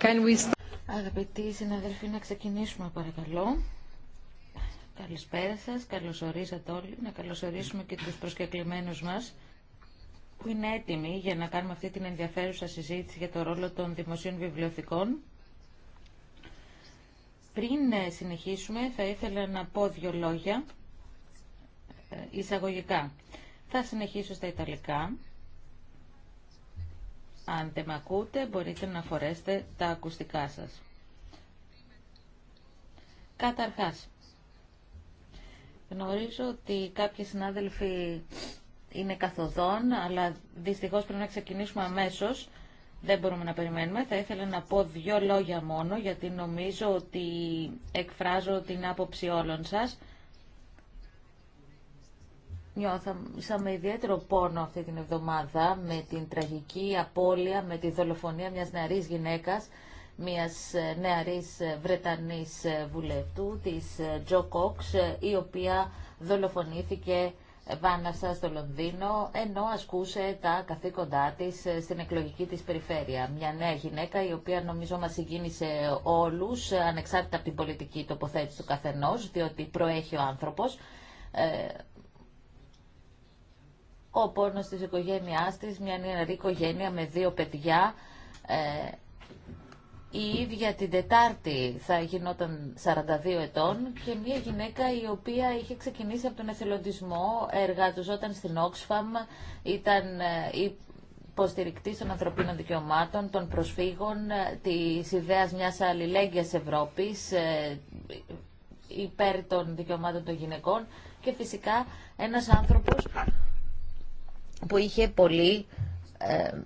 can we Αγαπητοί συναδελφοί, να ξεκινήσουμε παρακαλώ. Καλησπέρα σας, καλωσορίσατε όλοι. Να καλωσορίσουμε και τους προσκεκλημένους μας που είναι έτοιμοι για να κάνουμε αυτή την ενδιαφέρουσα συζήτηση για το ρόλο των δημοσίων βιβλιοθηκών. Πριν ε, συνεχίσουμε, θα ήθελα να πω δύο λόγια ε, εισαγωγικά. Θα συνεχίσω στα Ιταλικά. Αν δεν με ακούτε, μπορείτε να φορέσετε τα ακουστικά σας. Καταρχάς, γνωρίζω ότι κάποιοι συνάδελφοι είναι καθοδόν, αλλά δυστυχώς πρέπει να ξεκινήσουμε αμέσως. Δεν μπορούμε να περιμένουμε. Θα ήθελα να πω δύο λόγια μόνο, γιατί νομίζω ότι εκφράζω την άποψη όλων σας νιώθαμε ιδιαίτερο πόνο αυτή την εβδομάδα με την τραγική απώλεια, με τη δολοφονία μιας νεαρής γυναίκας, μιας ε, νεαρής ε, Βρετανής ε, βουλευτού, της Τζο Κόξ, η οποία δολοφονήθηκε βάνασα στο Λονδίνο, ενώ ασκούσε τα καθήκοντά της στην εκλογική της περιφέρεια. Μια νέα γυναίκα η οποία νομίζω μας συγκίνησε όλους, ανεξάρτητα από την πολιτική τοποθέτηση του καθενός, διότι προέχει ο άνθρωπος ο πόνος της οικογένειάς της, μια νεαρή οικογένεια με δύο παιδιά. Ε, η ίδια την Τετάρτη θα γινόταν 42 ετών και μια γυναίκα η οποία είχε ξεκινήσει από τον εθελοντισμό, εργαζόταν στην Oxfam, ήταν ε, υποστηρικτή των ανθρωπίνων δικαιωμάτων, των προσφύγων, ε, της ιδέας μιας αλληλέγγυας Ευρώπης ε, υπέρ των δικαιωμάτων των γυναικών και φυσικά ένας άνθρωπος που είχε πολύ ε,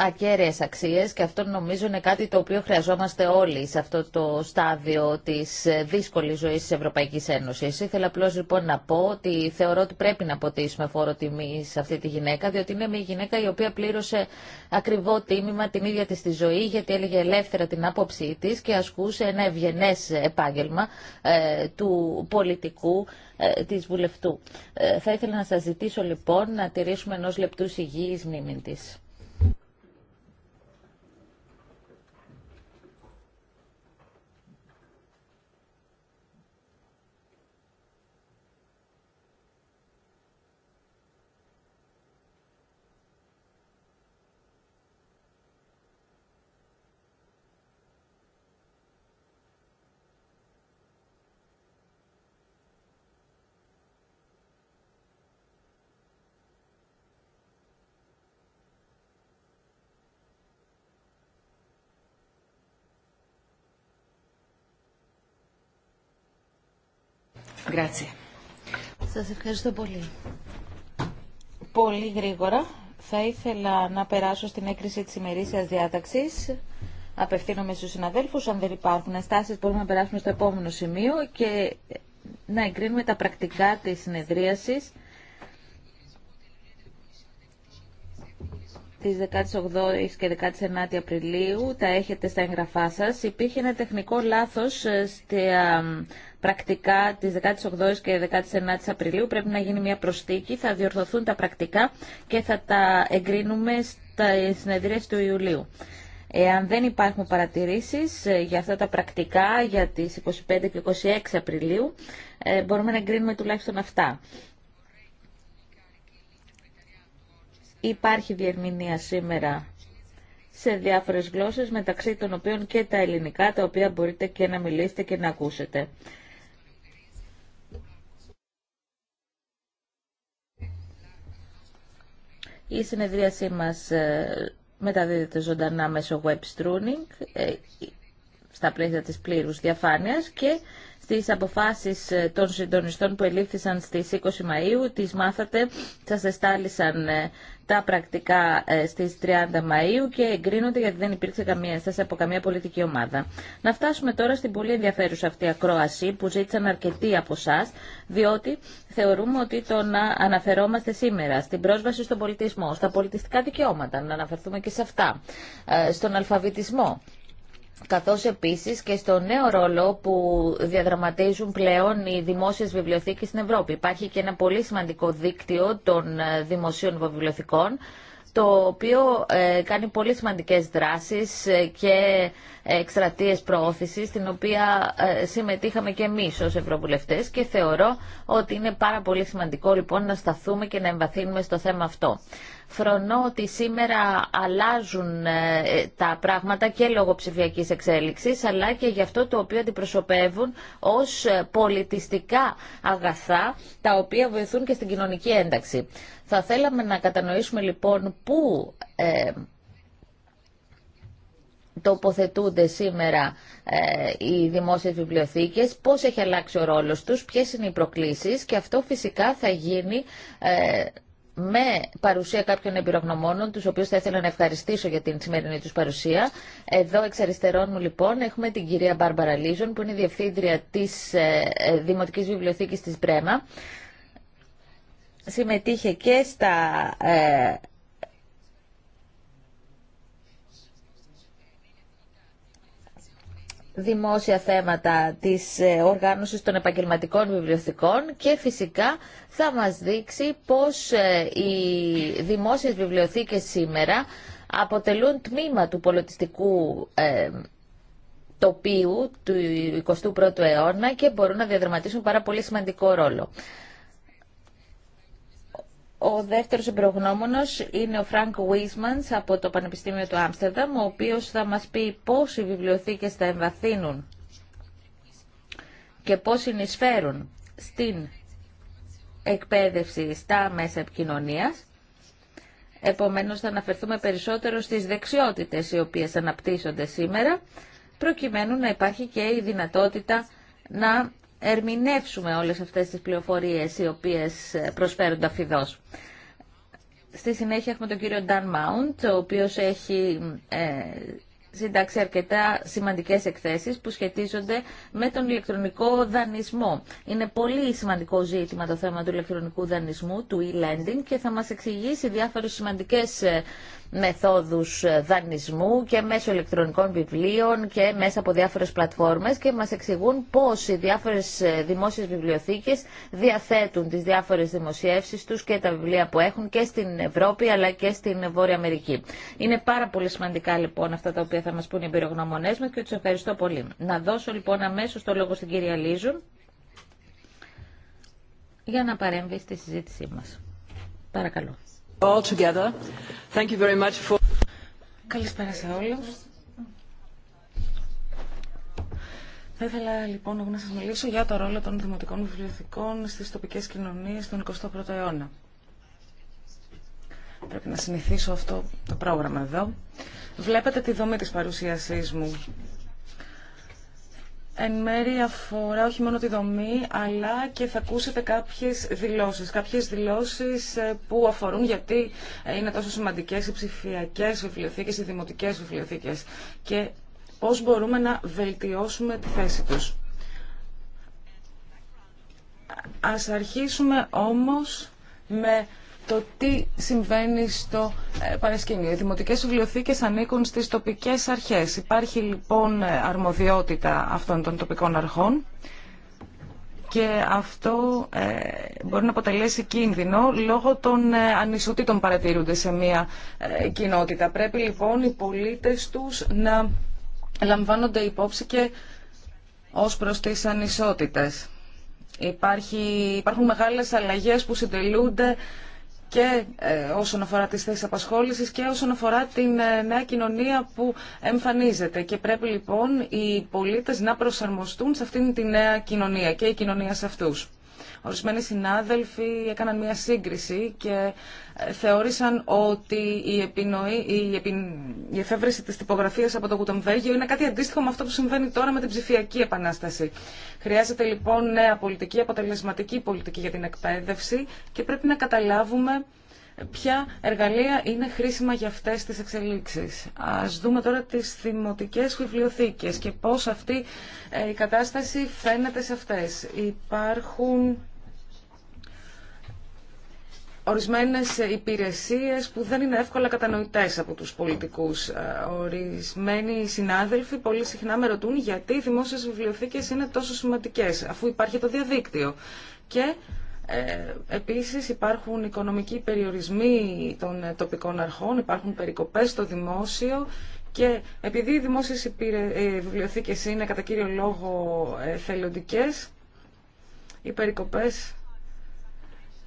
ακέραιες αξίες και αυτό νομίζω είναι κάτι το οποίο χρειαζόμαστε όλοι σε αυτό το στάδιο της δύσκολης ζωής της Ευρωπαϊκής Ένωσης. Ήθελα απλώ λοιπόν να πω ότι θεωρώ ότι πρέπει να αποτίσουμε φόρο τιμή σε αυτή τη γυναίκα, διότι είναι μια γυναίκα η οποία πλήρωσε ακριβό τίμημα την ίδια της τη ζωή, γιατί έλεγε ελεύθερα την άποψή της και ασκούσε ένα ευγενέ επάγγελμα ε, του πολιτικού τη ε, της βουλευτού. Ε, θα ήθελα να σας ζητήσω λοιπόν να τηρήσουμε ενός λεπτού υγιής μνήμη της. Grazie. Σας ευχαριστώ πολύ. Πολύ γρήγορα θα ήθελα να περάσω στην έκρηση της ημερήσιας διάταξης. Απευθύνομαι στους συναδέλφους, αν δεν υπάρχουν στάσεις, μπορούμε να περάσουμε στο επόμενο σημείο και να εγκρίνουμε τα πρακτικά της συνεδρίασης Τη 18 και 19 Απριλίου, τα έχετε στα εγγραφά σας. Υπήρχε ένα τεχνικό λάθος ε, στα πρακτικά τις 18 και 19 Απριλίου. Πρέπει να γίνει μια προστίκη, θα διορθωθούν τα πρακτικά και θα τα εγκρίνουμε στα συνεδρίες του Ιουλίου. Εάν δεν υπάρχουν παρατηρήσεις ε, για αυτά τα πρακτικά για τις 25 και 26 Απριλίου, ε, μπορούμε να εγκρίνουμε τουλάχιστον αυτά. Υπάρχει διερμηνία σήμερα σε διάφορες γλώσσες, μεταξύ των οποίων και τα ελληνικά, τα οποία μπορείτε και να μιλήσετε και να ακούσετε. Η συνεδρίασή μας ε, μεταδίδεται ζωντανά μέσω web streaming ε, στα πλαίσια της πλήρους διαφάνειας και στις αποφάσεις ε, των συντονιστών που ελήφθησαν στις 20 Μαΐου. Τις μάθατε, σας εστάλησαν ε, τα πρακτικά ε, στις 30 Μαΐου και εγκρίνονται γιατί δεν υπήρξε καμία ένσταση από καμία πολιτική ομάδα. Να φτάσουμε τώρα στην πολύ ενδιαφέρουσα αυτή ακρόαση που ζήτησαν αρκετοί από εσά, διότι θεωρούμε ότι το να αναφερόμαστε σήμερα στην πρόσβαση στον πολιτισμό, στα πολιτιστικά δικαιώματα, να αναφερθούμε και σε αυτά, στον αλφαβητισμό, καθώς επίσης και στο νέο ρόλο που διαδραματίζουν πλέον οι δημόσιες βιβλιοθήκες στην Ευρώπη. Υπάρχει και ένα πολύ σημαντικό δίκτυο των ε, δημοσίων βιβλιοθηκών, το οποίο ε, κάνει πολύ σημαντικές δράσεις ε, και εκστρατείες προώθησης, στην οποία συμμετείχαμε και εμείς ως Ευρωβουλευτές και θεωρώ ότι είναι πάρα πολύ σημαντικό λοιπόν να σταθούμε και να εμβαθύνουμε στο θέμα αυτό. Φρονώ ότι σήμερα αλλάζουν ε, τα πράγματα και λόγω ψηφιακή εξέλιξη, αλλά και για αυτό το οποίο αντιπροσωπεύουν ως ε, πολιτιστικά αγαθά, τα οποία βοηθούν και στην κοινωνική ένταξη. Θα θέλαμε να κατανοήσουμε λοιπόν πού ε, τοποθετούνται σήμερα οι δημόσιες βιβλιοθήκες, πώς έχει αλλάξει ο ρόλος τους, ποιες είναι οι προκλήσεις και αυτό φυσικά θα γίνει με παρουσία κάποιων εμπειρογνωμόνων, τους οποίους θα ήθελα να ευχαριστήσω για την σημερινή τους παρουσία. Εδώ εξ αριστερών μου λοιπόν έχουμε την κυρία Μπάρμπαρα Λίζον, που είναι η Διευθύντρια της ε, ε, Δημοτικής Βιβλιοθήκης της Μπρέμα. Συμμετείχε και στα ε, δημόσια θέματα της ε, οργάνωσης των επαγγελματικών βιβλιοθηκών και φυσικά θα μας δείξει πώς ε, οι δημόσιες βιβλιοθήκες σήμερα αποτελούν τμήμα του πολιτιστικού ε, τοπίου του 21ου αιώνα και μπορούν να διαδραματίσουν πάρα πολύ σημαντικό ρόλο. Ο δεύτερος εμπρογνώμονο είναι ο Φρανκ Βίσμαν από το Πανεπιστήμιο του Άμστερνταμ, ο οποίος θα μας πει πώς οι βιβλιοθήκες θα εμβαθύνουν και πώ συνεισφέρουν στην εκπαίδευση στα μέσα επικοινωνία, επομένω θα αναφερθούμε περισσότερο στις δεξιότητες οι οποίες αναπτύσσονται σήμερα, προκειμένου να υπάρχει και η δυνατότητα να ερμηνεύσουμε όλες αυτές τις πληροφορίες οι οποίες προσφέρονται αφιδώς. Στη συνέχεια έχουμε τον κύριο Dan Mount, ο οποίος έχει ε, συντάξει αρκετά σημαντικές εκθέσεις που σχετίζονται με τον ηλεκτρονικό δανεισμό. Είναι πολύ σημαντικό ζήτημα το θέμα του ηλεκτρονικού δανεισμού, του e-lending και θα μας εξηγήσει διάφορες σημαντικές ε, μεθόδους ε, δανεισμού και μέσω ηλεκτρονικών βιβλίων και μέσα από διάφορες πλατφόρμες και μας εξηγούν πώς οι διάφορες ε, δημόσιες βιβλιοθήκες διαθέτουν τις διάφορες δημοσιεύσεις τους και τα βιβλία που έχουν και στην Ευρώπη αλλά και στην Βόρεια Αμερική. Είναι πάρα πολύ σημαντικά λοιπόν αυτά τα οποία θα μας πούν οι εμπειρογνωμονές μας και τους ευχαριστώ πολύ. Να δώσω λοιπόν αμέσως το λόγο στην κυρία Λίζου για να παρέμβει στη συζήτησή μας. Παρακαλώ. Καλησπέρα σε όλους. Θα ήθελα λοιπόν να σας μιλήσω για το ρόλο των δημοτικών βιβλιοθηκών στις τοπικές κοινωνίες των 21 ου αιώνα. Πρέπει να συνηθίσω αυτό το πρόγραμμα εδώ. Βλέπετε τη δομή της παρουσίασής μου εν μέρει αφορά όχι μόνο τη δομή, αλλά και θα ακούσετε κάποιες δηλώσεις. Κάποιες δηλώσεις ε, που αφορούν γιατί ε, είναι τόσο σημαντικές οι ψηφιακές βιβλιοθήκες, οι δημοτικές βιβλιοθήκες και πώς μπορούμε να βελτιώσουμε τη θέση τους. Ας αρχίσουμε όμως με το τι συμβαίνει στο ε, παρασκήνιο. Οι δημοτικές βιβλιοθήκες ανήκουν στις τοπικές αρχές. Υπάρχει λοιπόν ε, αρμοδιότητα αυτών των τοπικών αρχών και αυτό ε, μπορεί να αποτελέσει κίνδυνο λόγω των ανισοτήτων παρατηρούνται σε μια κοινότητα. Πρέπει λοιπόν οι πολίτες τους να λαμβάνονται υπόψη και ως προς τις ανισότητες. Υπάρχει, υπάρχουν μεγάλες αλλαγές που συντελούνται και ε, όσον αφορά τις θέσεις απασχόλησης και όσον αφορά την ε, νέα κοινωνία που εμφανίζεται. Και πρέπει λοιπόν οι πολίτες να προσαρμοστούν σε αυτήν τη νέα κοινωνία και η κοινωνία σε αυτούς. Ορισμένοι συνάδελφοι έκαναν μία σύγκριση και ε, θεώρησαν ότι η, επινοή, η, η εφεύρεση της τυπογραφίας από το Γουτεμβέργιο είναι κάτι αντίστοιχο με αυτό που συμβαίνει τώρα με την ψηφιακή επανάσταση. Χρειάζεται λοιπόν νέα πολιτική, αποτελεσματική πολιτική για την εκπαίδευση και πρέπει να καταλάβουμε ε, ποια εργαλεία είναι χρήσιμα για αυτές τις εξελίξεις. Ας δούμε τώρα τις δημοτικές βιβλιοθήκες και πώς αυτή ε, η κατάσταση φαίνεται σε αυτές. Υπάρχουν ορισμένες υπηρεσίες που δεν είναι εύκολα κατανοητές από τους πολιτικούς. Ε, ορισμένοι συνάδελφοι πολύ συχνά με ρωτούν γιατί οι δημόσιες βιβλιοθήκες είναι τόσο σημαντικές, αφού υπάρχει το διαδίκτυο. Και ε, επίσης υπάρχουν οικονομικοί περιορισμοί των ε, τοπικών αρχών, υπάρχουν περικοπές στο δημόσιο και επειδή οι δημόσιες υπηρε... Ε, βιβλιοθήκες είναι κατά κύριο λόγο θελοντικές, οι περικοπές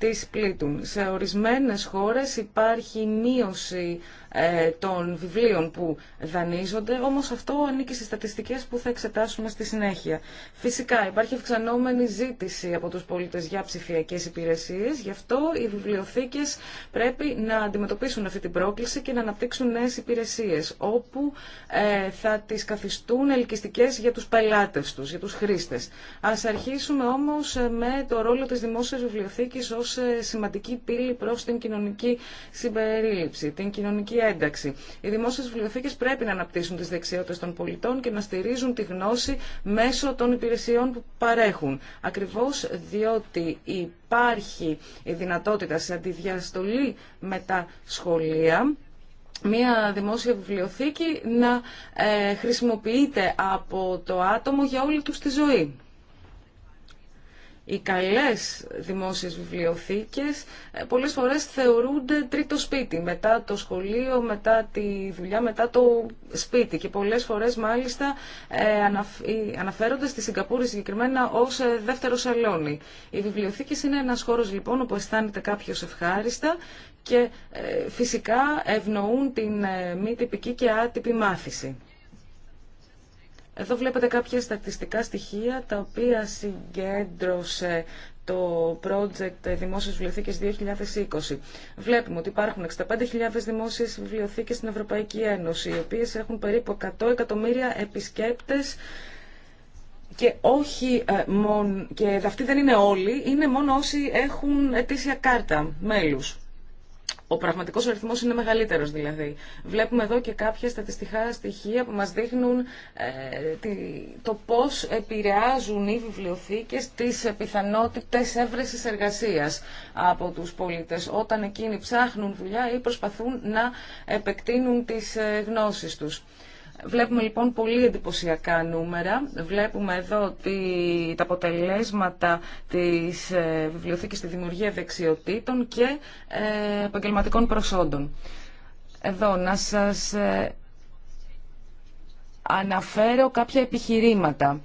τις πλήττουν. Σε ορισμένες χώρες υπάρχει μείωση ε, των βιβλίων που δανείζονται, όμως αυτό ανήκει στις στατιστικές που θα εξετάσουμε στη συνέχεια. Φυσικά υπάρχει αυξανόμενη ζήτηση από τους πολίτες για ψηφιακές υπηρεσίες, γι' αυτό οι βιβλιοθήκες πρέπει να αντιμετωπίσουν αυτή την πρόκληση και να αναπτύξουν νέες υπηρεσίες, όπου ε, θα τις καθιστούν ελκυστικές για τους πελάτες τους, για τους χρήστες. Ας αρχίσουμε όμως ε, με το ρόλο της δημόσιας βιβλιοθήκης ως σημαντική πύλη προς την κοινωνική συμπερίληψη, την κοινωνική ένταξη. Οι δημόσιε βιβλιοθήκε πρέπει να αναπτύσσουν τις δεξιότητες των πολιτών και να στηρίζουν τη γνώση μέσω των υπηρεσιών που παρέχουν. Ακριβώς διότι υπάρχει η δυνατότητα σε αντιδιαστολή με τα σχολεία μια δημόσια βιβλιοθήκη να ε, χρησιμοποιείται από το άτομο για όλη του τη ζωή οι καλές δημόσιες βιβλιοθήκες ε, πολλές φορές θεωρούνται τρίτο σπίτι, μετά το σχολείο, μετά τη δουλειά, μετά το σπίτι και πολλές φορές μάλιστα ε, αναφέρονται στη Συγκαπούρη συγκεκριμένα ως ε, δεύτερο σαλόνι. Οι βιβλιοθήκη είναι ένας χώρος λοιπόν όπου αισθάνεται κάποιος ευχάριστα και φυσικά ευνοούν την μη τυπική και άτυπη μάθηση. Εδώ βλέπετε κάποια στατιστικά στοιχεία τα οποία συγκέντρωσε το project Δημόσιες Βιβλιοθήκες 2020. Βλέπουμε ότι υπάρχουν 65.000 δημόσιες βιβλιοθήκες στην Ευρωπαϊκή Ένωση, οι οποίες έχουν περίπου 100 εκατομμύρια επισκέπτες και όχι ε, και αυτοί δεν είναι όλοι, είναι μόνο όσοι έχουν αιτήσια κάρτα μέλους. Ο πραγματικό αριθμό είναι μεγαλύτερος δηλαδή. Βλέπουμε εδώ και κάποια στατιστικά στοιχεία που μας δείχνουν ε, το πώς επηρεάζουν οι βιβλιοθήκες τις πιθανότητε έβρεση εργασία από τους πολίτες όταν εκείνοι ψάχνουν δουλειά ή προσπαθούν να επεκτείνουν τις ε, γνώσεις τους. Βλέπουμε λοιπόν πολύ εντυπωσιακά νούμερα. Βλέπουμε εδώ ότι τα αποτελέσματα της ε, βιβλιοθήκης στη δημιουργία δεξιοτήτων και ε, επαγγελματικών προσόντων. Εδώ να σας ε, αναφέρω κάποια επιχειρήματα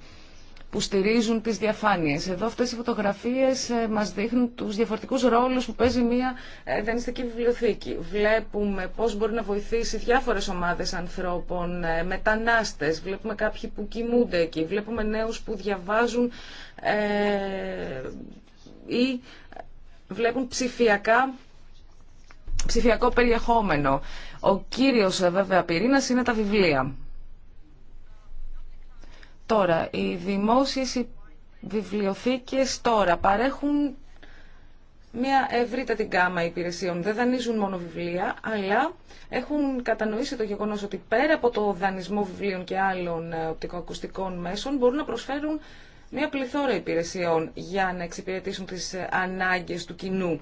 που στηρίζουν τις διαφάνειες. Εδώ αυτές οι φωτογραφίες ε, μας δείχνουν τους διαφορετικούς ρόλους που παίζει μια ε, δανειστική βιβλιοθήκη. Βλέπουμε πώς μπορεί να βοηθήσει διάφορες ομάδες ανθρώπων, ε, μετανάστες, βλέπουμε κάποιοι που κοιμούνται εκεί, βλέπουμε νέους που διαβάζουν ε, ή βλέπουν ψηφιακά ψηφιακό περιεχόμενο. Ο κύριος βέβαια πυρήνας είναι τα βιβλία. Τώρα, οι δημόσιες βιβλιοθήκες τώρα παρέχουν μια ευρύτατη γκάμα υπηρεσιών. Δεν δανείζουν μόνο βιβλία, αλλά έχουν κατανοήσει το γεγονό ότι πέρα από το δανεισμό βιβλίων και άλλων ε, οπτικοακουστικών μέσων μπορούν να προσφέρουν μια πληθώρα υπηρεσιών για να εξυπηρετήσουν τι ε, ανάγκε του κοινού.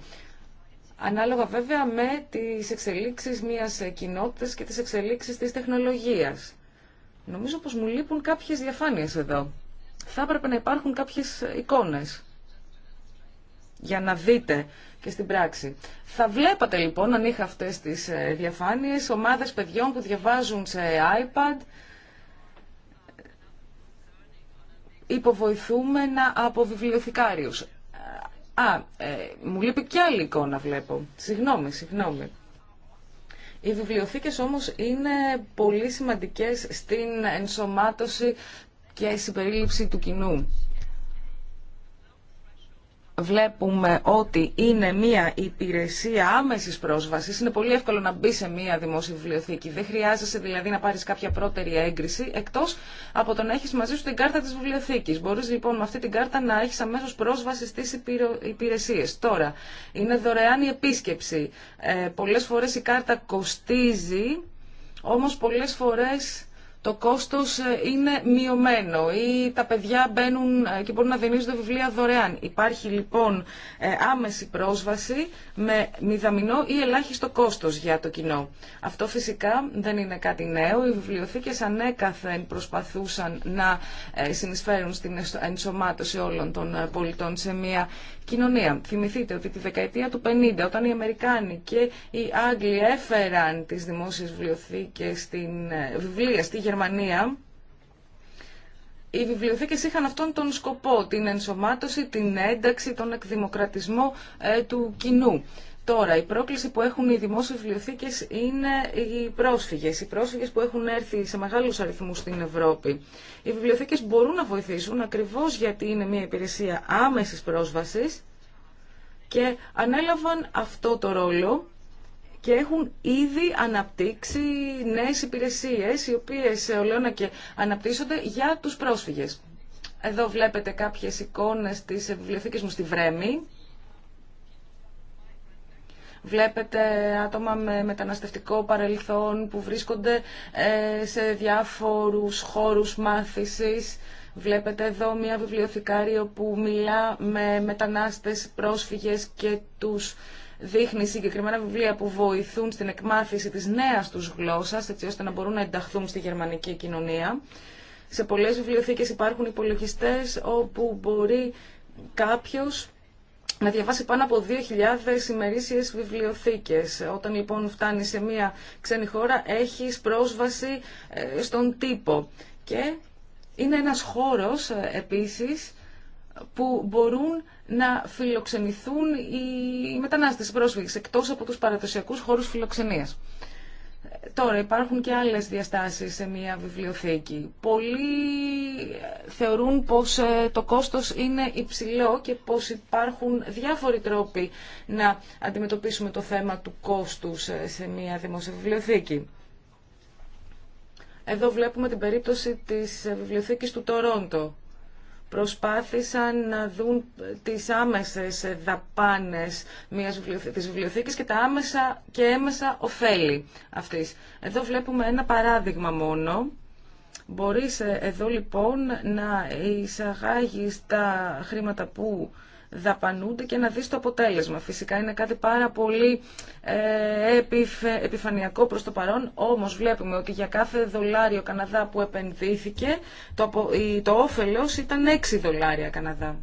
Ανάλογα βέβαια με τις εξελίξεις μιας ε, κοινότητας και τις εξελίξεις της τεχνολογίας. Νομίζω πως μου λείπουν κάποιες διαφάνειες εδώ. Θα έπρεπε να υπάρχουν κάποιες εικόνες για να δείτε και στην πράξη. Θα βλέπατε λοιπόν, αν είχα αυτές τις ε, διαφάνειες, ομάδες παιδιών που διαβάζουν σε iPad, υποβοηθούμενα από βιβλιοθηκάριους. Α, ε, μου λείπει και άλλη εικόνα βλέπω. Συγγνώμη, συγγνώμη. Οι βιβλιοθήκες όμως είναι πολύ σημαντικές στην ενσωμάτωση και συμπερίληψη του κοινού βλέπουμε ότι είναι μία υπηρεσία άμεσης πρόσβασης, είναι πολύ εύκολο να μπει σε μία δημόσια βιβλιοθήκη. Δεν χρειάζεσαι δηλαδή να πάρεις κάποια πρώτερη έγκριση, εκτός από το να έχεις μαζί σου την κάρτα της βιβλιοθήκης. Μπορείς λοιπόν με αυτή την κάρτα να έχεις αμέσω πρόσβαση στις υπηρεσίες. Τώρα, είναι δωρεάν η επίσκεψη. Ε, πολλές φορές η κάρτα κοστίζει, όμως πολλές φορές το κόστος ε, είναι μειωμένο ή τα παιδιά μπαίνουν ε, και μπορούν να δενίζονται βιβλία δωρεάν. Υπάρχει λοιπόν ε, άμεση πρόσβαση με μηδαμινό ή ελάχιστο κόστος για το κοινό. Αυτό φυσικά δεν είναι κάτι νέο. Οι βιβλιοθήκες ανέκαθεν προσπαθούσαν να συνεισφέρουν στην ενσωμάτωση όλων των πολιτών σε μια κοινωνία. Θυμηθείτε ότι τη δεκαετία του 50 όταν οι Αμερικάνοι και οι Άγγλοι έφεραν τις δημόσιες βιβλιοθήκες στην βιβλία στη Γερμανία Γερμανία, οι βιβλιοθήκες είχαν αυτόν τον σκοπό, την ενσωμάτωση, την ένταξη, τον εκδημοκρατισμό ε, του κοινού. Τώρα, η πρόκληση που έχουν οι δημόσιες βιβλιοθήκες είναι οι πρόσφυγες. Οι πρόσφυγες που έχουν έρθει σε μεγάλους αριθμούς στην Ευρώπη. Οι βιβλιοθήκες μπορούν να βοηθήσουν ακριβώς γιατί είναι μια υπηρεσία άμεσης πρόσβασης και ανέλαβαν αυτό το ρόλο και έχουν ήδη αναπτύξει νέες υπηρεσίες οι οποίες ε, ολόνα και αναπτύσσονται για τους πρόσφυγες. Εδώ βλέπετε κάποιες εικόνες της βιβλιοθήκης μου στη Βρέμη. Βλέπετε άτομα με μεταναστευτικό παρελθόν που βρίσκονται ε, σε διάφορους χώρους μάθησης. Βλέπετε εδώ μια βιβλιοθηκάριο που μιλά με μετανάστες, πρόσφυγες και τους δείχνει συγκεκριμένα βιβλία που βοηθούν στην εκμάθηση της νέας τους γλώσσας, έτσι ώστε να μπορούν να ενταχθούν στη γερμανική κοινωνία. Σε πολλές βιβλιοθήκες υπάρχουν υπολογιστές όπου μπορεί κάποιος να διαβάσει πάνω από 2.000 ημερήσιες βιβλιοθήκες. Όταν λοιπόν φτάνει σε μια ξένη χώρα έχεις πρόσβαση ε, στον τύπο. Και είναι ένας χώρος ε, επίσης που μπορούν να φιλοξενηθούν οι μετανάστες, οι πρόσφυγες, εκτός από τους παραδοσιακούς χώρους φιλοξενίας. Τώρα υπάρχουν και άλλες διαστάσεις σε μια βιβλιοθήκη. Πολλοί ε, θεωρούν πως ε, το κόστος είναι υψηλό και πως υπάρχουν διάφοροι τρόποι να αντιμετωπίσουμε το θέμα του κόστους ε, σε μια δημόσια βιβλιοθήκη. Εδώ βλέπουμε την περίπτωση της βιβλιοθήκης του Τορόντο, προσπάθησαν να δουν τις άμεσες δαπάνες μιας της βιβλιοθήκης και τα άμεσα και έμεσα ωφέλη αυτής. Εδώ βλέπουμε ένα παράδειγμα μόνο. Μπορείς ε, εδώ λοιπόν να εισαγάγεις τα χρήματα που δαπανούνται και να δεις το αποτέλεσμα. Φυσικά είναι κάτι πάρα πολύ ε, επιφανειακό προς το παρόν, όμως βλέπουμε ότι για κάθε δολάριο Καναδά που επενδύθηκε το, το όφελος ήταν 6 δολάρια Καναδά.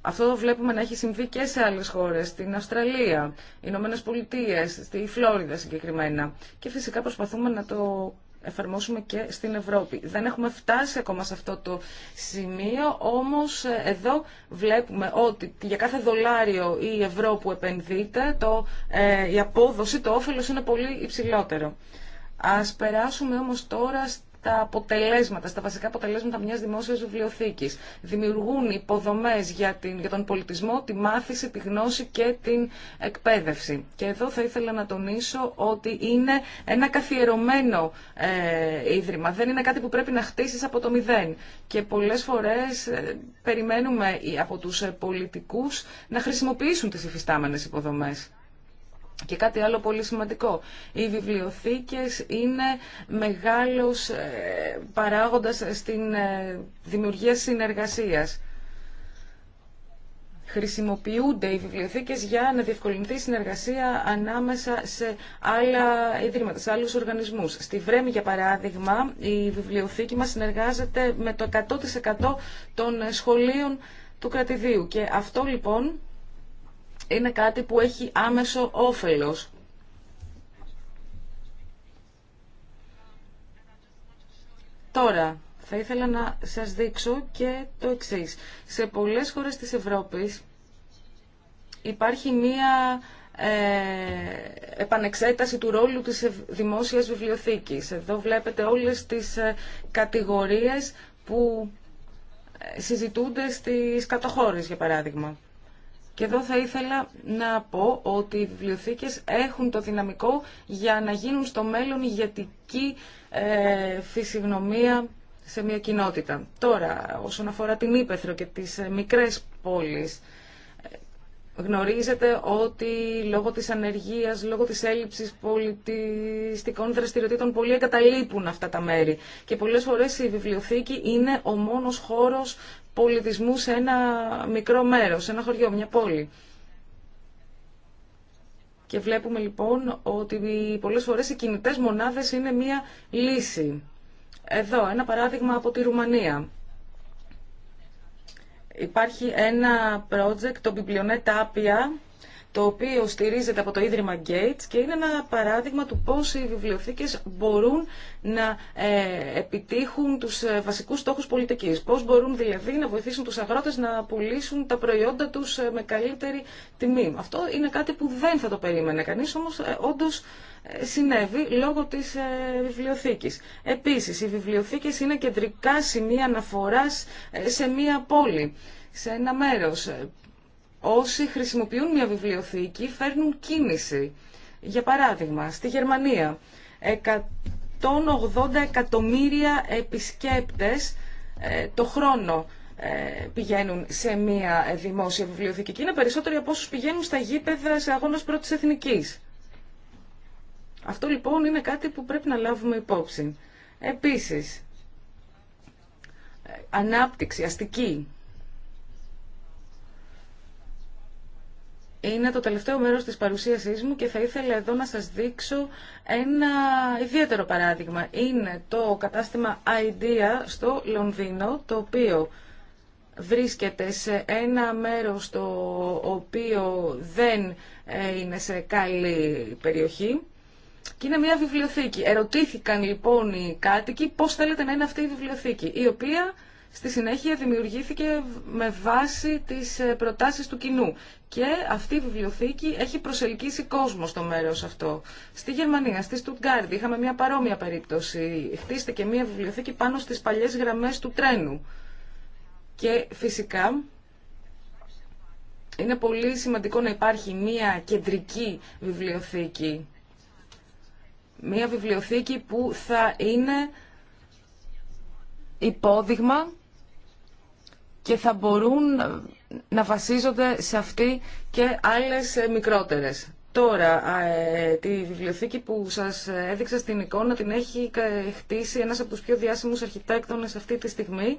Αυτό βλέπουμε να έχει συμβεί και σε άλλες χώρες, στην Αυστραλία, οι Ηνωμένε Πολιτείες, στη Φλόριδα συγκεκριμένα. Και φυσικά προσπαθούμε να το εφαρμόσουμε και στην Ευρώπη. Δεν έχουμε φτάσει ακόμα σε αυτό το σημείο, όμως ε, εδώ βλέπουμε ότι για κάθε δολάριο ή ευρώ που επενδύεται, το, ε, η απόδοση, το όφελος είναι πολύ υψηλότερο. Ας περάσουμε όμως τώρα στα αποτελέσματα, στα βασικά αποτελέσματα μιας δημόσιας βιβλιοθήκης. Δημιουργούν υποδομές για, για τον πολιτισμό, τη μάθηση, τη γνώση και την εκπαίδευση. Και εδώ θα ήθελα να τονίσω ότι είναι ένα καθιερωμένο ε, ίδρυμα. Δεν είναι κάτι που πρέπει να χτίσεις από το μηδέν. Και πολλές φορές ε, περιμένουμε από τους ε, πολιτικούς να χρησιμοποιήσουν τις υφιστάμενες υποδομές. Και κάτι άλλο πολύ σημαντικό. Οι βιβλιοθήκες είναι μεγάλος ε, παράγοντας στην ε, δημιουργία συνεργασίας. Χρησιμοποιούνται οι βιβλιοθήκες για να διευκολυνθεί η συνεργασία ανάμεσα σε άλλα ιδρύματα, σε άλλους οργανισμούς. Στη Βρέμη, για παράδειγμα, η βιβλιοθήκη μας συνεργάζεται με το 100% των σχολείων του κρατηδίου. Και αυτό, λοιπόν, είναι κάτι που έχει άμεσο όφελος. Τώρα, θα ήθελα να σας δείξω και το εξής. Σε πολλές χώρες της Ευρώπης υπάρχει μία ε, επανεξέταση του ρόλου της δημόσιας βιβλιοθήκης. Εδώ βλέπετε όλες τις ε, κατηγορίες που ε, συζητούνται στις κατοχώρες, για παράδειγμα. Και εδώ θα ήθελα να πω ότι οι βιβλιοθήκες έχουν το δυναμικό για να γίνουν στο μέλλον ηγετική ε, φυσιγνωμία σε μια κοινότητα. Τώρα, όσον αφορά την Ήπεθρο και τις ε, μικρές πόλεις, ε, γνωρίζετε ότι λόγω της ανεργίας, λόγω της έλλειψης πολιτιστικών δραστηριοτήτων πολλοί εγκαταλείπουν αυτά τα μέρη και πολλές φορές η βιβλιοθήκη είναι ο μόνος χώρος πολιτισμού σε ένα μικρό μέρος, σε ένα χωριό, μια πόλη. Και βλέπουμε λοιπόν ότι πολλές φορές οι κινητές μονάδες είναι μια λύση. Εδώ ένα παράδειγμα από τη Ρουμανία. Υπάρχει ένα project, το Biblionet Apia, το οποίο στηρίζεται από το Ίδρυμα Gates και είναι ένα παράδειγμα του πώς οι βιβλιοθήκες μπορούν να ε, επιτύχουν τους ε, βασικούς στόχους πολιτικής. Πώς μπορούν δηλαδή να βοηθήσουν τους αγρότες να πουλήσουν τα προϊόντα τους ε, με καλύτερη τιμή. Αυτό είναι κάτι που δεν θα το περίμενε κανείς, όμως όντως συνέβη λόγω της βιβλιοθήκης. Επίσης, οι βιβλιοθήκες είναι κεντρικά σημεία αναφοράς σε μία πόλη σε ένα μέρος όσοι χρησιμοποιούν μια βιβλιοθήκη φέρνουν κίνηση. Για παράδειγμα, στη Γερμανία 180 εκατομμύρια επισκέπτες ε, το χρόνο ε, πηγαίνουν σε μια δημόσια βιβλιοθήκη είναι περισσότεροι από όσους πηγαίνουν στα γήπεδα σε αγώνες πρώτης εθνικής. Αυτό λοιπόν είναι κάτι που πρέπει να λάβουμε υπόψη. Επίσης, ε, ανάπτυξη αστική Είναι το τελευταίο μέρος της παρουσίασής μου και θα ήθελα εδώ να σας δείξω ένα ιδιαίτερο παράδειγμα. Είναι το κατάστημα Idea στο Λονδίνο, το οποίο βρίσκεται σε ένα μέρος το οποίο δεν ε, είναι σε καλή περιοχή και είναι μια βιβλιοθήκη. Ερωτήθηκαν λοιπόν οι κάτοικοι πώς θέλετε να είναι αυτή η βιβλιοθήκη, η οποία στη συνέχεια δημιουργήθηκε με βάση τις ε, προτάσεις του κοινού. Και αυτή η βιβλιοθήκη έχει προσελκύσει κόσμο στο μέρος αυτό. Στη Γερμανία, στη Στουτγκάρδη, είχαμε μια παρόμοια περίπτωση. Χτίστηκε μια βιβλιοθήκη πάνω στις παλιές γραμμές του τρένου. Και φυσικά είναι πολύ σημαντικό να υπάρχει μια κεντρική βιβλιοθήκη. Μια βιβλιοθήκη που θα είναι υπόδειγμα και θα μπορούν να βασίζονται σε αυτή και άλλες μικρότερες. Τώρα, ε, τη βιβλιοθήκη που σας έδειξα στην εικόνα την έχει χτίσει ένας από τους πιο διάσημους αρχιτέκτονες αυτή τη στιγμή.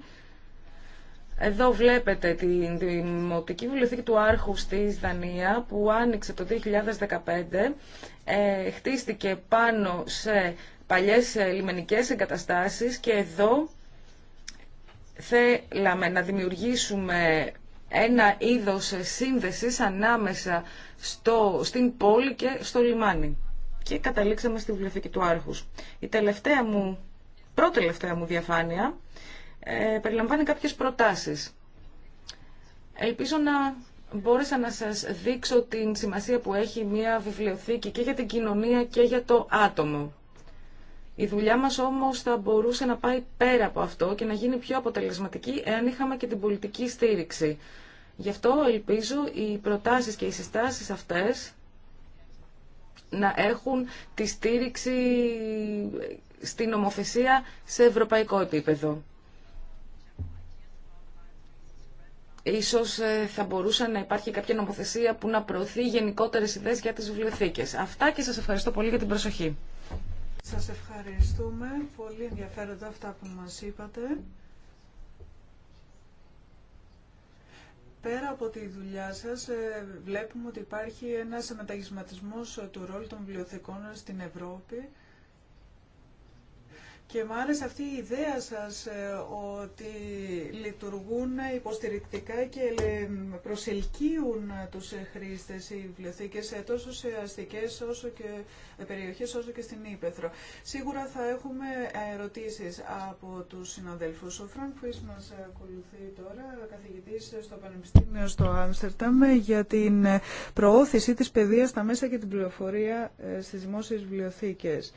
Εδώ βλέπετε την Δημοτική Βιβλιοθήκη του Άρχου στη Δανία που άνοιξε το 2015. Ε, χτίστηκε πάνω σε παλιές λιμενικές εγκαταστάσεις και εδώ θέλαμε να δημιουργήσουμε ένα είδος σύνδεσης ανάμεσα στο, στην πόλη και στο λιμάνι. Και καταλήξαμε στη βιβλιοθήκη του Άρχους. Η τελευταία μου, πρώτη τελευταία μου διαφάνεια ε, περιλαμβάνει κάποιες προτάσεις. Ελπίζω να μπόρεσα να σας δείξω την σημασία που έχει μια βιβλιοθήκη και για την κοινωνία και για το άτομο. Η δουλειά μας όμως θα μπορούσε να πάει πέρα από αυτό και να γίνει πιο αποτελεσματική εάν είχαμε και την πολιτική στήριξη. Γι' αυτό ελπίζω οι προτάσεις και οι συστάσεις αυτές να έχουν τη στήριξη στην νομοθεσία σε ευρωπαϊκό επίπεδο. Ίσως ε, θα μπορούσε να υπάρχει κάποια νομοθεσία που να προωθεί γενικότερες ιδέες για τις βιβλιοθήκες. Αυτά και σας ευχαριστώ πολύ για την προσοχή. Σας ευχαριστούμε. Πολύ ενδιαφέροντα αυτά που μας είπατε. Πέρα από τη δουλειά σας, ε, βλέπουμε ότι υπάρχει ένας μεταγισματισμός του ρόλου των βιβλιοθηκών στην Ευρώπη. Και μου αυτή η ιδέα σας ε, ότι λειτουργούν υποστηρικτικά και προσελκύουν τους ε, χρήστες οι βιβλιοθήκες τόσο σε ε, αστικές όσο και περιοχές όσο και στην Ήπεθρο. Σίγουρα θα έχουμε ερωτήσεις από τους συναδέλφους. Ο Φρανκ μας ακολουθεί τώρα, καθηγητής στο Πανεπιστήμιο στο Άμστερνταμ για την προώθηση της παιδείας στα μέσα και την πληροφορία στις δημόσιες βιβλιοθήκες.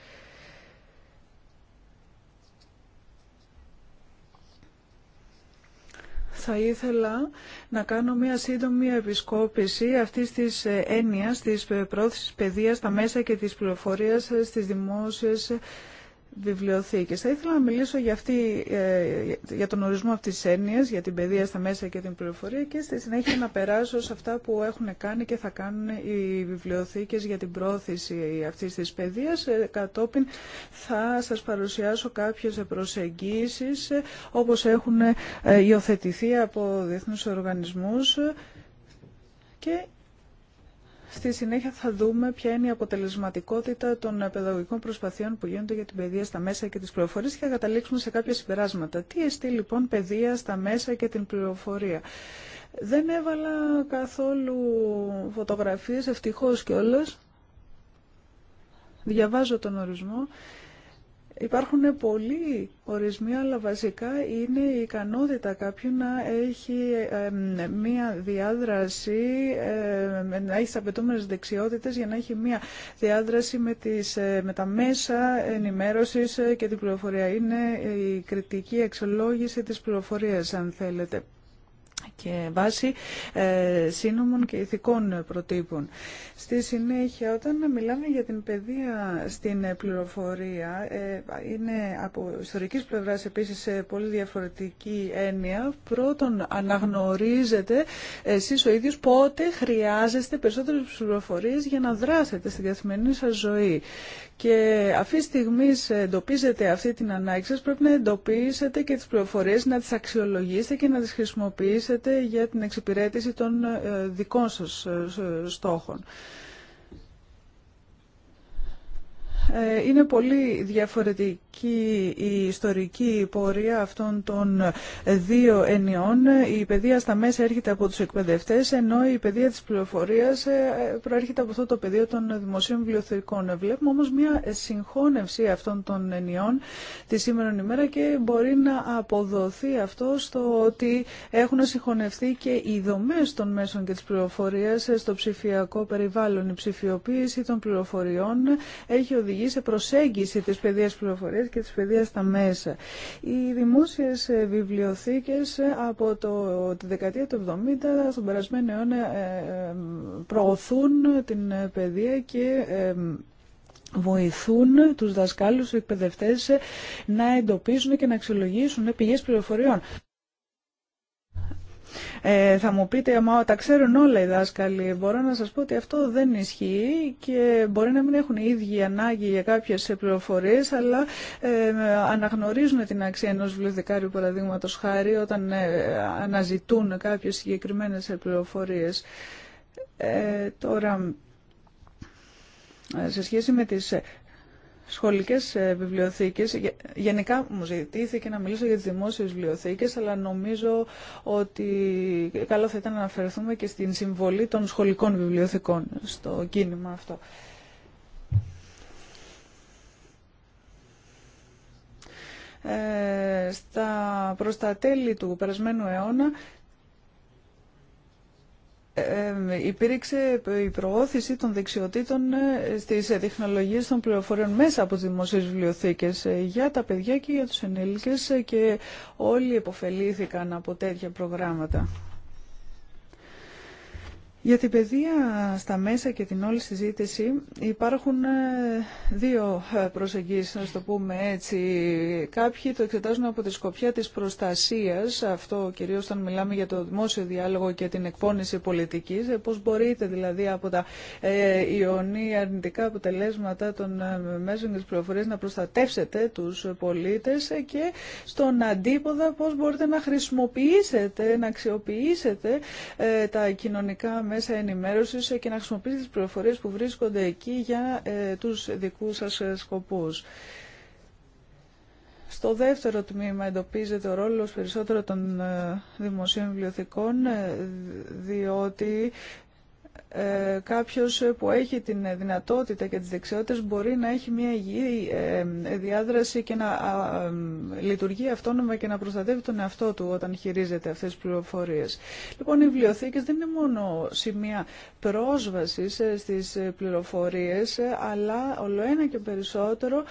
θα ήθελα να κάνω μια σύντομη επισκόπηση αυτή της ε, έννοια, της ε, πρόθεση παιδεία τα μέσα και της πληροφορίας ε, στις δημόσιες βιβλιοθήκες. Θα ήθελα να μιλήσω για, αυτή, ε, για τον ορισμό αυτής της έννοιας, για την παιδεία στα μέσα και την πληροφορία και στη συνέχεια να περάσω σε αυτά που έχουν κάνει και θα κάνουν οι βιβλιοθήκες για την πρόθεση αυτής της παιδείας. Ε, κατόπιν θα σας παρουσιάσω κάποιες προσεγγίσεις ε, όπως έχουν υιοθετηθεί από διεθνούς οργανισμούς και Στη συνέχεια θα δούμε ποια είναι η αποτελεσματικότητα των παιδαγωγικών προσπαθειών που γίνονται για την παιδεία στα μέσα και τις πληροφορίες και θα καταλήξουμε σε κάποια συμπεράσματα. Τι εστί λοιπόν παιδεία στα μέσα και την πληροφορία. Δεν έβαλα καθόλου φωτογραφίες, ευτυχώς κιόλας. Διαβάζω τον ορισμό. Υπάρχουν πολλοί ορισμοί, αλλά βασικά είναι η ικανότητα κάποιου να έχει μία διάδραση, ε, να έχει απαιτούμενε δεξιότητες για να έχει μία διάδραση με, τις, ε, με τα μέσα ενημέρωσης ε, και την πληροφορία. Είναι η κριτική εξολόγηση της πληροφορίας, αν θέλετε και βάση ε, σύνομων και ηθικών προτύπων. Στη συνέχεια, όταν μιλάμε για την παιδεία στην πληροφορία, ε, είναι από ιστορικής πλευράς επίσης πολύ διαφορετική έννοια. Πρώτον, αναγνωρίζετε εσείς ο ίδιος πότε χρειάζεστε περισσότερες πληροφορίες για να δράσετε στην καθημερινή σας ζωή. Και αυτή τη στιγμή εντοπίζετε αυτή την ανάγκη σας, πρέπει να εντοπίσετε και τις προφορές, να τις αξιολογήσετε και να τις χρησιμοποιήσετε για την εξυπηρέτηση των ε, δικών σας ε, στόχων. Ε, είναι πολύ διαφορετική η ιστορική πορεία αυτών των δύο ενιών. Η παιδεία στα μέσα έρχεται από τους εκπαιδευτές, ενώ η παιδεία της πληροφορίας ε, προέρχεται από αυτό το πεδίο των δημοσίων βιβλιοθηκών. Βλέπουμε όμως μια συγχώνευση αυτών των ενιών τη σήμερα ημέρα και μπορεί να αποδοθεί αυτό στο ότι έχουν συγχωνευτεί και οι δομές των μέσων και της πληροφορίας ε, στο ψηφιακό περιβάλλον. Η ψηφιοποίηση των πληροφοριών έχει οδηγήσει οδηγεί σε προσέγγιση της παιδείας πληροφορίας και της παιδείας στα μέσα. Οι δημόσιες βιβλιοθήκες από το, τη δεκαετία του 70 στον περασμένο αιώνα ε, ε, προωθούν την παιδεία και ε, βοηθούν τους δασκάλους, τους εκπαιδευτές να εντοπίζουν και να αξιολογήσουν πηγές πληροφοριών. Ε, θα μου πείτε, μα τα ξέρουν όλα οι δάσκαλοι. Μπορώ να σας πω ότι αυτό δεν ισχύει και μπορεί να μην έχουν οι ίδιοι ανάγκη για κάποιες πληροφορίες, αλλά ε, αναγνωρίζουν την αξία ενός βιβλιοθηκάριου παραδείγματο χάρη όταν ε, αναζητούν κάποιες συγκεκριμένες πληροφορίες. Ε, τώρα, σε σχέση με τις σχολικές ε, βιβλιοθήκες. Γενικά μου ζητήθηκε να μιλήσω για τις δημόσιες βιβλιοθήκες, αλλά νομίζω ότι καλό θα ήταν να αναφερθούμε και στην συμβολή των σχολικών βιβλιοθηκών στο κίνημα αυτό. Ε, στα προς τα τέλη του περασμένου αιώνα υπήρξε η προώθηση των δεξιοτήτων ε, στις τεχνολογίες των πληροφοριών μέσα από τις δημοσίες βιβλιοθήκες ε, για τα παιδιά και για τους ενήλικες ε, και όλοι επωφελήθηκαν από τέτοια προγράμματα. Για την παιδεία στα μέσα και την όλη συζήτηση υπάρχουν ε, δύο ε, προσεγγίσεις, να το πούμε έτσι. Κάποιοι το εξετάζουν από τη σκοπιά της προστασίας, αυτό κυρίως όταν μιλάμε για το δημόσιο διάλογο και την εκπόνηση πολιτικής, ε, πώς μπορείτε δηλαδή από τα ε, ιονή αρνητικά αποτελέσματα των μέσων της πληροφορίας να προστατεύσετε τους πολίτες και στον αντίποδα πώς μπορείτε να χρησιμοποιήσετε, να αξιοποιήσετε τα κοινωνικά μέσα ενημέρωσης και να χρησιμοποιήσετε τις πληροφορίες που βρίσκονται εκεί για ε, τους δικούς σας ε, σκοπούς. Στο δεύτερο τμήμα εντοπίζεται ο ρόλος περισσότερο των ε, δημοσίων βιβλιοθηκών διότι ε, κάποιος που έχει την δυνατότητα και τις δεξιότητες μπορεί να έχει μια υγιή ε, διάδραση και να ε, λειτουργεί αυτόνομα και να προστατεύει τον εαυτό του όταν χειρίζεται αυτές τις πληροφορίες. Λοιπόν, οι βιβλιοθήκες δεν είναι μόνο σημεία πρόσβασης ε, στις πληροφορίες, αλλά ολοένα και περισσότερο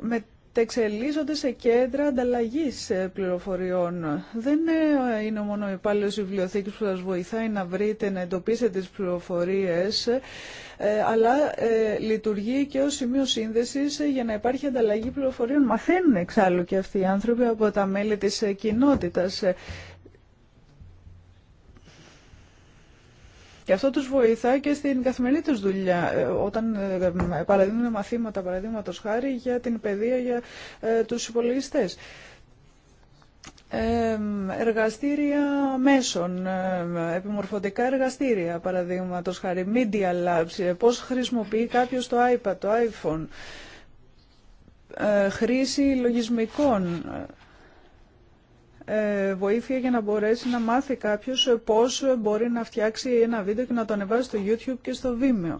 με εξελίσσονται σε κέντρα ανταλλαγή ε, πληροφοριών. Δεν ε, είναι μόνο ο υπάλληλο βιβλιοθήκη που σα βοηθάει να βρείτε, να εντοπίσετε τι πληροφορίε, ε, αλλά λειτουργεί και ω σημείο σύνδεση για να υπάρχει ανταλλαγή πληροφοριών. Μαθαίνουν εξάλλου και αυτοί οι άνθρωποι από τα μέλη τη κοινότητα. Και αυτό τους βοηθά και στην καθημερινή τους δουλειά, ε, όταν ε, παραδίνουν μαθήματα, παραδείγματο χάρη, για την παιδεία για ε, τους υπολογιστές. εργαστήρια μέσων, επιμορφωτικά εργαστήρια, παραδείγματο χάρη, media labs, πώς χρησιμοποιεί κάποιος το iPad, το iPhone, χρήση λογισμικών, ε, βοήθεια για να μπορέσει να μάθει κάποιος πώς μπορεί να φτιάξει ένα βίντεο και να το ανεβάσει στο YouTube και στο Vimeo.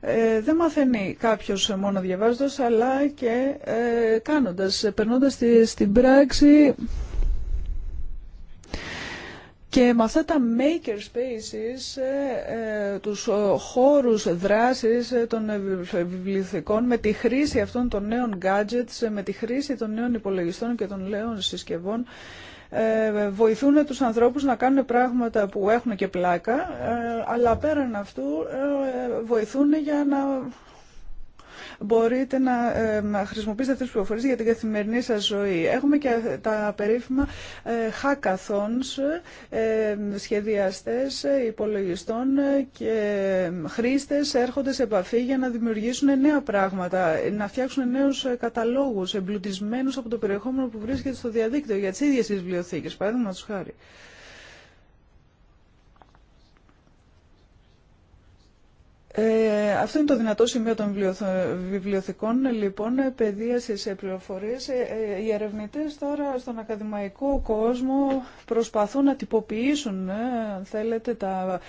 Ε, δεν μαθαίνει κάποιος μόνο διαβάζοντας αλλά και ε, κάνοντας, περνώντας στη, στην πράξη και με αυτά τα maker spaces, ε, ε, τους ε, χώρους δράσης των βιβλιοθηκών, με τη χρήση αυτών των νέων gadgets, με τη χρήση των νέων υπολογιστών και των νέων συσκευών, βοηθούν τους ανθρώπους να κάνουν πράγματα που έχουν και πλάκα, αλλά πέραν αυτού βοηθούν για να μπορείτε ε, να χρησιμοποιήσετε αυτές τις πληροφορίες για την καθημερινή σας ζωή. Έχουμε και τα περίφημα ε, hackathons, ε, σχεδιαστές υπολογιστών και χρήστες έρχονται σε επαφή για να δημιουργήσουν νέα πράγματα, να φτιάξουν νέους καταλόγους εμπλουτισμένους από το περιεχόμενο που βρίσκεται στο διαδίκτυο για τις ίδιες τις βιβλιοθήκες, παραδείγματος χάρη. Ε, αυτό είναι το δυνατό σημείο των βιβλιοθηκών, λοιπόν, παιδεία σε πληροφορίε. Ε, ε, οι ερευνητέ τώρα στον ακαδημαϊκό κόσμο προσπαθούν να τυποποιήσουν, ε, αν θέλετε, τα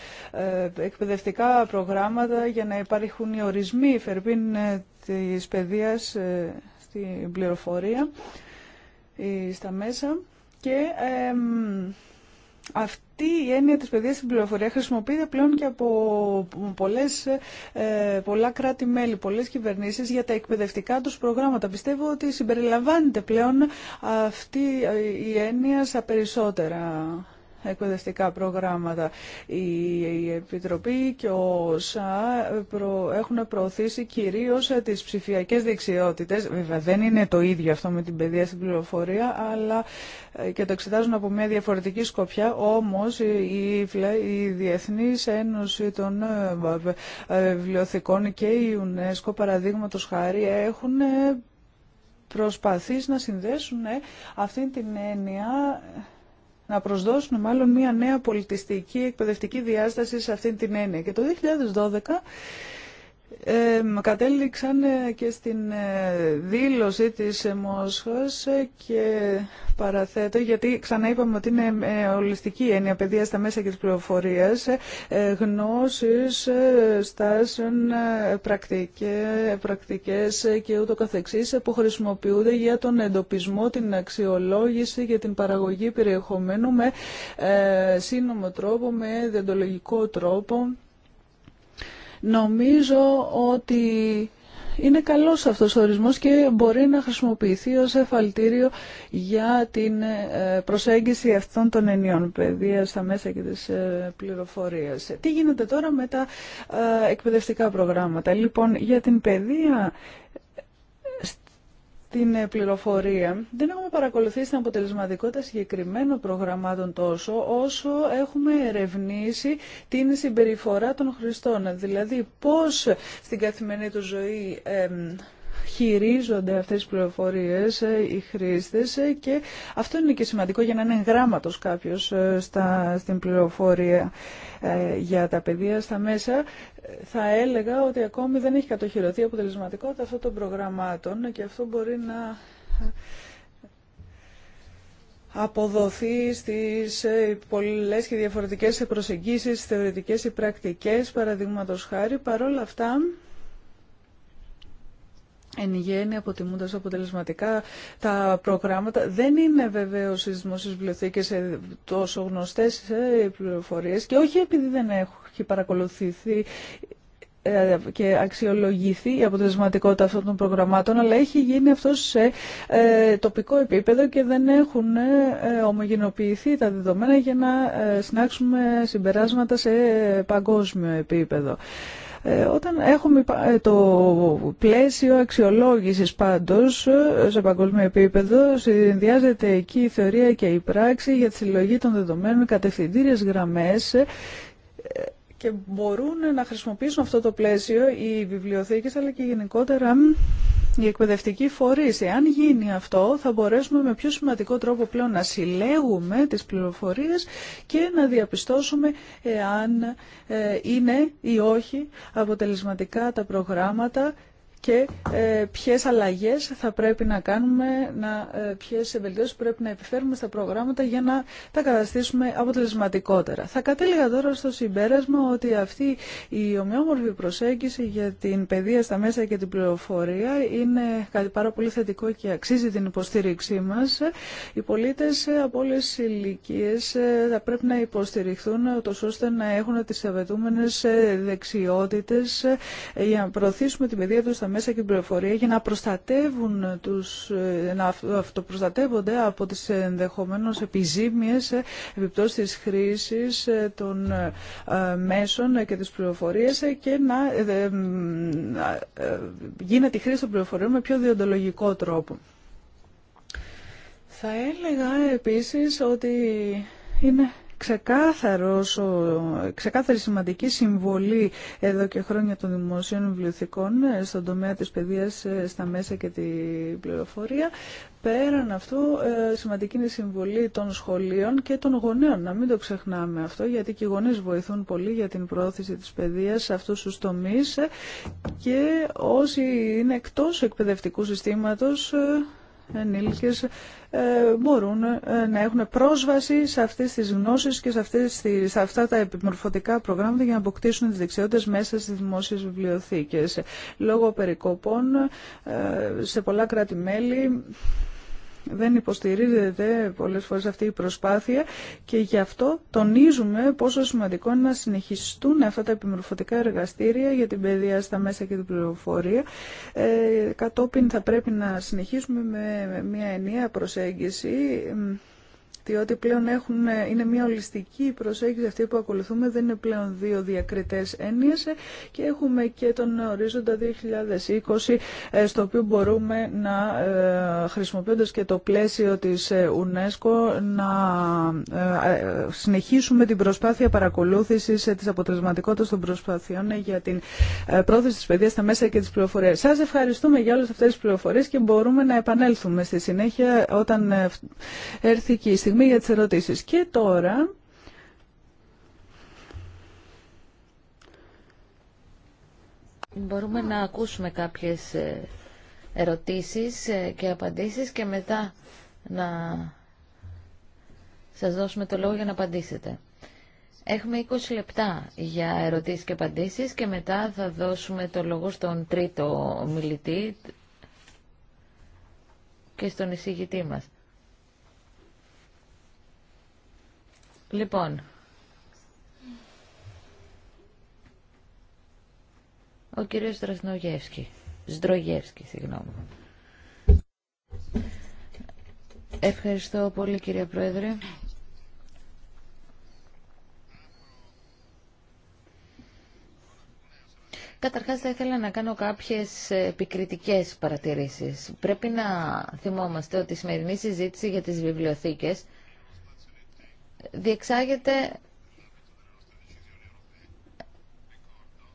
εκπαιδευτικά προγράμματα για να υπάρχουν οι ορισμοί τη της παιδείας στην πληροφορία, στα μέσα και... Αυτή η έννοια της παιδείας στην πληροφορία χρησιμοποιείται πλέον και από πολλές, ε, πολλά κράτη-μέλη, πολλές κυβερνήσεις για τα εκπαιδευτικά τους προγράμματα. Πιστεύω ότι συμπεριλαμβάνεται πλέον αυτή ε, η έννοια στα περισσότερα εκπαιδευτικά προγράμματα. Η Επιτροπή και ο ΣΑ έχουν προωθήσει κυρίως ε, τις ψηφιακές δεξιότητες. Βέβαια δεν είναι το ίδιο αυτό με την παιδεία στην πληροφορία, αλλά ε, και το εξετάζουν από μια διαφορετική σκοπιά. Όμως η, η Διεθνής Ένωση των ε, Βιβλιοθηκών και η UNESCO παραδείγματος χάρη έχουν προσπαθήσει να συνδέσουν αυτή την έννοια να προσδώσουν μάλλον μια νέα πολιτιστική εκπαιδευτική διάσταση σε αυτήν την έννοια. Και το 2012 κατέληξαν ε, και στην ε, δήλωση της ε, Μόσχας και παραθέτω, γιατί ξανά είπαμε ότι είναι ολιστική έννοια παιδεία στα μέσα και τις πληροφορίες, γνώσεις, στάσεων, πρακτικές, και ούτω καθεξής που χρησιμοποιούνται για τον εντοπισμό, την αξιολόγηση και την παραγωγή περιεχομένου με σύνομο τρόπο, με δεντολογικό τρόπο Νομίζω ότι είναι καλός αυτός ο ορισμός και μπορεί να χρησιμοποιηθεί ως εφαλτήριο για την ε, προσέγγιση αυτών των ενιών παιδείας στα μέσα και της ε, πληροφορίας. Τι γίνεται τώρα με τα ε, εκπαιδευτικά προγράμματα. Λοιπόν, για την παιδεία την ε, πληροφορία. Δεν έχουμε παρακολουθήσει την αποτελεσματικότητα συγκεκριμένων προγραμμάτων τόσο όσο έχουμε ερευνήσει την συμπεριφορά των χρηστών. Δηλαδή πώς στην καθημερινή του ζωή χειρίζονται αυτές τις πληροφορίες ε, οι χρήστες ε, και αυτό είναι και σημαντικό για να είναι γράμματος κάποιος ε, στα, στην πληροφορία για τα παιδεία στα μέσα. Θα έλεγα ότι ακόμη δεν έχει κατοχυρωθεί αποτελεσματικότητα αυτών των προγραμμάτων και αυτό μπορεί να αποδοθεί στις πολλές και διαφορετικές προσεγγίσεις, θεωρητικές ή πρακτικές, παραδείγματος χάρη. Παρόλα αυτά, Εν γέννη, αποτιμώντα αποτελεσματικά τα προγράμματα, δεν είναι βεβαίω οι δημόσιε βιβλιοθήκε ε, τόσο γνωστέ ε, οι πληροφορίε και όχι επειδή δεν έχει παρακολουθηθεί ε, και αξιολογηθεί η αποτελεσματικότητα αυτών των προγραμμάτων, αλλά έχει γίνει αυτό σε τοπικό επίπεδο και δεν έχουν ομογενοποιηθεί τα δεδομένα για να συνάξουμε συμπεράσματα σε παγκόσμιο επίπεδο. Ε, όταν έχουμε ε, το πλαίσιο αξιολόγησης πάντως ε, σε παγκόσμιο επίπεδο, συνδυάζεται εκεί η θεωρία και η πράξη για τη συλλογή των δεδομένων, κατευθυντήριες γραμμές και μπορούν να χρησιμοποιήσουν αυτό το πλαίσιο οι βιβλιοθήκες αλλά και γενικότερα οι εκπαιδευτικοί φορείς. Εάν γίνει αυτό θα μπορέσουμε με πιο σημαντικό τρόπο πλέον να συλλέγουμε τις πληροφορίες και να διαπιστώσουμε εάν ε, είναι ή όχι αποτελεσματικά τα προγράμματα και ε, ποιες αλλαγές θα πρέπει να κάνουμε, να, ε, ποιες βελτιώσεις πρέπει να επιφέρουμε στα προγράμματα για να τα καταστήσουμε αποτελεσματικότερα. Θα κατέληγα τώρα στο συμπέρασμα ότι αυτή η ομοιόμορφη προσέγγιση για την παιδεία στα μέσα και την πληροφορία είναι κάτι πάρα πολύ θετικό και αξίζει την υποστήριξή μας. Οι πολίτες από όλε τι ηλικίε ε, θα πρέπει να υποστηριχθούν ώστε να έχουν τις ευετούμενε ε, δεξιότητες ε, για να προωθήσουμε την παιδεία τους στα μέσα και την πληροφορία για να προστατεύουν τους, ε, να αυτοπροστατεύονται από τις ενδεχομένως επιζήμιες ε, επιπτώσεις της χρήσης ε, των μέσων και της πληροφορίας και να γίνεται η χρήση των πληροφοριών με πιο διοντολογικό τρόπο. Θα έλεγα επίσης ότι είναι ξεκάθαρος, ξεκάθαρη σημαντική συμβολή εδώ και χρόνια των δημοσίων βιβλιοθηκών ε, στον τομέα της παιδείας ε, στα μέσα και την πληροφορία. Πέραν αυτού, ε, σημαντική είναι η συμβολή των σχολείων και των γονέων. Να μην το ξεχνάμε αυτό, γιατί και οι γονείς βοηθούν πολύ για την πρόθεση της παιδείας σε αυτούς τους τομείς και όσοι είναι εκτός εκπαιδευτικού συστήματος ενήλικες ε, μπορούν ε, να έχουν πρόσβαση σε αυτές τις γνώσεις και σε, αυτές, σε αυτά τα επιμορφωτικά προγράμματα για να αποκτήσουν τις δεξιότητες μέσα στις δημόσιες βιβλιοθήκες. Λόγω περικοπών ε, σε πολλά κράτη-μέλη δεν υποστηρίζεται πολλές φορές αυτή η προσπάθεια και γι' αυτό τονίζουμε πόσο σημαντικό είναι να συνεχιστούν αυτά τα επιμορφωτικά εργαστήρια για την παιδεία στα μέσα και την πληροφορία. Ε, κατόπιν θα πρέπει να συνεχίσουμε με μια ενιαία προσέγγιση διότι πλέον έχουν, είναι μια ολιστική προσέγγιση αυτή που ακολουθούμε, δεν είναι πλέον δύο διακριτές έννοιες και έχουμε και τον ορίζοντα 2020 ε, στο οποίο μπορούμε να ε, χρησιμοποιώντας και το πλαίσιο της ε, UNESCO να συνεχίσουμε την προσπάθεια παρακολούθησης της αποτελεσματικότητας των προσπαθειών για την πρόθεση της παιδείας στα μέσα και τις πληροφορίες. Σας ευχαριστούμε για όλες αυτές τις πληροφορίες και μπορούμε να επανέλθουμε στη συνέχεια όταν έρθει και η στιγμή για ερωτήσεις. Και τώρα... Μπορούμε να ακούσουμε κάποιες ε, ερωτήσεις ε, και απαντήσεις και μετά να σας δώσουμε το λόγο για να απαντήσετε. Έχουμε 20 λεπτά για ερωτήσεις και απαντήσεις και μετά θα δώσουμε το λόγο στον τρίτο μιλητή και στον εισηγητή μας. Λοιπόν, ο κύριος Στρασνογεύσκη, Στρογεύσκη, συγγνώμη. Ευχαριστώ πολύ κύριε Πρόεδρε. Καταρχάς θα ήθελα να κάνω κάποιες επικριτικές παρατηρήσεις. Πρέπει να θυμόμαστε ότι η σημερινή συζήτηση για τις βιβλιοθήκες διεξάγεται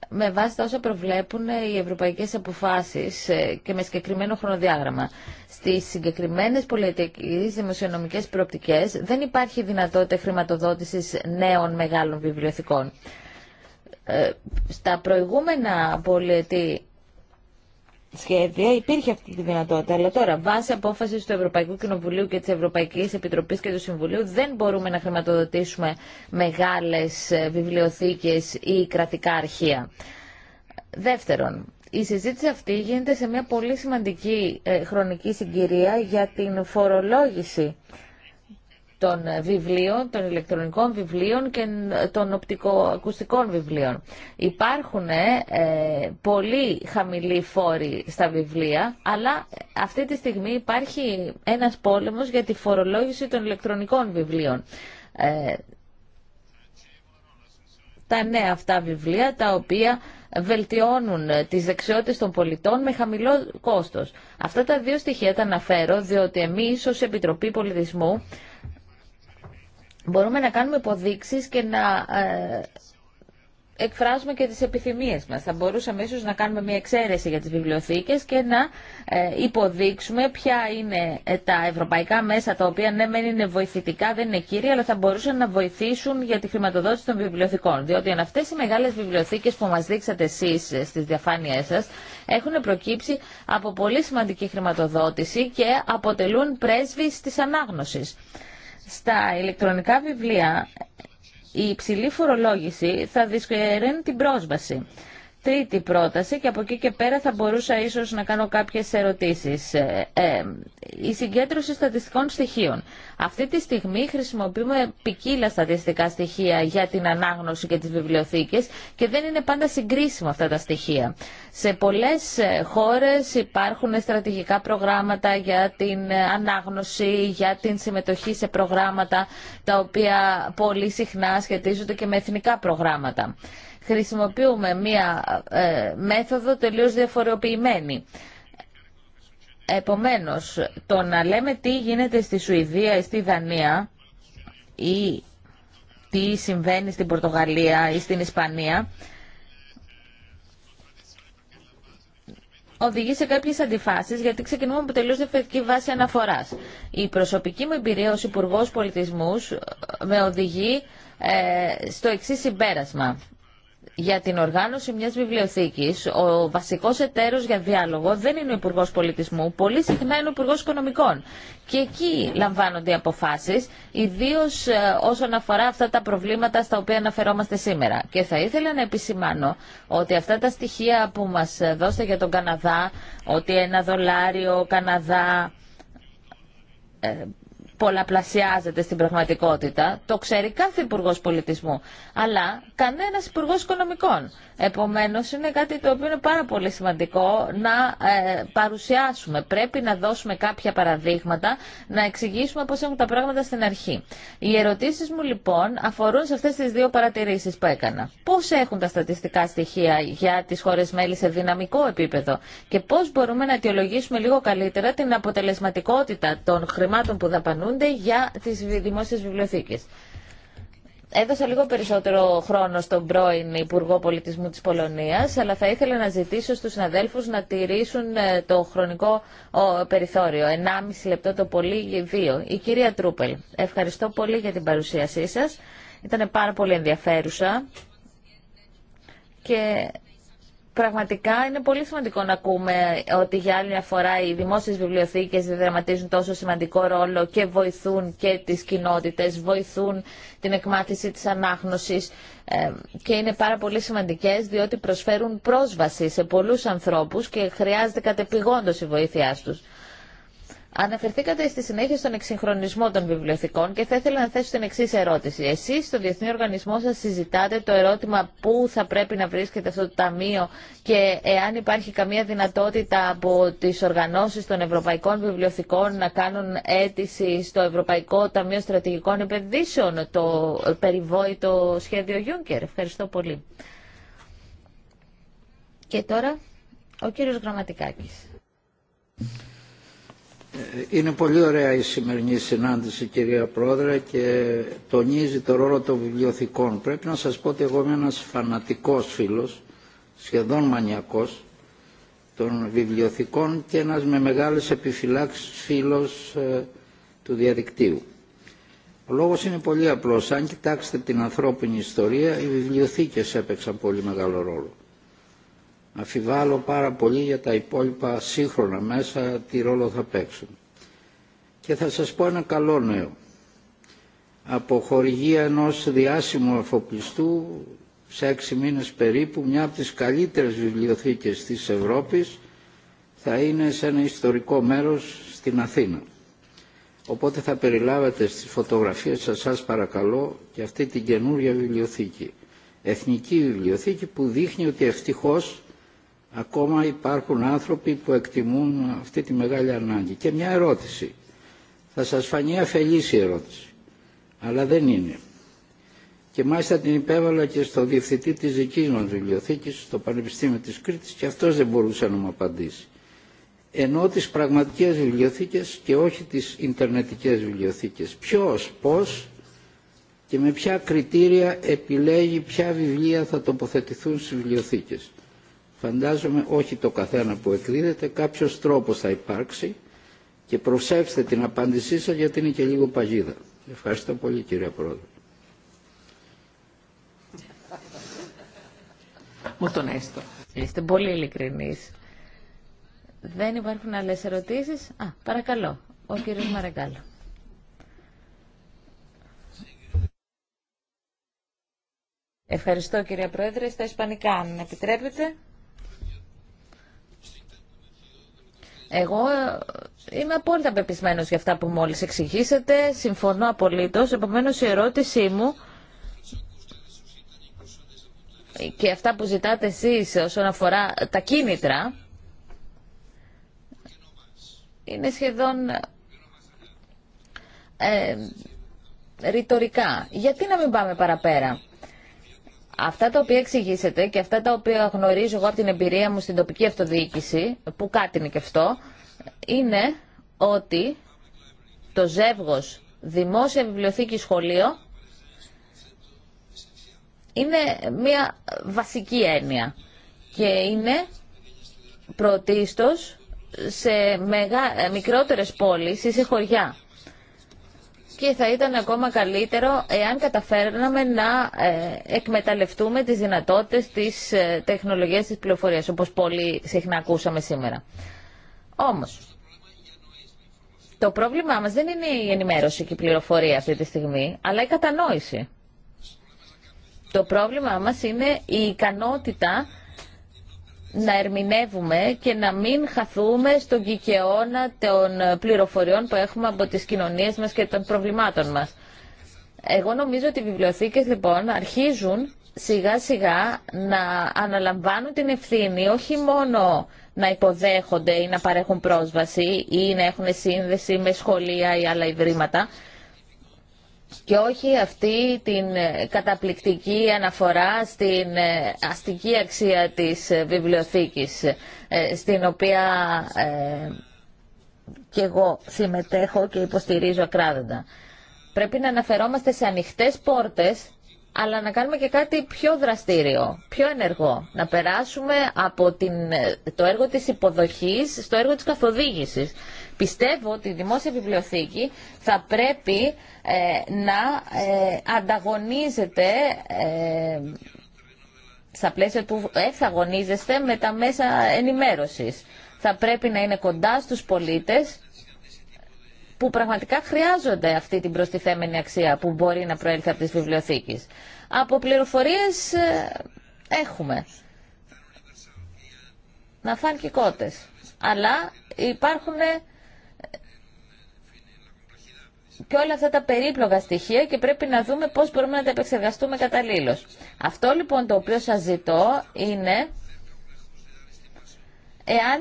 με βάση τα όσα προβλέπουν οι ευρωπαϊκές αποφάσεις ε, και με συγκεκριμένο χρονοδιάγραμμα. Στις συγκεκριμένες πολιτικές δημοσιονομικές προοπτικές δεν υπάρχει δυνατότητα χρηματοδότησης νέων μεγάλων βιβλιοθηκών. Ε, στα προηγούμενα πολιτικά σχέδια υπήρχε αυτή τη δυνατότητα. Αλλά τώρα, βάσει απόφαση του Ευρωπαϊκού Κοινοβουλίου και τη Ευρωπαϊκή Επιτροπή και του Συμβουλίου, δεν μπορούμε να χρηματοδοτήσουμε μεγάλε βιβλιοθήκε ή κρατικά αρχεία. Δεύτερον, η συζήτηση αυτή γίνεται σε μια πολύ σημαντική ε, χρονική συγκυρία για την φορολόγηση των βιβλίων, των ηλεκτρονικών βιβλίων και των οπτικοακουστικών βιβλίων. Υπάρχουν ε, πολύ χαμηλοί φόροι στα βιβλία, αλλά αυτή τη στιγμή υπάρχει ένας πόλεμος για τη φορολόγηση των ηλεκτρονικών βιβλίων. Ε, τα νέα αυτά βιβλία, τα οποία βελτιώνουν τις δεξιότητες των πολιτών με χαμηλό κόστος. Αυτά τα δύο στοιχεία τα αναφέρω, διότι εμείς ως Επιτροπή Πολιτισμού μπορούμε να κάνουμε υποδείξεις και να ε, εκφράζουμε και τις επιθυμίες μας. Θα μπορούσαμε ίσως να κάνουμε μια εξαίρεση για τις βιβλιοθήκες και να ε, υποδείξουμε ποια είναι ε, τα ευρωπαϊκά μέσα τα οποία ναι μεν είναι βοηθητικά, δεν είναι κύρια, αλλά θα μπορούσαν να βοηθήσουν για τη χρηματοδότηση των βιβλιοθηκών. Διότι αν αυτές οι μεγάλες βιβλιοθήκες που μας δείξατε εσείς στις διαφάνειές σας έχουν προκύψει από πολύ σημαντική χρηματοδότηση και αποτελούν πρέσβεις της ανάγνωσης. Στα ηλεκτρονικά βιβλία η υψηλή φορολόγηση θα δυσκολεύει την πρόσβαση τρίτη πρόταση και από εκεί και πέρα θα μπορούσα ίσως να κάνω κάποιες ερωτήσεις. Ε, ε, η συγκέντρωση στατιστικών στοιχείων. Αυτή τη στιγμή χρησιμοποιούμε ποικίλα στατιστικά στοιχεία για την ανάγνωση και τις βιβλιοθήκες και δεν είναι πάντα συγκρίσιμα αυτά τα στοιχεία. Σε πολλές ε, χώρες υπάρχουν στρατηγικά προγράμματα για την ανάγνωση, για την συμμετοχή σε προγράμματα τα οποία πολύ συχνά σχετίζονται και με εθνικά προγράμματα χρησιμοποιούμε μία ε, μέθοδο τελείως διαφοροποιημένη. Επομένως, το να λέμε τι γίνεται στη Σουηδία ή στη Δανία ή τι συμβαίνει στην Πορτογαλία ή στην Ισπανία οδηγεί σε κάποιε αντιφάσει, γιατί ξεκινούμε από τελείω διαφορετική βάση αναφορά. Η προσωπική μου εμπειρία ως Υπουργό Πολιτισμού ε, με οδηγεί ε, στο εξή συμπέρασμα για την οργάνωση μιας βιβλιοθήκης, ο βασικός εταίρος για διάλογο δεν είναι ο Υπουργό Πολιτισμού, πολύ συχνά είναι ο Υπουργό Οικονομικών. Και εκεί λαμβάνονται οι αποφάσεις, ιδίως ε, όσον αφορά αυτά τα προβλήματα στα οποία αναφερόμαστε σήμερα. Και θα ήθελα να επισημάνω ότι αυτά τα στοιχεία που μας δώσετε για τον Καναδά, ότι ένα δολάριο Καναδά ε, πολλαπλασιάζεται στην πραγματικότητα. Το ξέρει κάθε Υπουργό Πολιτισμού, αλλά κανένα Υπουργό Οικονομικών. Επομένω, είναι κάτι το οποίο είναι πάρα πολύ σημαντικό να ε, παρουσιάσουμε. Πρέπει να δώσουμε κάποια παραδείγματα, να εξηγήσουμε πώ έχουν τα πράγματα στην αρχή. Οι ερωτήσει μου λοιπόν αφορούν σε αυτέ τι δύο παρατηρήσει που έκανα. Πώ έχουν τα στατιστικά στοιχεία για τι χώρε μέλη σε δυναμικό επίπεδο και πώ μπορούμε να αιτιολογήσουμε λίγο καλύτερα την αποτελεσματικότητα των χρημάτων που δαπανούν για τις δημόσιες βιβλιοθήκες. Έδωσα λίγο περισσότερο χρόνο στον πρώην Υπουργό Πολιτισμού της Πολωνίας, αλλά θα ήθελα να ζητήσω στους συναδέλφους να τηρήσουν ε, το χρονικό περιθώριο, 1,5 λεπτό το πολύ, 2. Η κυρία Τρούπελ, ευχαριστώ πολύ για την παρουσίασή σας. Ήταν πάρα πολύ ενδιαφέρουσα και Πραγματικά είναι πολύ σημαντικό να ακούμε ότι για άλλη μια φορά οι δημόσιες βιβλιοθήκες διαδραματίζουν τόσο σημαντικό ρόλο και βοηθούν και τις κοινότητες, βοηθούν την εκμάθηση της ανάγνωσης ε, και είναι πάρα πολύ σημαντικές διότι προσφέρουν πρόσβαση σε πολλούς ανθρώπους και χρειάζεται κατεπηγόντω η βοήθειά του. Αναφερθήκατε στη συνέχεια στον εξυγχρονισμό των βιβλιοθηκών και θα ήθελα να θέσω την εξή ερώτηση. Εσεί στο Διεθνή Οργανισμό σα συζητάτε το ερώτημα πού θα πρέπει να βρίσκεται αυτό το ταμείο και εάν υπάρχει καμία δυνατότητα από τι οργανώσει των Ευρωπαϊκών Βιβλιοθηκών να κάνουν αίτηση στο Ευρωπαϊκό Ταμείο Στρατηγικών Επενδύσεων, το περιβόητο σχέδιο Juncker. Ευχαριστώ πολύ. Και τώρα ο κύριος Γραμματικάκη είναι πολύ ωραία η σημερινή συνάντηση κυρία Πρόεδρε και τονίζει το ρόλο των βιβλιοθηκών. Πρέπει να σας πω ότι εγώ είμαι ένας φανατικός φίλος, σχεδόν μανιακός, των βιβλιοθηκών και ένας με μεγάλες επιφυλάξεις φίλος ε, του διαδικτύου. Ο λόγος είναι πολύ απλός. Αν κοιτάξετε την ανθρώπινη ιστορία, οι βιβλιοθήκες έπαιξαν πολύ μεγάλο ρόλο. Αφιβάλλω πάρα πολύ για τα υπόλοιπα σύγχρονα μέσα τι ρόλο θα παίξουν. Και θα σας πω ένα καλό νέο. Από χορηγία ενός διάσημου αφοπλιστού σε έξι μήνες περίπου μια από τις καλύτερες βιβλιοθήκες της Ευρώπης θα είναι σε ένα ιστορικό μέρος στην Αθήνα. Οπότε θα περιλάβετε στις φωτογραφίες σας, σας παρακαλώ, και αυτή την καινούργια βιβλιοθήκη. Εθνική βιβλιοθήκη που δείχνει ότι ευτυχώς ακόμα υπάρχουν άνθρωποι που εκτιμούν αυτή τη μεγάλη ανάγκη. Και μια ερώτηση. Θα σας φανεί αφελής η ερώτηση. Αλλά δεν είναι. Και μάλιστα την υπέβαλα και στο διευθυντή της δικής μας βιβλιοθήκης, στο Πανεπιστήμιο της Κρήτης και αυτός δεν μπορούσε να μου απαντήσει. Ενώ τις πραγματικές βιβλιοθήκες και όχι τις ιντερνετικές βιβλιοθήκες. Ποιος, πώς και με ποια κριτήρια επιλέγει ποια βιβλία θα τοποθετηθούν στις βιβλιοθήκες φαντάζομαι όχι το καθένα που εκδίδεται, κάποιος τρόπος θα υπάρξει και προσέξτε την απάντησή σας γιατί είναι και λίγο παγίδα. Ευχαριστώ πολύ κύριε Πρόεδρε. Μου τον Είστε πολύ ειλικρινείς. Δεν υπάρχουν άλλες ερωτήσεις. Α, παρακαλώ. Ο κύριος Μαρακάλο. Ευχαριστώ κύριε Πρόεδρε. Στα Ισπανικά αν επιτρέπετε. Εγώ ε, είμαι απόλυτα πεπισμένο για αυτά που μόλις εξηγήσατε, συμφωνώ απολύτως, επομένω η ερώτησή μου και αυτά που ζητάτε εσείς όσον αφορά τα κίνητρα είναι σχεδόν ε, ρητορικά. Γιατί να μην πάμε παραπέρα. Αυτά τα οποία εξηγήσετε και αυτά τα οποία γνωρίζω εγώ από την εμπειρία μου στην τοπική αυτοδιοίκηση, που κάτι είναι και αυτό, είναι ότι το ζεύγος δημόσια βιβλιοθήκη σχολείο είναι μια βασική έννοια και είναι πρωτίστως σε μεγά... μικρότερες πόλεις ή σε χωριά και θα ήταν ακόμα καλύτερο εάν καταφέρναμε να ε, εκμεταλλευτούμε τις δυνατότητες της ε, τεχνολογίας της πληροφορίας, όπως πολύ συχνά ακούσαμε σήμερα. Όμως, το πρόβλημά μας δεν είναι η ενημέρωση και η πληροφορία αυτή τη στιγμή, αλλά η κατανόηση. Το πρόβλημά μας είναι η ικανότητα να ερμηνεύουμε και να μην χαθούμε στον κικαιώνα των πληροφοριών που έχουμε από τις κοινωνίες μας και των προβλημάτων μας. Εγώ νομίζω ότι οι βιβλιοθήκες λοιπόν αρχίζουν σιγά σιγά να αναλαμβάνουν την ευθύνη όχι μόνο να υποδέχονται ή να παρέχουν πρόσβαση ή να έχουν σύνδεση με σχολεία ή άλλα ιδρύματα, και όχι αυτή την ε, καταπληκτική αναφορά στην ε, αστική αξία της ε, βιβλιοθήκης, στην οποία και εγώ συμμετέχω και υποστηρίζω ακράδαντα. Πρέπει να αναφερόμαστε σε ανοιχτές πόρτες, αλλά να κάνουμε και κάτι πιο δραστήριο, πιο ενεργό. Να περάσουμε από την, το έργο της υποδοχής στο έργο της καθοδήγησης. Πιστεύω ότι η δημόσια βιβλιοθήκη θα πρέπει ε, να ε, ανταγωνίζεται ε, στα πλαίσια του εξαγωνίζεστε με τα μέσα ενημέρωσης. Θα πρέπει να είναι κοντά στους πολίτες που πραγματικά χρειάζονται αυτή την προστιθέμενη αξία που μπορεί να προέλθει από τις βιβλιοθήκες. Από πληροφορίες ε, έχουμε. Να φάνε και κότες. Αλλά υπάρχουν και όλα αυτά τα περίπλογα στοιχεία και πρέπει να δούμε πώς μπορούμε να τα επεξεργαστούμε καταλήλως. Αυτό λοιπόν το οποίο σας ζητώ είναι εάν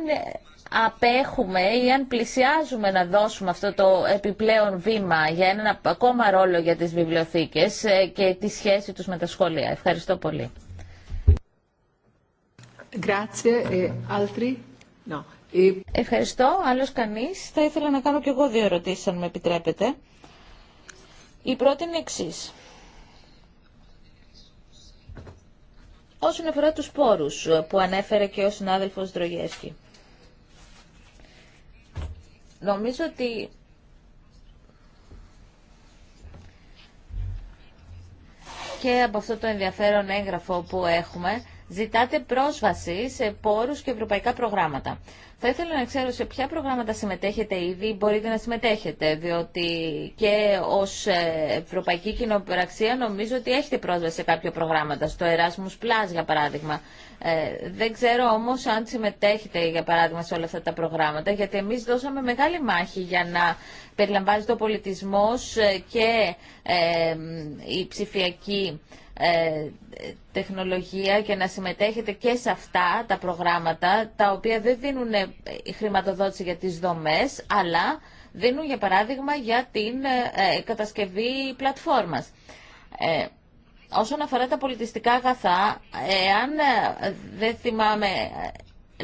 απέχουμε ή αν πλησιάζουμε να δώσουμε αυτό το επιπλέον βήμα για έναν ακόμα ρόλο για τις βιβλιοθήκες ε, και τη σχέση τους με τα σχολεία. Ευχαριστώ πολύ. Grazie. E altri? No. Ευχαριστώ. Άλλος κανείς. Θα ήθελα να κάνω κι εγώ δύο ερωτήσεις, αν με επιτρέπετε. Η πρώτη είναι εξή. Όσον αφορά τους σπόρους που ανέφερε και ο συνάδελφος Δρογέσκη. Νομίζω ότι και από αυτό το ενδιαφέρον έγγραφο που έχουμε ζητάτε πρόσβαση σε πόρους και ευρωπαϊκά προγράμματα. Θα ήθελα να ξέρω σε ποια προγράμματα συμμετέχετε ήδη, μπορείτε να συμμετέχετε, διότι και ως ε, Ευρωπαϊκή Κοινοπραξία νομίζω ότι έχετε πρόσβαση σε κάποια προγράμματα, στο Erasmus Plus για παράδειγμα. Ε, δεν ξέρω όμως αν συμμετέχετε για παράδειγμα σε όλα αυτά τα προγράμματα, γιατί εμείς δώσαμε μεγάλη μάχη για να περιλαμβάνεται ο πολιτισμός ε, και ε, η ψηφιακή ε, τεχνολογία και να συμμετέχετε και σε αυτά τα προγράμματα τα οποία δεν δίνουν χρηματοδότηση για τις δομές αλλά δίνουν για παράδειγμα για την κατασκευή πλατφόρμας. Όσον αφορά τα πολιτιστικά αγαθά, εάν δεν θυμάμαι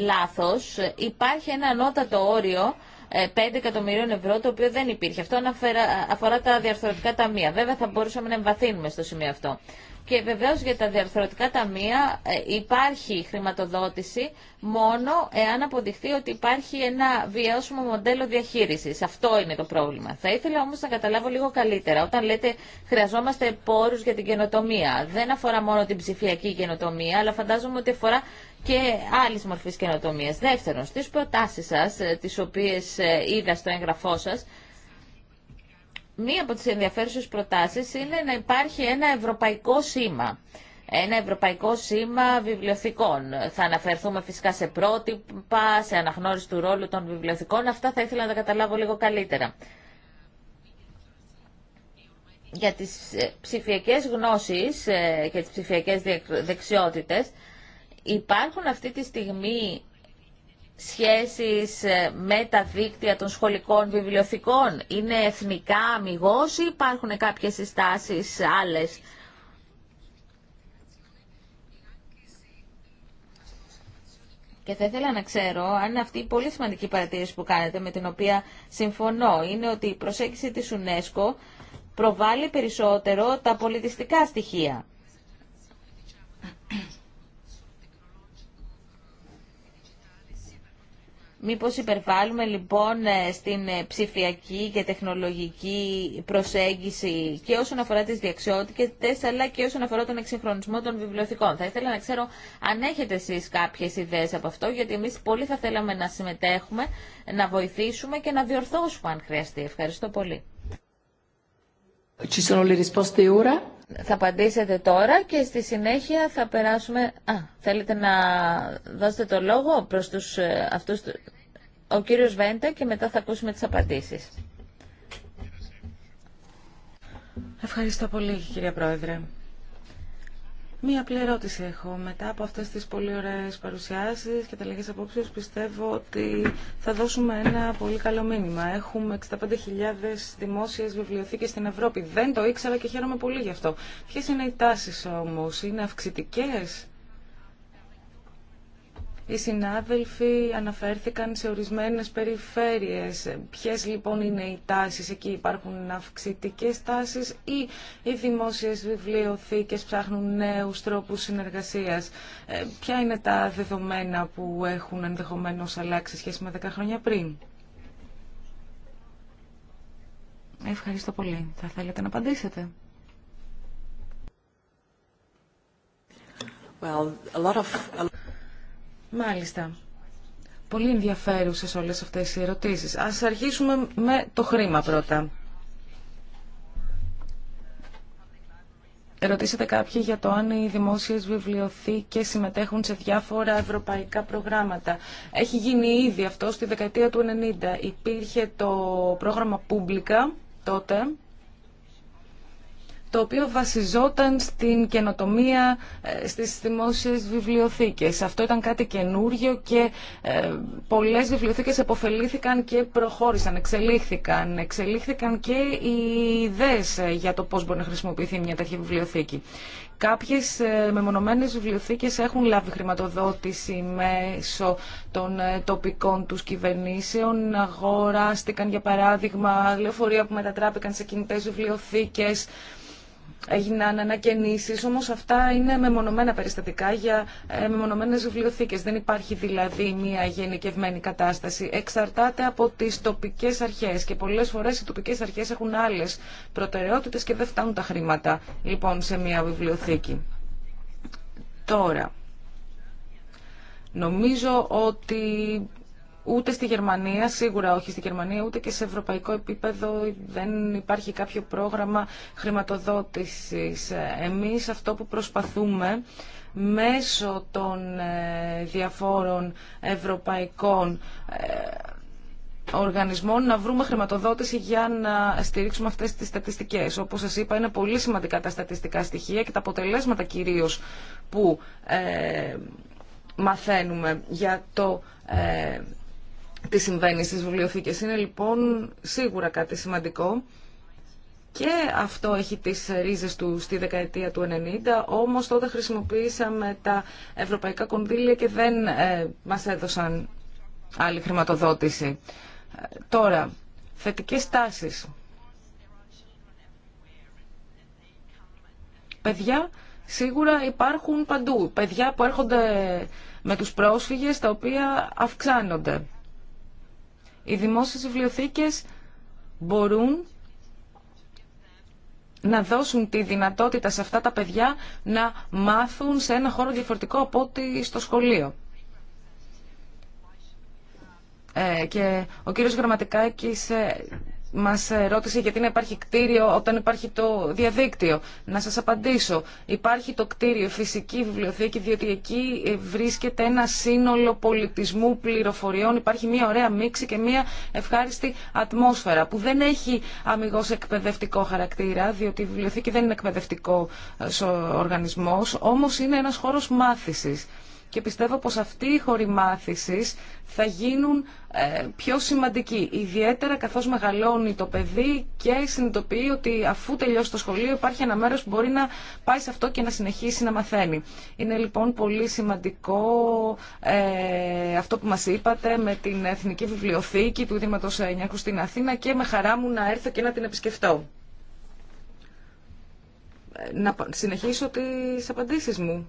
λάθος, υπάρχει ένα ανώτατο όριο 5 ε, εκατομμυρίων ευρώ, το οποίο δεν υπήρχε. Αυτό αφορά τα διαρθρωτικά ταμεία. Βέβαια θα μπορούσαμε να εμβαθύνουμε στο σημείο αυτό. Και βεβαίως για τα διαρθρωτικά ταμεία ε, υπάρχει χρηματοδότηση μόνο εάν αποδειχθεί ότι υπάρχει ένα βιώσιμο μοντέλο διαχείρισης. Αυτό είναι το πρόβλημα. Θα ήθελα όμως να καταλάβω λίγο καλύτερα. Όταν λέτε χρειαζόμαστε πόρους για την καινοτομία, δεν αφορά μόνο την ψηφιακή καινοτομία, αλλά φαντάζομαι ότι αφορά και άλλη μορφή καινοτομία. Δεύτερον, στι προτάσει σα, ε, τι οποίε ε, είδα στο έγγραφό σα, μία από τι ενδιαφέρουσε προτάσει είναι να υπάρχει ένα ευρωπαϊκό σήμα. Ένα ευρωπαϊκό σήμα βιβλιοθηκών. Θα αναφερθούμε φυσικά σε πρότυπα, σε αναγνώριση του ρόλου των βιβλιοθηκών. Αυτά θα ήθελα να τα καταλάβω λίγο καλύτερα για τις ε, ψηφιακές γνώσεις και τις ψηφιακές δεξιότητες Υπάρχουν αυτή τη στιγμή σχέσεις ε, με τα δίκτυα των σχολικών βιβλιοθηκών. Είναι εθνικά αμυγός ή υπάρχουν κάποιες συστάσεις άλλες. Και θα ήθελα να ξέρω αν αυτή η πολύ σημαντική παρατήρηση που κάνετε, με την οποία συμφωνώ, είναι ότι η προσέγγιση της UNESCO προβάλλει περισσότερο τα πολιτιστικά στοιχεία. Μήπως υπερβάλλουμε λοιπόν ε, στην ε, ψηφιακή και τεχνολογική προσέγγιση και όσον αφορά τις διαξιότητες αλλά και όσον αφορά τον εξυγχρονισμό των βιβλιοθηκών. Θα ήθελα να ξέρω αν έχετε εσείς κάποιες ιδέες από αυτό γιατί εμείς πολύ θα θέλαμε να συμμετέχουμε, να βοηθήσουμε και να διορθώσουμε αν χρειαστεί. Ευχαριστώ πολύ. Θα απαντήσετε τώρα και στη συνέχεια θα περάσουμε... Α, θέλετε να δώσετε το λόγο προς τους ε, αυτούς... Ο κύριος Βέντα και μετά θα ακούσουμε τις απαντήσεις. Ευχαριστώ πολύ, κυρία Πρόεδρε. Μία απλή ερώτηση έχω. Μετά από αυτές τις πολύ ωραίες παρουσιάσεις και τα λέγες απόψεως πιστεύω ότι θα δώσουμε ένα πολύ καλό μήνυμα. Έχουμε 65.000 δημόσιες βιβλιοθήκες στην Ευρώπη. Δεν το ήξερα και χαίρομαι πολύ γι' αυτό. Ποιες είναι οι τάσεις όμως, είναι αυξητικές οι συνάδελφοι αναφέρθηκαν σε ορισμένες περιφέρειες. Ποιες λοιπόν είναι οι τάσεις, εκεί υπάρχουν αυξητικές τάσεις ή οι δημόσιες βιβλιοθήκες ψάχνουν νέους τρόπους συνεργασίας. Ε, ποια είναι τα δεδομένα που έχουν ενδεχομένως αλλάξει σχέση με 10 χρόνια πριν. Ευχαριστώ πολύ. Θα θέλετε να απαντήσετε. Well, Μάλιστα. Πολύ ενδιαφέρουσες όλες αυτές οι ερωτήσεις. Ας αρχίσουμε με το χρήμα πρώτα. Ερωτήσατε κάποιοι για το αν οι δημόσιες βιβλιοθήκες συμμετέχουν σε διάφορα ευρωπαϊκά προγράμματα. Έχει γίνει ήδη αυτό στη δεκαετία του 90. Υπήρχε το πρόγραμμα «Publica» τότε, το οποίο βασιζόταν στην καινοτομία ε, στις δημόσιες βιβλιοθήκες. Αυτό ήταν κάτι καινούργιο και ε, πολλές βιβλιοθήκες επωφελήθηκαν και προχώρησαν, εξελίχθηκαν. Εξελίχθηκαν και οι ιδέες ε, για το πώς μπορεί να χρησιμοποιηθεί μια τέτοια βιβλιοθήκη. Κάποιες μεμονωμένες βιβλιοθήκες έχουν λάβει χρηματοδότηση μέσω των τοπικών τους κυβερνήσεων. Αγοράστηκαν, για παράδειγμα, λεωφορεία που μετατράπηκαν σε κινητές βιβλιοθήκες έγιναν ανακαινήσει, όμως αυτά είναι μεμονωμένα περιστατικά για ε, μεμονωμένε βιβλιοθήκες. Δεν υπάρχει δηλαδή μια γενικευμένη κατάσταση. Εξαρτάται από τις τοπικές αρχές και πολλές φορές οι τοπικές αρχές έχουν άλλες προτεραιότητες και δεν φτάνουν τα χρήματα λοιπόν σε μια βιβλιοθήκη. Τώρα, νομίζω ότι Ούτε στη Γερμανία, σίγουρα όχι στη Γερμανία, ούτε και σε ευρωπαϊκό επίπεδο δεν υπάρχει κάποιο πρόγραμμα χρηματοδότησης. Εμείς αυτό που προσπαθούμε μέσω των ε, διαφόρων ευρωπαϊκών ε, οργανισμών να βρούμε χρηματοδότηση για να στηρίξουμε αυτές τις στατιστικές. Όπως σας είπα, είναι πολύ σημαντικά τα στατιστικά στοιχεία και τα αποτελέσματα κυρίως που ε, μαθαίνουμε για το τι συμβαίνει στις βιβλιοθήκες. Είναι λοιπόν σίγουρα κάτι σημαντικό και αυτό έχει τις ρίζες του στη δεκαετία του 90, όμως τότε χρησιμοποίησαμε τα ευρωπαϊκά κονδύλια και δεν ε, μας έδωσαν άλλη χρηματοδότηση. Ε, τώρα, θετικές τάσεις. Παιδιά σίγουρα υπάρχουν παντού. Παιδιά που έρχονται με τους πρόσφυγες, τα οποία αυξάνονται οι δημόσιες βιβλιοθήκες μπορούν να δώσουν τη δυνατότητα σε αυτά τα παιδιά να μάθουν σε ένα χώρο διαφορετικό από ό,τι στο σχολείο. Ε, και ο κύριος Γραμματικάκης ε, μας ρώτησε γιατί να υπάρχει κτίριο όταν υπάρχει το διαδίκτυο. Να σας απαντήσω. Υπάρχει το κτίριο φυσική βιβλιοθήκη διότι εκεί βρίσκεται ένα σύνολο πολιτισμού πληροφοριών. Υπάρχει μια ωραία μίξη και μια ευχάριστη ατμόσφαιρα που δεν έχει αμυγός εκπαιδευτικό χαρακτήρα διότι η βιβλιοθήκη δεν είναι εκπαιδευτικό ε, οργανισμός όμως είναι ένας χώρος μάθησης και πιστεύω πως αυτοί οι χώροι μάθησης θα γίνουν ε, πιο σημαντικοί. Ιδιαίτερα καθώς μεγαλώνει το παιδί και συνειδητοποιεί ότι αφού τελειώσει το σχολείο υπάρχει ένα μέρος που μπορεί να πάει σε αυτό και να συνεχίσει να μαθαίνει. Είναι λοιπόν πολύ σημαντικό ε, αυτό που μας είπατε με την Εθνική Βιβλιοθήκη του Ιδρύματος Νιάκου στην Αθήνα και με χαρά μου να έρθω και να την επισκεφτώ. Ε, να συνεχίσω τις απαντήσεις μου.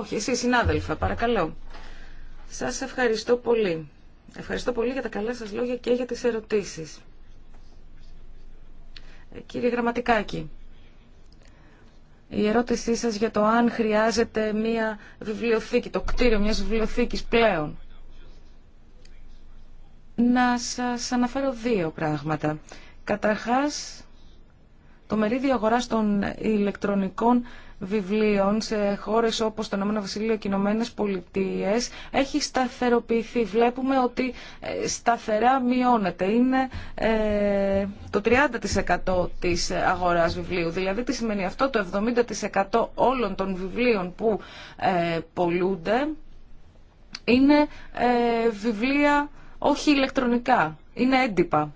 Όχι, εσύ συνάδελφα, παρακαλώ. Σας ευχαριστώ πολύ. Ευχαριστώ πολύ για τα καλά σας λόγια και για τις ερωτήσεις. Ε, κύριε Γραμματικάκη, η ερώτησή σας για το αν χρειάζεται μια βιβλιοθήκη, το κτίριο μιας βιβλιοθήκης πλέον. Να σας αναφέρω δύο πράγματα. Καταρχάς, το μερίδιο αγοράς των ηλεκτρονικών βιβλίων σε χώρες όπως το Ηνωμένο Βασίλειο και οι Ηνωμένε έχει σταθεροποιηθεί. Βλέπουμε ότι ε, σταθερά μειώνεται. Είναι ε, το 30% της αγοράς βιβλίου. Δηλαδή τι σημαίνει αυτό, το 70% όλων των βιβλίων που ε, πολλούνται είναι ε, βιβλία όχι ηλεκτρονικά, είναι έντυπα.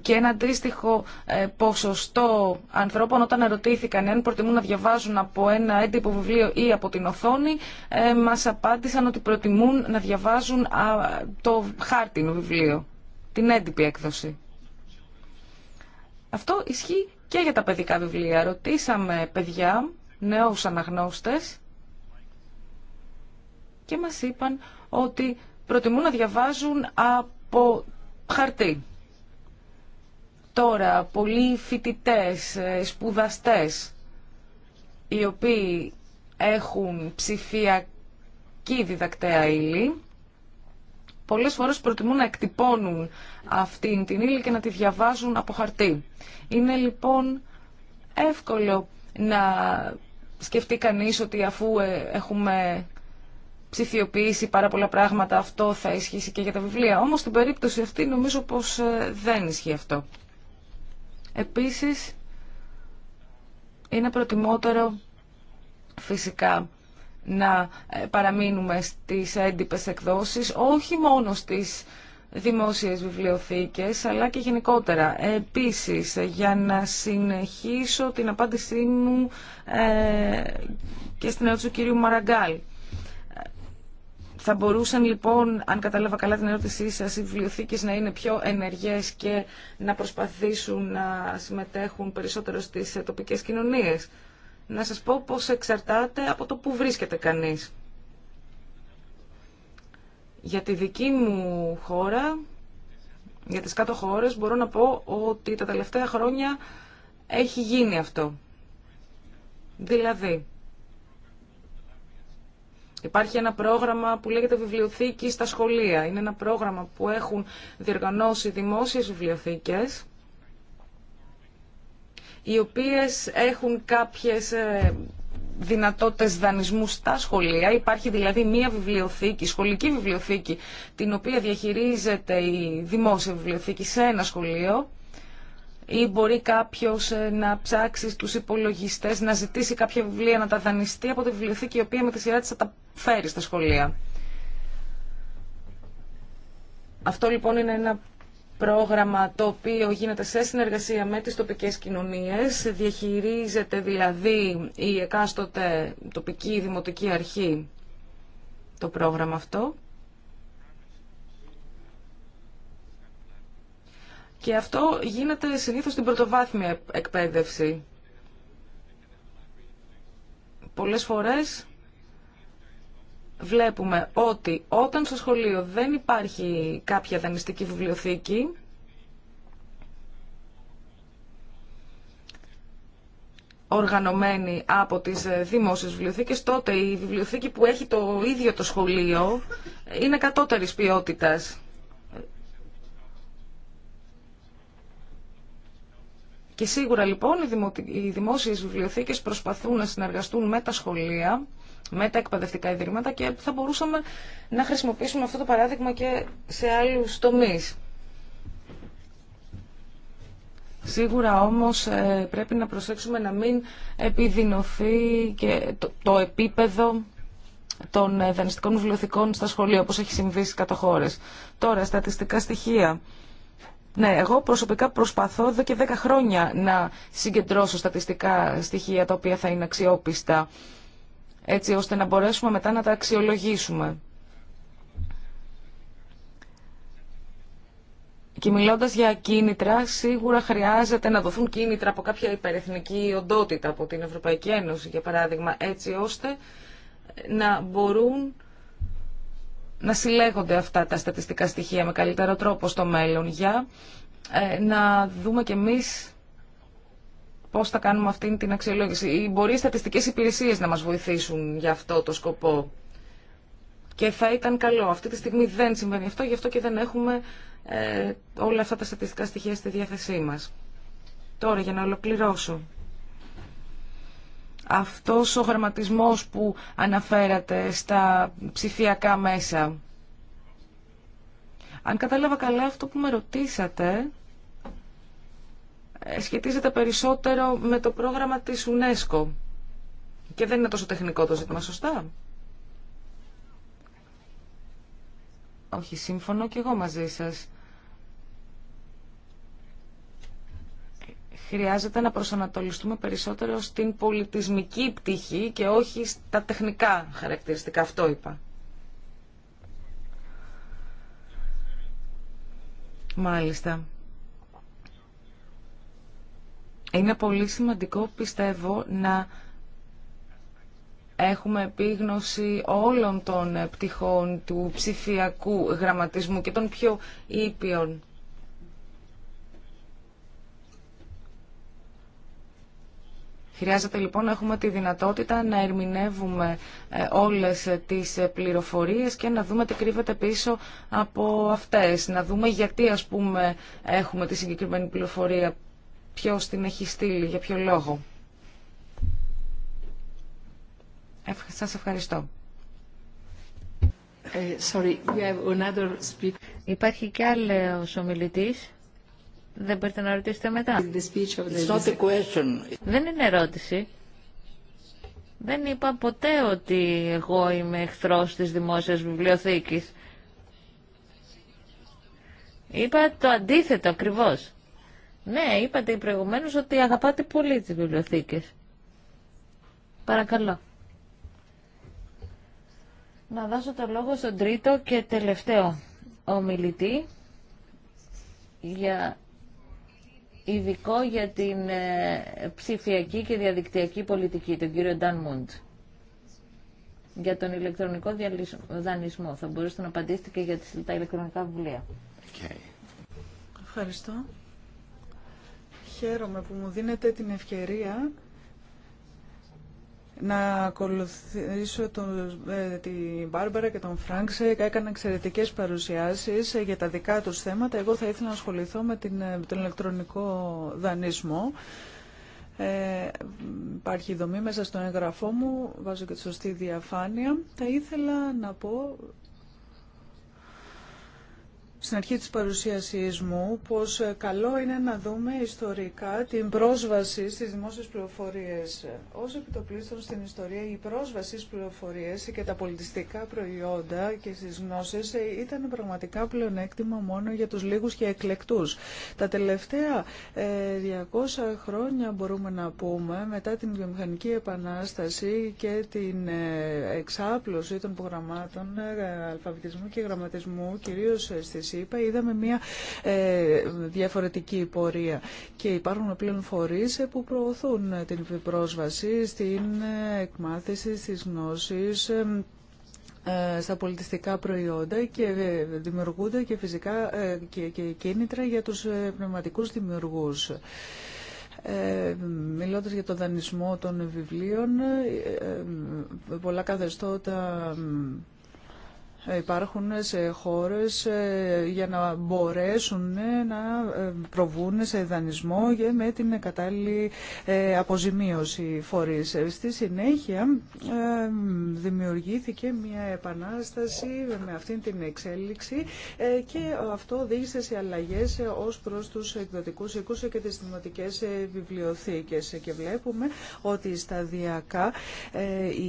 και ένα αντίστοιχο ε, ποσοστό ανθρώπων όταν ερωτήθηκαν αν προτιμούν να διαβάζουν από ένα έντυπο βιβλίο ή από την οθόνη ε, μας απάντησαν ότι προτιμούν να διαβάζουν το χάρτινο βιβλίο, την έντυπη έκδοση. Αυτό ισχύει και για τα παιδικά βιβλία. Ρωτήσαμε παιδιά, νέους αναγνώστες και μας είπαν ότι προτιμούν να διαβάζουν από χαρτί τώρα πολλοί φοιτητέ, ε, σπουδαστές, οι οποίοι έχουν ψηφιακή διδακτέα ύλη, πολλές φορές προτιμούν να εκτυπώνουν αυτήν την ύλη και να τη διαβάζουν από χαρτί. Είναι λοιπόν εύκολο να σκεφτεί κανείς ότι αφού ε, έχουμε ψηφιοποιήσει πάρα πολλά πράγματα αυτό θα ισχύσει και για τα βιβλία. Όμως στην περίπτωση αυτή νομίζω πως ε, δεν ισχύει αυτό. Επίσης, είναι προτιμότερο φυσικά να ε, παραμείνουμε στις έντυπες εκδόσεις, όχι μόνο στις δημόσιες βιβλιοθήκες, αλλά και γενικότερα. Επίσης, για να συνεχίσω την απάντησή μου ε, και στην ερώτηση του κυρίου Μαραγκάλ. Θα μπορούσαν λοιπόν, αν κατάλαβα καλά την ερώτησή σας, οι βιβλιοθήκες να είναι πιο ενεργές και να προσπαθήσουν να συμμετέχουν περισσότερο στις ε, τοπικές κοινωνίες. Να σας πω πώς εξαρτάται από το που βρίσκεται κανείς. Για τη δική μου χώρα, για τις κάτω χώρες, μπορώ να πω ότι τα τελευταία χρόνια έχει γίνει αυτό. Δηλαδή, Υπάρχει ένα πρόγραμμα που λέγεται Βιβλιοθήκη στα σχολεία. Είναι ένα πρόγραμμα που έχουν διοργανώσει δημόσιες βιβλιοθήκες οι οποίες έχουν κάποιες ε, δυνατότητες δανεισμού στα σχολεία. Υπάρχει δηλαδή μία βιβλιοθήκη, σχολική βιβλιοθήκη, την οποία διαχειρίζεται η δημόσια βιβλιοθήκη σε ένα σχολείο ή μπορεί κάποιος ε, να ψάξει στους υπολογιστέ να ζητήσει κάποια βιβλία, να τα δανειστεί από τη βιβλιοθήκη η οποία με τη σειρά τη θα τα φέρει στα σχολεία. Αυτό λοιπόν είναι ένα πρόγραμμα το οποίο γίνεται σε συνεργασία με τις τοπικές κοινωνίες. Διαχειρίζεται δηλαδή η εκάστοτε τοπική δημοτική αρχή το πρόγραμμα αυτό. Και αυτό γίνεται συνήθως στην πρωτοβάθμια εκπαίδευση. Πολλές φορές βλέπουμε ότι όταν στο σχολείο δεν υπάρχει κάποια δανειστική βιβλιοθήκη, οργανωμένη από τις ε, δημόσιες βιβλιοθήκες, τότε η βιβλιοθήκη που έχει το ίδιο το σχολείο είναι κατώτερης ποιότητας. Και σίγουρα λοιπόν οι δημόσιες βιβλιοθήκες προσπαθούν να συνεργαστούν με τα σχολεία, με τα εκπαιδευτικά ιδρύματα και θα μπορούσαμε να χρησιμοποιήσουμε αυτό το παράδειγμα και σε άλλους τομείς. Σίγουρα όμως ε, πρέπει να προσέξουμε να μην επιδεινωθεί και το επίπεδο των ε, δανειστικών βιβλιοθηκών στα σχολεία, όπως έχει συμβεί στις κατοχώρες. Τώρα, στατιστικά στοιχεία. Ναι, εγώ προσωπικά προσπαθώ εδώ και 10 χρόνια να συγκεντρώσω στατιστικά στοιχεία τα οποία θα είναι αξιόπιστα, έτσι ώστε να μπορέσουμε μετά να τα αξιολογήσουμε. Και μιλώντας για κίνητρα, σίγουρα χρειάζεται να δοθούν κίνητρα από κάποια υπερεθνική οντότητα, από την Ευρωπαϊκή Ένωση, για παράδειγμα, έτσι ώστε να μπορούν να συλλέγονται αυτά τα στατιστικά στοιχεία με καλύτερο τρόπο στο μέλλον για ε, να δούμε κι εμείς πώς θα κάνουμε αυτή την αξιολόγηση. Ή μπορεί οι στατιστικές υπηρεσίες να μας βοηθήσουν για αυτό το σκοπό. Και θα ήταν καλό. Αυτή τη στιγμή δεν συμβαίνει αυτό, γι' αυτό και δεν έχουμε ε, όλα αυτά τα στατιστικά στοιχεία στη διάθεσή μας. Τώρα, για να ολοκληρώσω αυτός ο γραμματισμός που αναφέρατε στα ψηφιακά μέσα. Αν κατάλαβα καλά αυτό που με ρωτήσατε, ε, σχετίζεται περισσότερο με το πρόγραμμα της UNESCO. Και δεν είναι τόσο τεχνικό το ζήτημα, σωστά. Όχι, σύμφωνο και εγώ μαζί σας. χρειάζεται να προσανατολιστούμε περισσότερο στην πολιτισμική πτυχή και όχι στα τεχνικά χαρακτηριστικά. Αυτό είπα. Μάλιστα. Είναι πολύ σημαντικό, πιστεύω, να έχουμε επίγνωση όλων των πτυχών του ψηφιακού γραμματισμού και των πιο ήπιων Χρειάζεται λοιπόν να έχουμε τη δυνατότητα να ερμηνεύουμε ε, όλες ε, τις ε, πληροφορίες και να δούμε τι κρύβεται πίσω από αυτές. Να δούμε γιατί ας πούμε έχουμε τη συγκεκριμένη πληροφορία, ποιος την έχει στείλει, για ποιο λόγο. Σας ευχαριστώ. Sorry, we have another Υπάρχει και άλλος ομιλητής. Δεν μπορείτε να ρωτήσετε μετά. Δεν είναι ερώτηση. Δεν είπα ποτέ ότι εγώ είμαι εχθρός της δημόσιας βιβλιοθήκης. Είπα το αντίθετο ακριβώς. Ναι, είπατε προηγουμένως ότι αγαπάτε πολύ τις βιβλιοθήκες. Παρακαλώ. Να δώσω το λόγο στον τρίτο και τελευταίο ομιλητή για ειδικό για την ε, ψηφιακή και διαδικτυακή πολιτική, τον κύριο Νταν Μούντ. Για τον ηλεκτρονικό δανεισμό. Θα μπορούσατε να απαντήσετε και για τα ηλεκτρονικά βιβλία. Okay. Ευχαριστώ. Χαίρομαι που μου δίνετε την ευκαιρία να ακολουθήσω ε, την Μπάρμπαρα και τον Φράνξε. Έκαναν εξαιρετικές παρουσιάσεις ε, για τα δικά τους θέματα. Εγώ θα ήθελα να ασχοληθώ με, την, ε, τον ηλεκτρονικό δανεισμό. Ε, υπάρχει δομή μέσα στο έγγραφό μου, βάζω και τη σωστή διαφάνεια. Θα ήθελα να πω στην αρχή της παρουσίασής μου πως ε, καλό είναι να δούμε ιστορικά την πρόσβαση στις δημόσιες πληροφορίες. Όσο επιτοπλίστων στην ιστορία η πρόσβαση στις πληροφορίες και τα πολιτιστικά προϊόντα και στις γνώσεις ε, ήταν πραγματικά πλεονέκτημα μόνο για τους λίγους και εκλεκτούς. Τα τελευταία 200 ε, χρόνια μπορούμε να πούμε μετά την βιομηχανική επανάσταση και την εξάπλωση των προγραμμάτων αλφαβητισμού και γραμματισμού κυρίως στις είπα είδαμε μια ε, διαφορετική πορεία και υπάρχουν πλέον φορεί ε, που προωθούν την πρόσβαση στην ε, εκμάθηση, στις γνώσεις, στα πολιτιστικά προϊόντα και δημιουργούνται και φυσικά και κίνητρα για τους πνευματικούς δημιουργούς. Ε, μιλώντας για τον δανεισμό των βιβλίων, πολλά καθεστώτα υπάρχουν σε χώρες ε, για να μπορέσουν ε, να ε, προβούν σε δανεισμό με την κατάλληλη αποζημίωση φορείς. Στη συνέχεια δημιουργήθηκε μια επανάσταση με αυτήν την εξέλιξη και αυτό οδήγησε σε αλλαγές ως προς τους εκδοτικούς οίκους και τις δημοτικές βιβλιοθήκες και βλέπουμε ότι σταδιακά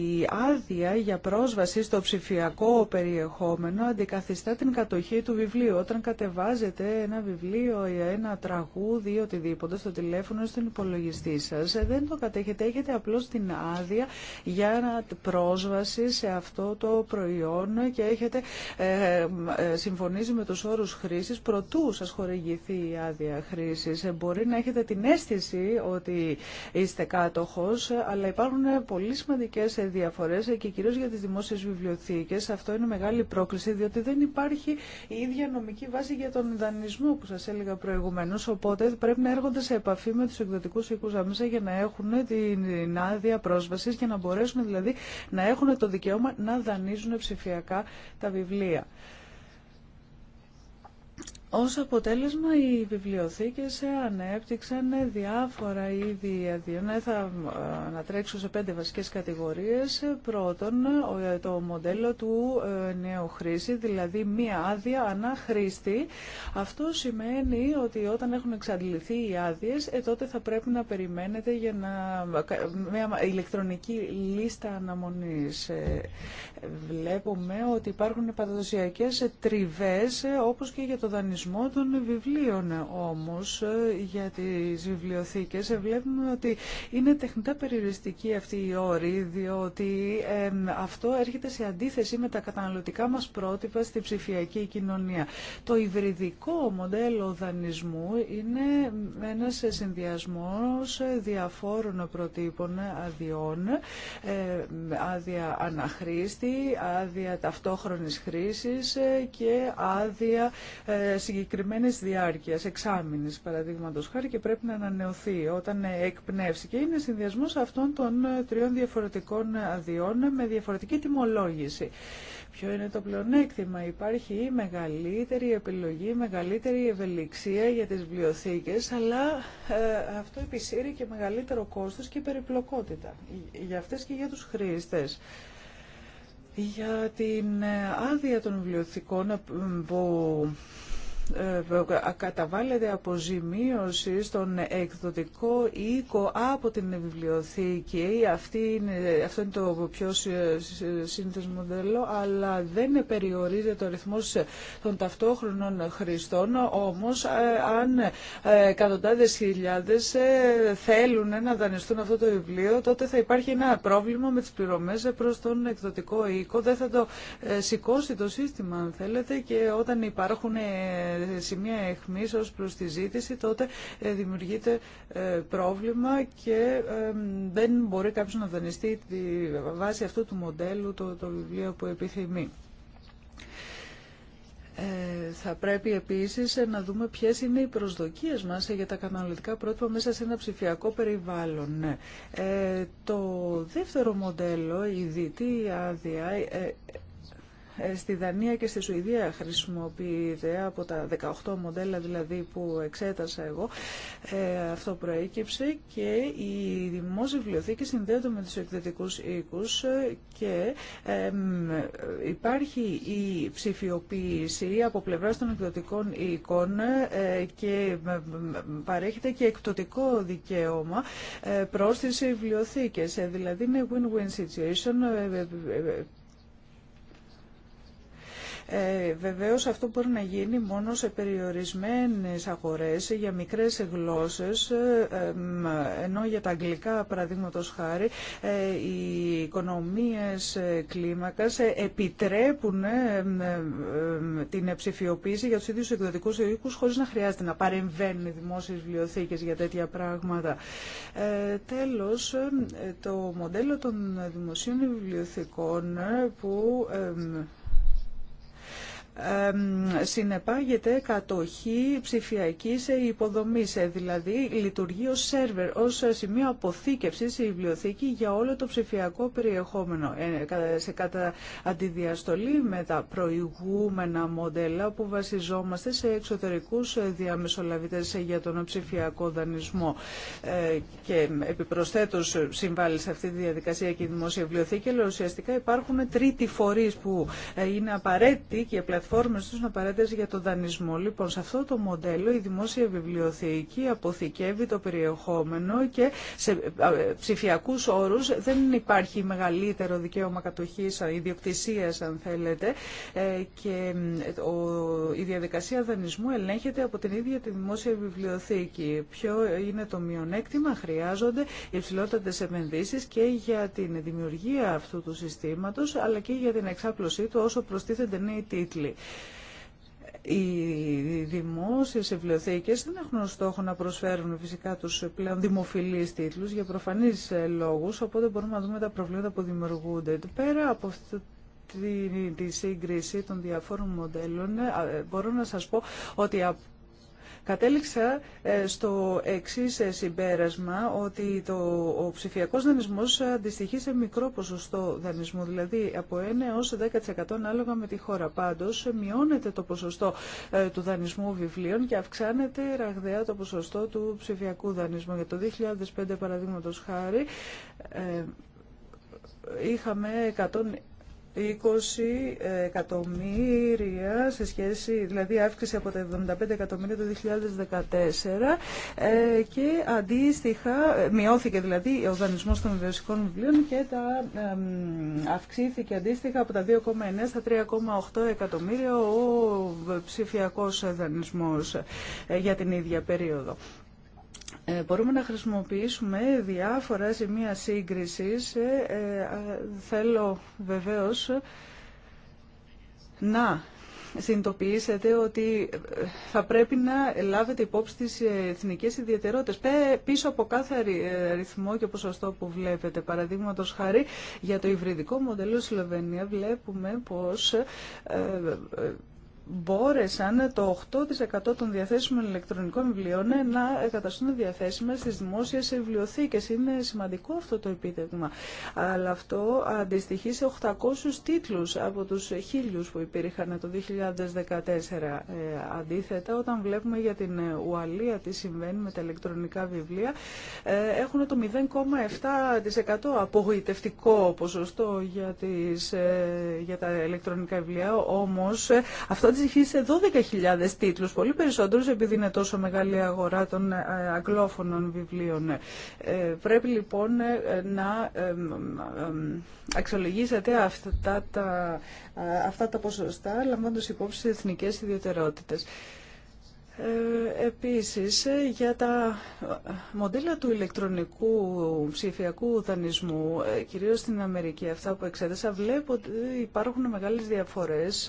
η άδεια για πρόσβαση στο ψηφιακό περιεχόμενο περιεχόμενο αντικαθιστά την κατοχή του βιβλίου. Όταν κατεβάζετε ένα βιβλίο ή ένα τραγούδι ή οτιδήποτε στο τηλέφωνο ή στον υπολογιστή σα. δεν το κατέχετε, έχετε απλώ την άδεια για πρόσβαση σε αυτό το προϊόν και έχετε ε, ε, συμφωνήσει με του όρου χρήση. προτού σα χορηγηθεί η άδεια χρήσης. Μπορεί να έχετε την αίσθηση ότι είστε κάτοχος, αλλά υπάρχουν πολύ σημαντικέ ε, διαφορέ και κυρίω για τι δημόσιε βιβλιοθήκες. Αυτό είναι μεγάλη μεγάλη πρόκληση, διότι δεν υπάρχει η ίδια νομική βάση για τον δανεισμό που σας έλεγα προηγουμένως, οπότε πρέπει να έρχονται σε επαφή με τους εκδοτικούς οίκους αμέσα για να έχουν την άδεια πρόσβασης και να μπορέσουν δηλαδή να έχουν το δικαίωμα να δανείζουν ψηφιακά τα βιβλία. Ως αποτέλεσμα οι βιβλιοθήκες ανέπτυξαν διάφορα είδη αδειών. Ναι, θα ε, ανατρέξω σε πέντε βασικές κατηγορίες. Πρώτον, ε, το μοντέλο του ε, νέου χρήση, δηλαδή μία άδεια ανά χρήστη. Αυτό σημαίνει ότι όταν έχουν εξαντληθεί οι άδειες, τότε θα πρέπει να περιμένετε για να... μια ηλεκτρονική λίστα αναμονής. Βλέπουμε ότι υπάρχουν παραδοσιακές τριβές, όπως και για το δανεισμό των βιβλίων όμως ε, για τις βιβλιοθήκες ε, βλέπουμε ότι είναι τεχνητά περιοριστική αυτή η όρη διότι αυτό έρχεται σε αντίθεση με τα καταναλωτικά μας πρότυπα στη ψηφιακή κοινωνία. Το υβριδικό μοντέλο δανεισμού είναι ένας συνδυασμός διαφόρων προτύπων αδειών, ε, άδεια αναχρήστη, άδεια ταυτόχρονης χρήσης ε, και άδεια συγκεκριμένης διάρκεια, εξάμηνη παραδείγματο χάρη και πρέπει να ανανεωθεί όταν εκπνεύσει και είναι συνδυασμός αυτών των ε, τριών διαφορετικών αδειών με διαφορετική τιμολόγηση. Ποιο είναι το πλεονέκτημα. Υπάρχει η μεγαλύτερη επιλογή, μεγαλύτερη ευελιξία για τις βιβλιοθήκε, αλλά ε, αυτό επισύρει και μεγαλύτερο κόστο και περιπλοκότητα ε, για αυτέ και για του χρήστες. Για την άδεια των βιβλιοθηκών που ε, καταβάλλεται αποζημίωση στον εκδοτικό οίκο από την βιβλιοθήκη. Αυτή είναι, αυτό είναι το πιο σύνθεσμο μοντέλο, αλλά δεν περιορίζεται ο ρυθμός των ταυτόχρονων χρηστών. Όμως, ε, αν ε, εκατοντάδες χιλιάδες θέλουν να δανειστούν αυτό το βιβλίο, τότε θα υπάρχει ένα πρόβλημα με τις πληρωμές προς τον εκδοτικό οίκο. Δεν θα το σηκώσει το σύστημα, αν θέλετε, και όταν υπάρχουν σημεία εχμής ως προς τη ζήτηση, τότε ε, δημιουργείται ε, πρόβλημα και δεν μπορεί κάποιος να δανειστεί τη βάση αυτού του μοντέλου το, το βιβλίο που επιθυμεί. Ε, θα πρέπει επίσης να δούμε ποιες είναι οι προσδοκίες μας για τα καταναλωτικά πρότυπα μέσα σε ένα ψηφιακό περιβάλλον. Ναι. Το δεύτερο μοντέλο, η διτή άδεια, ε, στη Δανία και στη Σουηδία χρησιμοποιείται από τα 18 μοντέλα δηλαδή που εξέτασα εγώ ε, αυτό προέκυψε και οι δημόσιες βιβλιοθήκες συνδέονται με τους εκδοτικούς οίκους και υπάρχει η ψηφιοποίηση από πλευράς των εκδοτικών οίκων ε, και παρέχεται και εκδοτικό δικαίωμα προς τις βιβλιοθήκες δηλαδή είναι win-win situation ε, βεβαίως αυτό μπορεί να γίνει μόνο σε περιορισμένες αγορές για μικρές γλώσσες, ε, ενώ για τα αγγλικά παραδείγματο χάρη ε, οι οικονομίες ε, κλίμακας επιτρέπουν την ψηφιοποίηση για τους ίδιους εκδοτικούς οίκους χωρίς να χρειάζεται να παρεμβαίνουν οι δημόσιες βιβλιοθήκες για τέτοια πράγματα. Ε, τέλος, το μοντέλο των δημοσίων βιβλιοθηκών που συνεπάγεται κατοχή ψηφιακής υποδομής, ε, δηλαδή λειτουργεί ως σερβερ, ως σημείο αποθήκευσης η βιβλιοθήκη για όλο το ψηφιακό περιεχόμενο. Ε, σε κατά αντιδιαστολή με τα προηγούμενα μοντέλα που βασιζόμαστε σε εξωτερικούς διαμεσολαβητές για τον ψηφιακό δανεισμό ε, και επιπροσθέτως συμβάλλει σε αυτή τη διαδικασία και η δημόσια βιβλιοθήκη, αλλά ουσιαστικά υπάρχουν τρίτη φορείς που είναι απαραίτητοι και πλατφόρμες τους να για τον δανεισμό. Λοιπόν, σε αυτό το μοντέλο η δημόσια βιβλιοθήκη αποθηκεύει το περιεχόμενο και σε ε, ε, ψηφιακούς όρους δεν υπάρχει μεγαλύτερο δικαίωμα κατοχής, ε, ιδιοκτησίας αν θέλετε και η διαδικασία δανεισμού ελέγχεται από την ίδια τη δημόσια βιβλιοθήκη. Ποιο είναι το μειονέκτημα, χρειάζονται υψηλότατες επενδύσεις και για την δημιουργία αυτού του συστήματος αλλά και για την εξάπλωσή του όσο προστίθενται νέοι τίτλοι. Οι δημόσιε βιβλιοθήκες δεν έχουν στόχο να προσφέρουν φυσικά του πλέον δημοφιλεί τίτλου, για προφανεί ε, λόγου, οπότε μπορούμε να δούμε τα προβλήματα που δημιουργούνται. Πέρα από αυτό τη σύγκριση των διαφόρων μοντέλων ε, μπορώ να σας πω ότι από Κατέληξα ε, στο εξή ε, συμπέρασμα ότι το, ο ψηφιακός δανεισμός αντιστοιχεί σε μικρό ποσοστό δανεισμού, δηλαδή από 1 έως 10% ανάλογα με τη χώρα. Πάντως μειώνεται το ποσοστό ε, του δανεισμού βιβλίων και αυξάνεται ραγδαία το ποσοστό του ψηφιακού δανεισμού. Για το 2005 παραδείγματος χάρη είχαμε 100 20 εκατομμύρια σε σχέση, δηλαδή αύξηση από τα 75 εκατομμύρια το 2014 ε, και αντίστοιχα ε, μειώθηκε δηλαδή ο δανεισμός των βιβλιοσικών βιβλίων και τα, αυξήθηκε αντίστοιχα από τα 2,9 στα 3,8 εκατομμύρια ο ψηφιακός δανεισμός ε, για την ίδια περίοδο. Ε, μπορούμε να χρησιμοποιήσουμε διάφορα σημεία σύγκρισης. Ε, ε, θέλω βεβαίως να συνειδητοποιήσετε ότι θα πρέπει να λάβετε υπόψη τις εθνικές ιδιαιτερότητες πίσω από κάθε ρυθμό και ποσοστό που βλέπετε. Παραδείγματο χάρη για το υβριδικό μοντέλο Σλοβενία βλέπουμε πως μπόρεσαν το 8% των διαθέσιμων ηλεκτρονικών βιβλίων να καταστούν διαθέσιμα στις δημόσιες βιβλιοθήκες. Είναι σημαντικό αυτό το επίτευγμα. Αλλά αυτό αντιστοιχεί σε 800 τίτλους από τους χίλιους που υπήρχαν το 2014. Ε, αντίθετα, όταν βλέπουμε για την Ουαλία τι συμβαίνει με τα ηλεκτρονικά βιβλία, ε, έχουν το 0,7% απογοητευτικό ποσοστό για, τις, ε, για τα ηλεκτρονικά βιβλία. Όμως, αυτό έχει σε 12.000 τίτλους, πολύ περισσότερους επειδή είναι τόσο μεγάλη αγορά των ε, αγγλόφωνων βιβλίων. Ε, πρέπει λοιπόν ε, να αξιολογήσετε αυτά τα, αυτά τα ποσοστά λαμβάνοντας υπόψη εθνικές ιδιαιτερότητες. Ε, επίσης, για τα μοντέλα του ηλεκτρονικού ψηφιακού δανεισμού, ε, κυρίως στην Αμερική, αυτά που εξέδεσα, βλέπω ότι υπάρχουν μεγάλες διαφορές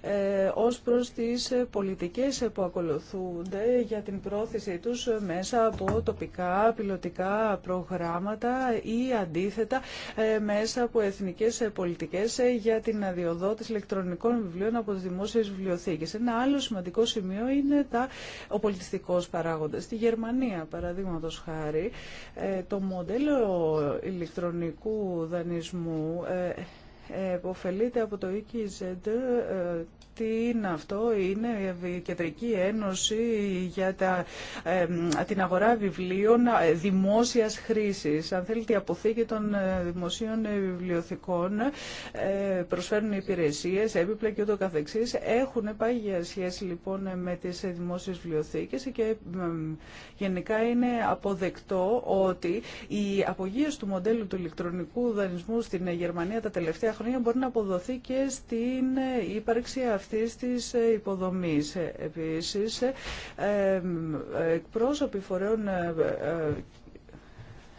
ε, ως προς τις πολιτικές που ακολουθούνται για την πρόθεσή τους μέσα από τοπικά πιλωτικά προγράμματα ή αντίθετα ε, μέσα από εθνικές πολιτικές για την αδειοδότηση ηλεκτρονικών βιβλίων από τις δημόσιες βιβλιοθήκες. Ένα άλλο σημαντικό σημείο είναι τα ο πολιτιστικός παράγοντας. Στη Γερμανία, παραδείγματο χάρη, ε, το μοντέλο ηλεκτρονικού δανεισμού ε, ε, εποφελείται από το EKZ τι είναι αυτό, είναι η Κεντρική Ένωση για τα, την αγορά βιβλίων ε, δημόσιας χρήσης. Αν θέλετε, η αποθήκη των ε, δημοσίων βιβλιοθηκών ε, προσφέρουν υπηρεσίες, έπιπλα και ούτω καθεξής. Έχουν πάγια σχέση λοιπόν με τις δημόσιες βιβλιοθήκες και γενικά είναι αποδεκτό ότι η απογείωση του μοντέλου του ηλεκτρονικού δανεισμού στην Γερμανία τα τελευταία χρόνια μπορεί να αποδοθεί και στην ύπαρξη αυτής της ε, υποδομής. Ε, επίσης, ε, εκπρόσωποι φορέων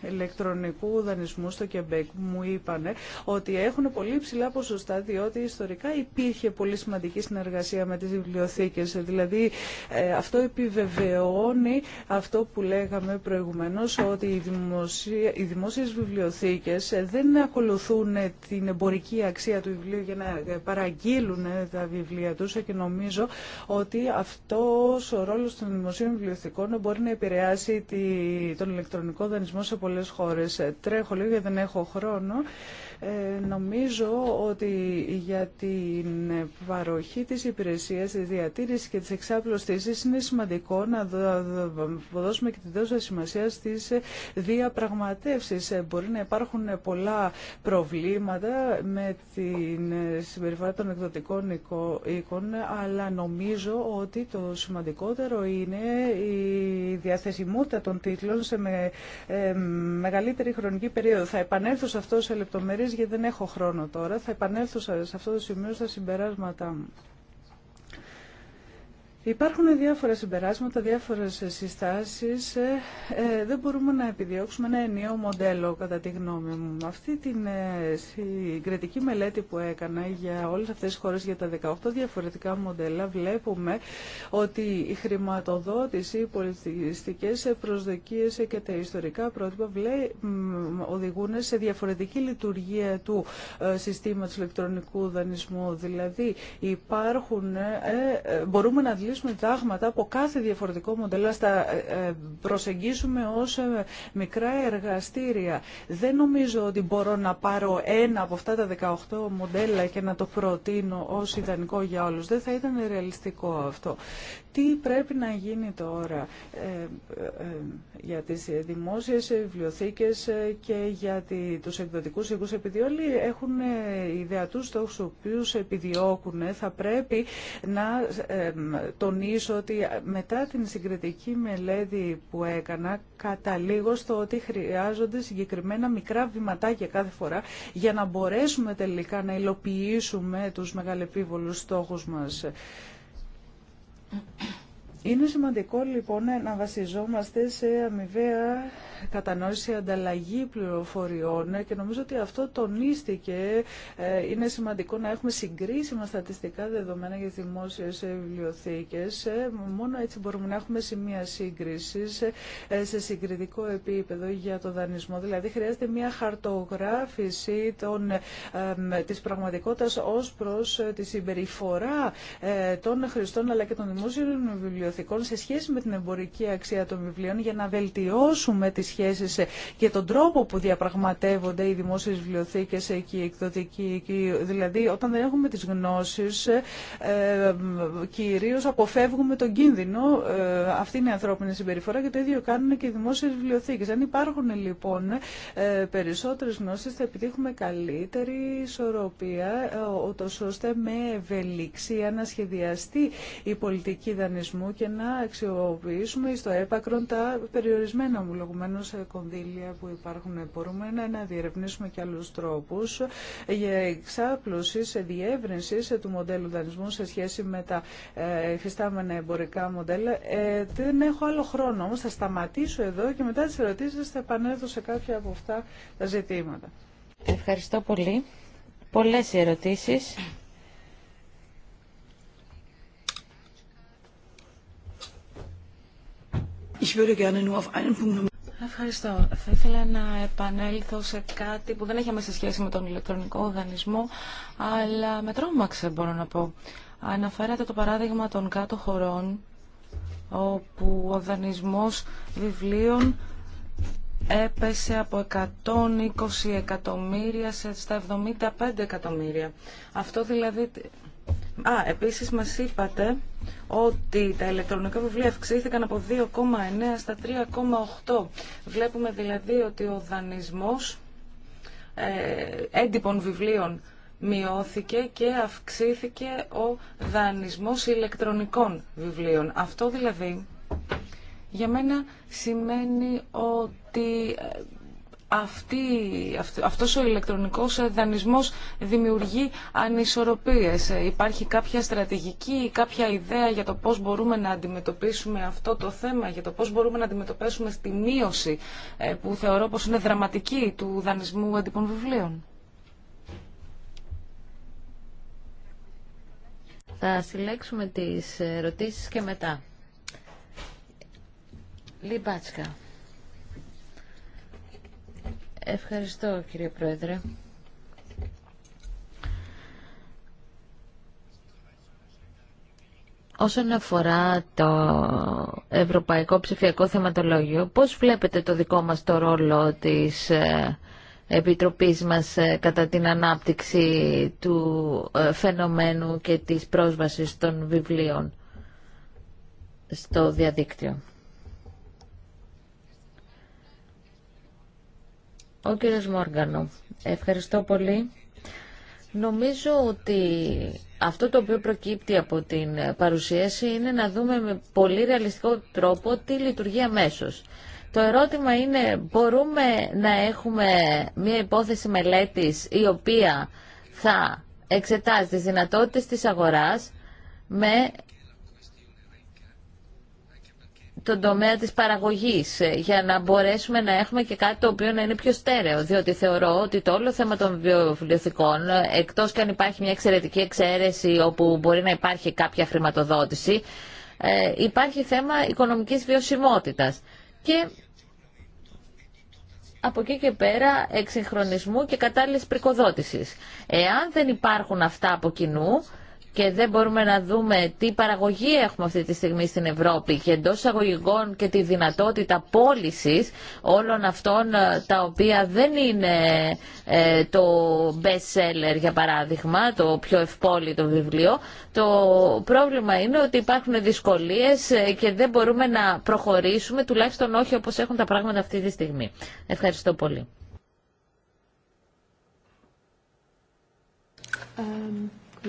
ηλεκτρονικού δανεισμού στο Κεμπέκ μου είπαν ότι έχουν πολύ ψηλά ποσοστά διότι ιστορικά υπήρχε πολύ σημαντική συνεργασία με τις βιβλιοθήκες. Δηλαδή ε, αυτό επιβεβαιώνει αυτό που λέγαμε προηγουμένως ότι οι, δημοσια... οι δημόσιες βιβλιοθήκες ε, δεν ακολουθούν την εμπορική αξία του βιβλίου για να παραγγείλουν ε, τα βιβλία τους και νομίζω ότι αυτός ο ρόλος των δημοσίων βιβλιοθηκών μπορεί να επηρεάσει τον ηλεκτρονικό δανεισμό σε πολλές χώρες. Τρέχω λίγο γιατί δεν έχω χρόνο. Ε, νομίζω ότι για την παροχή της υπηρεσίας, τη διατήρηση και της εξάπλωσης είναι σημαντικό να δώσουμε και την δόση σημασία στις διαπραγματεύσεις. Ε, μπορεί να υπάρχουν πολλά προβλήματα με την συμπεριφορά των εκδοτικών οίκων, αλλά νομίζω ότι το σημαντικότερο είναι η διαθεσιμότητα των τίτλων σε ε, μεγαλύτερη χρονική περίοδο. Θα επανέλθω σε αυτό σε γιατί δεν έχω χρόνο τώρα. Θα επανέλθω σε αυτό το σημείο στα συμπεράσματά μου. Υπάρχουν διάφορα συμπεράσματα, διάφορες συστάσεις. Ε, ε, δεν μπορούμε να επιδιώξουμε ένα ενιαίο μοντέλο, κατά τη γνώμη μου. Αυτή την ε, συγκριτική μελέτη που έκανα για όλες αυτές τις χώρες, για τα 18 διαφορετικά μοντέλα, βλέπουμε ότι η χρηματοδότηση, οι πολιτιστικές προσδοκίες και τα ιστορικά πρότυπα οδηγούν σε διαφορετική λειτουργία του συστήματος ηλεκτρονικού δανεισμού. Δηλαδή, υπάρχουν, μπορούμε να αντλήσουμε δάγματα από κάθε διαφορετικό μοντέλο, ας τα ε, ε, προσεγγίσουμε ως ε, μικρά εργαστήρια. Δεν νομίζω ότι μπορώ να πάρω ένα από αυτά τα 18 μοντέλα και να το προτείνω ως ιδανικό για όλους. Δεν θα ήταν ρεαλιστικό αυτό. Τι πρέπει να γίνει τώρα για τις δημόσιες βιβλιοθήκες και για τους εκδοτικούς οίκους, επειδή όλοι έχουν ιδεατούς στόχους οποίους επιδιώκουν, θα πρέπει να τονίσω ότι μετά την συγκριτική μελέτη που έκανα, καταλήγω στο ότι χρειάζονται συγκεκριμένα μικρά βηματάκια κάθε φορά για να μπορέσουμε τελικά να υλοποιήσουμε τους μεγαλεπίβολους στόχους μας. Είναι σημαντικό λοιπόν να βασιζόμαστε σε αμοιβαία κατανόηση ανταλλαγή πληροφοριών και νομίζω ότι αυτό τονίστηκε. Ε, είναι σημαντικό να έχουμε συγκρίσιμα στατιστικά δεδομένα για δημόσιες βιβλιοθήκες. Ε, μόνο έτσι μπορούμε να έχουμε σημεία σύγκριση ε, σε συγκριτικό επίπεδο για το δανεισμό. Δηλαδή χρειάζεται μια χαρτογράφηση τη της πραγματικότητας ως προς τη συμπεριφορά των χρηστών αλλά και των δημόσιων βιβλιοθήκων βιβλιοθηκών σε σχέση με την εμπορική αξία των βιβλίων για να βελτιώσουμε τις σχέσεις και τον τρόπο που διαπραγματεύονται οι δημόσιες βιβλιοθήκες και οι εκδοτικοί. Δηλαδή όταν δεν έχουμε τις γνώσεις ε, κυρίως αποφεύγουμε τον κίνδυνο. Ε, αυτή είναι η ανθρώπινη συμπεριφορά και το ίδιο κάνουν και οι δημόσιες βιβλιοθήκες. Αν υπάρχουν λοιπόν ε, περισσότερες γνώσεις θα επιτύχουμε καλύτερη ισορροπία, ώστε με ευελιξία να σχεδιαστεί η πολιτική δανεισμού και να αξιοποιήσουμε στο έπακρον τα περιορισμένα ομολογουμένω κονδύλια που υπάρχουν. Μπορούμε να, διερευνήσουμε και άλλου τρόπους για εξάπλωση, διεύρυνση του μοντέλου δανεισμού σε σχέση με τα εφιστάμενα εμπορικά μοντέλα. Ε, δεν έχω άλλο χρόνο όμω, θα σταματήσω εδώ και μετά τι ερωτήσει θα επανέλθω σε κάποια από αυτά τα ζητήματα. Ευχαριστώ πολύ. Πολλές ερωτήσεις. Ευχαριστώ. Θα ήθελα να επανέλθω σε κάτι που δεν έχει αμέσως σχέση με τον ηλεκτρονικό οργανισμό, αλλά με τρόμαξε μπορώ να πω. Αναφέρατε το παράδειγμα των κάτω χωρών, όπου ο οργανισμός βιβλίων έπεσε από 120 εκατομμύρια στα 75 εκατομμύρια. Αυτό δηλαδή Α, επίσης μας είπατε ότι τα ηλεκτρονικά βιβλία αυξήθηκαν από 2,9 στα 3,8. Βλέπουμε δηλαδή ότι ο δανεισμός ε, έντυπων βιβλίων μειώθηκε και αυξήθηκε ο δανεισμός ηλεκτρονικών βιβλίων. Αυτό δηλαδή για μένα σημαίνει ότι ε, αυτή, αυτός ο ηλεκτρονικός δανεισμός δημιουργεί ανισορροπίες. Ε, υπάρχει κάποια στρατηγική, ή κάποια ιδέα για το πώς μπορούμε να αντιμετωπίσουμε αυτό το θέμα, για το πώς μπορούμε να αντιμετωπίσουμε στη μείωση ε, που θεωρώ πως είναι δραματική του δανεισμού έντυπων βιβλίων. Θα συλλέξουμε τις ερωτήσεις και μετά. Λιμπάτσκα. Ευχαριστώ κύριε Πρόεδρε. Όσον αφορά το Ευρωπαϊκό Ψηφιακό Θεματολόγιο, πώς βλέπετε το δικό μας το ρόλο της ε, Επιτροπής μας ε, κατά την ανάπτυξη του ε, φαινομένου και της πρόσβασης των βιβλίων στο διαδίκτυο. Ο κύριος Μόργανο, ευχαριστώ πολύ. Νομίζω ότι αυτό το οποίο προκύπτει από την παρουσίαση είναι να δούμε με πολύ ρεαλιστικό τρόπο τι λειτουργεί αμέσω. Το ερώτημα είναι μπορούμε να έχουμε μια υπόθεση μελέτης η οποία θα εξετάζει τις δυνατότητες της αγοράς με τον τομέα της παραγωγής ε, για να μπορέσουμε να έχουμε και κάτι το οποίο να είναι πιο στέρεο διότι θεωρώ ότι το όλο θέμα των βιβλιοθηκών ε, εκτός και αν υπάρχει μια εξαιρετική εξαίρεση όπου μπορεί να υπάρχει κάποια χρηματοδότηση ε, υπάρχει θέμα οικονομικής βιωσιμότητας και από εκεί και πέρα εξυγχρονισμού και κατάλληλης πρικοδότησης. Εάν δεν υπάρχουν αυτά από κοινού και δεν μπορούμε να δούμε τι παραγωγή έχουμε αυτή τη στιγμή στην Ευρώπη και εντό αγωγικών και τη δυνατότητα πώληση όλων αυτών ε, τα οποία δεν είναι ε, το best seller για παράδειγμα, το πιο ευπόλυτο βιβλίο. Το πρόβλημα είναι ότι υπάρχουν δυσκολίες ε, και δεν μπορούμε να προχωρήσουμε, τουλάχιστον όχι όπως έχουν τα πράγματα αυτή τη στιγμή. Ευχαριστώ πολύ.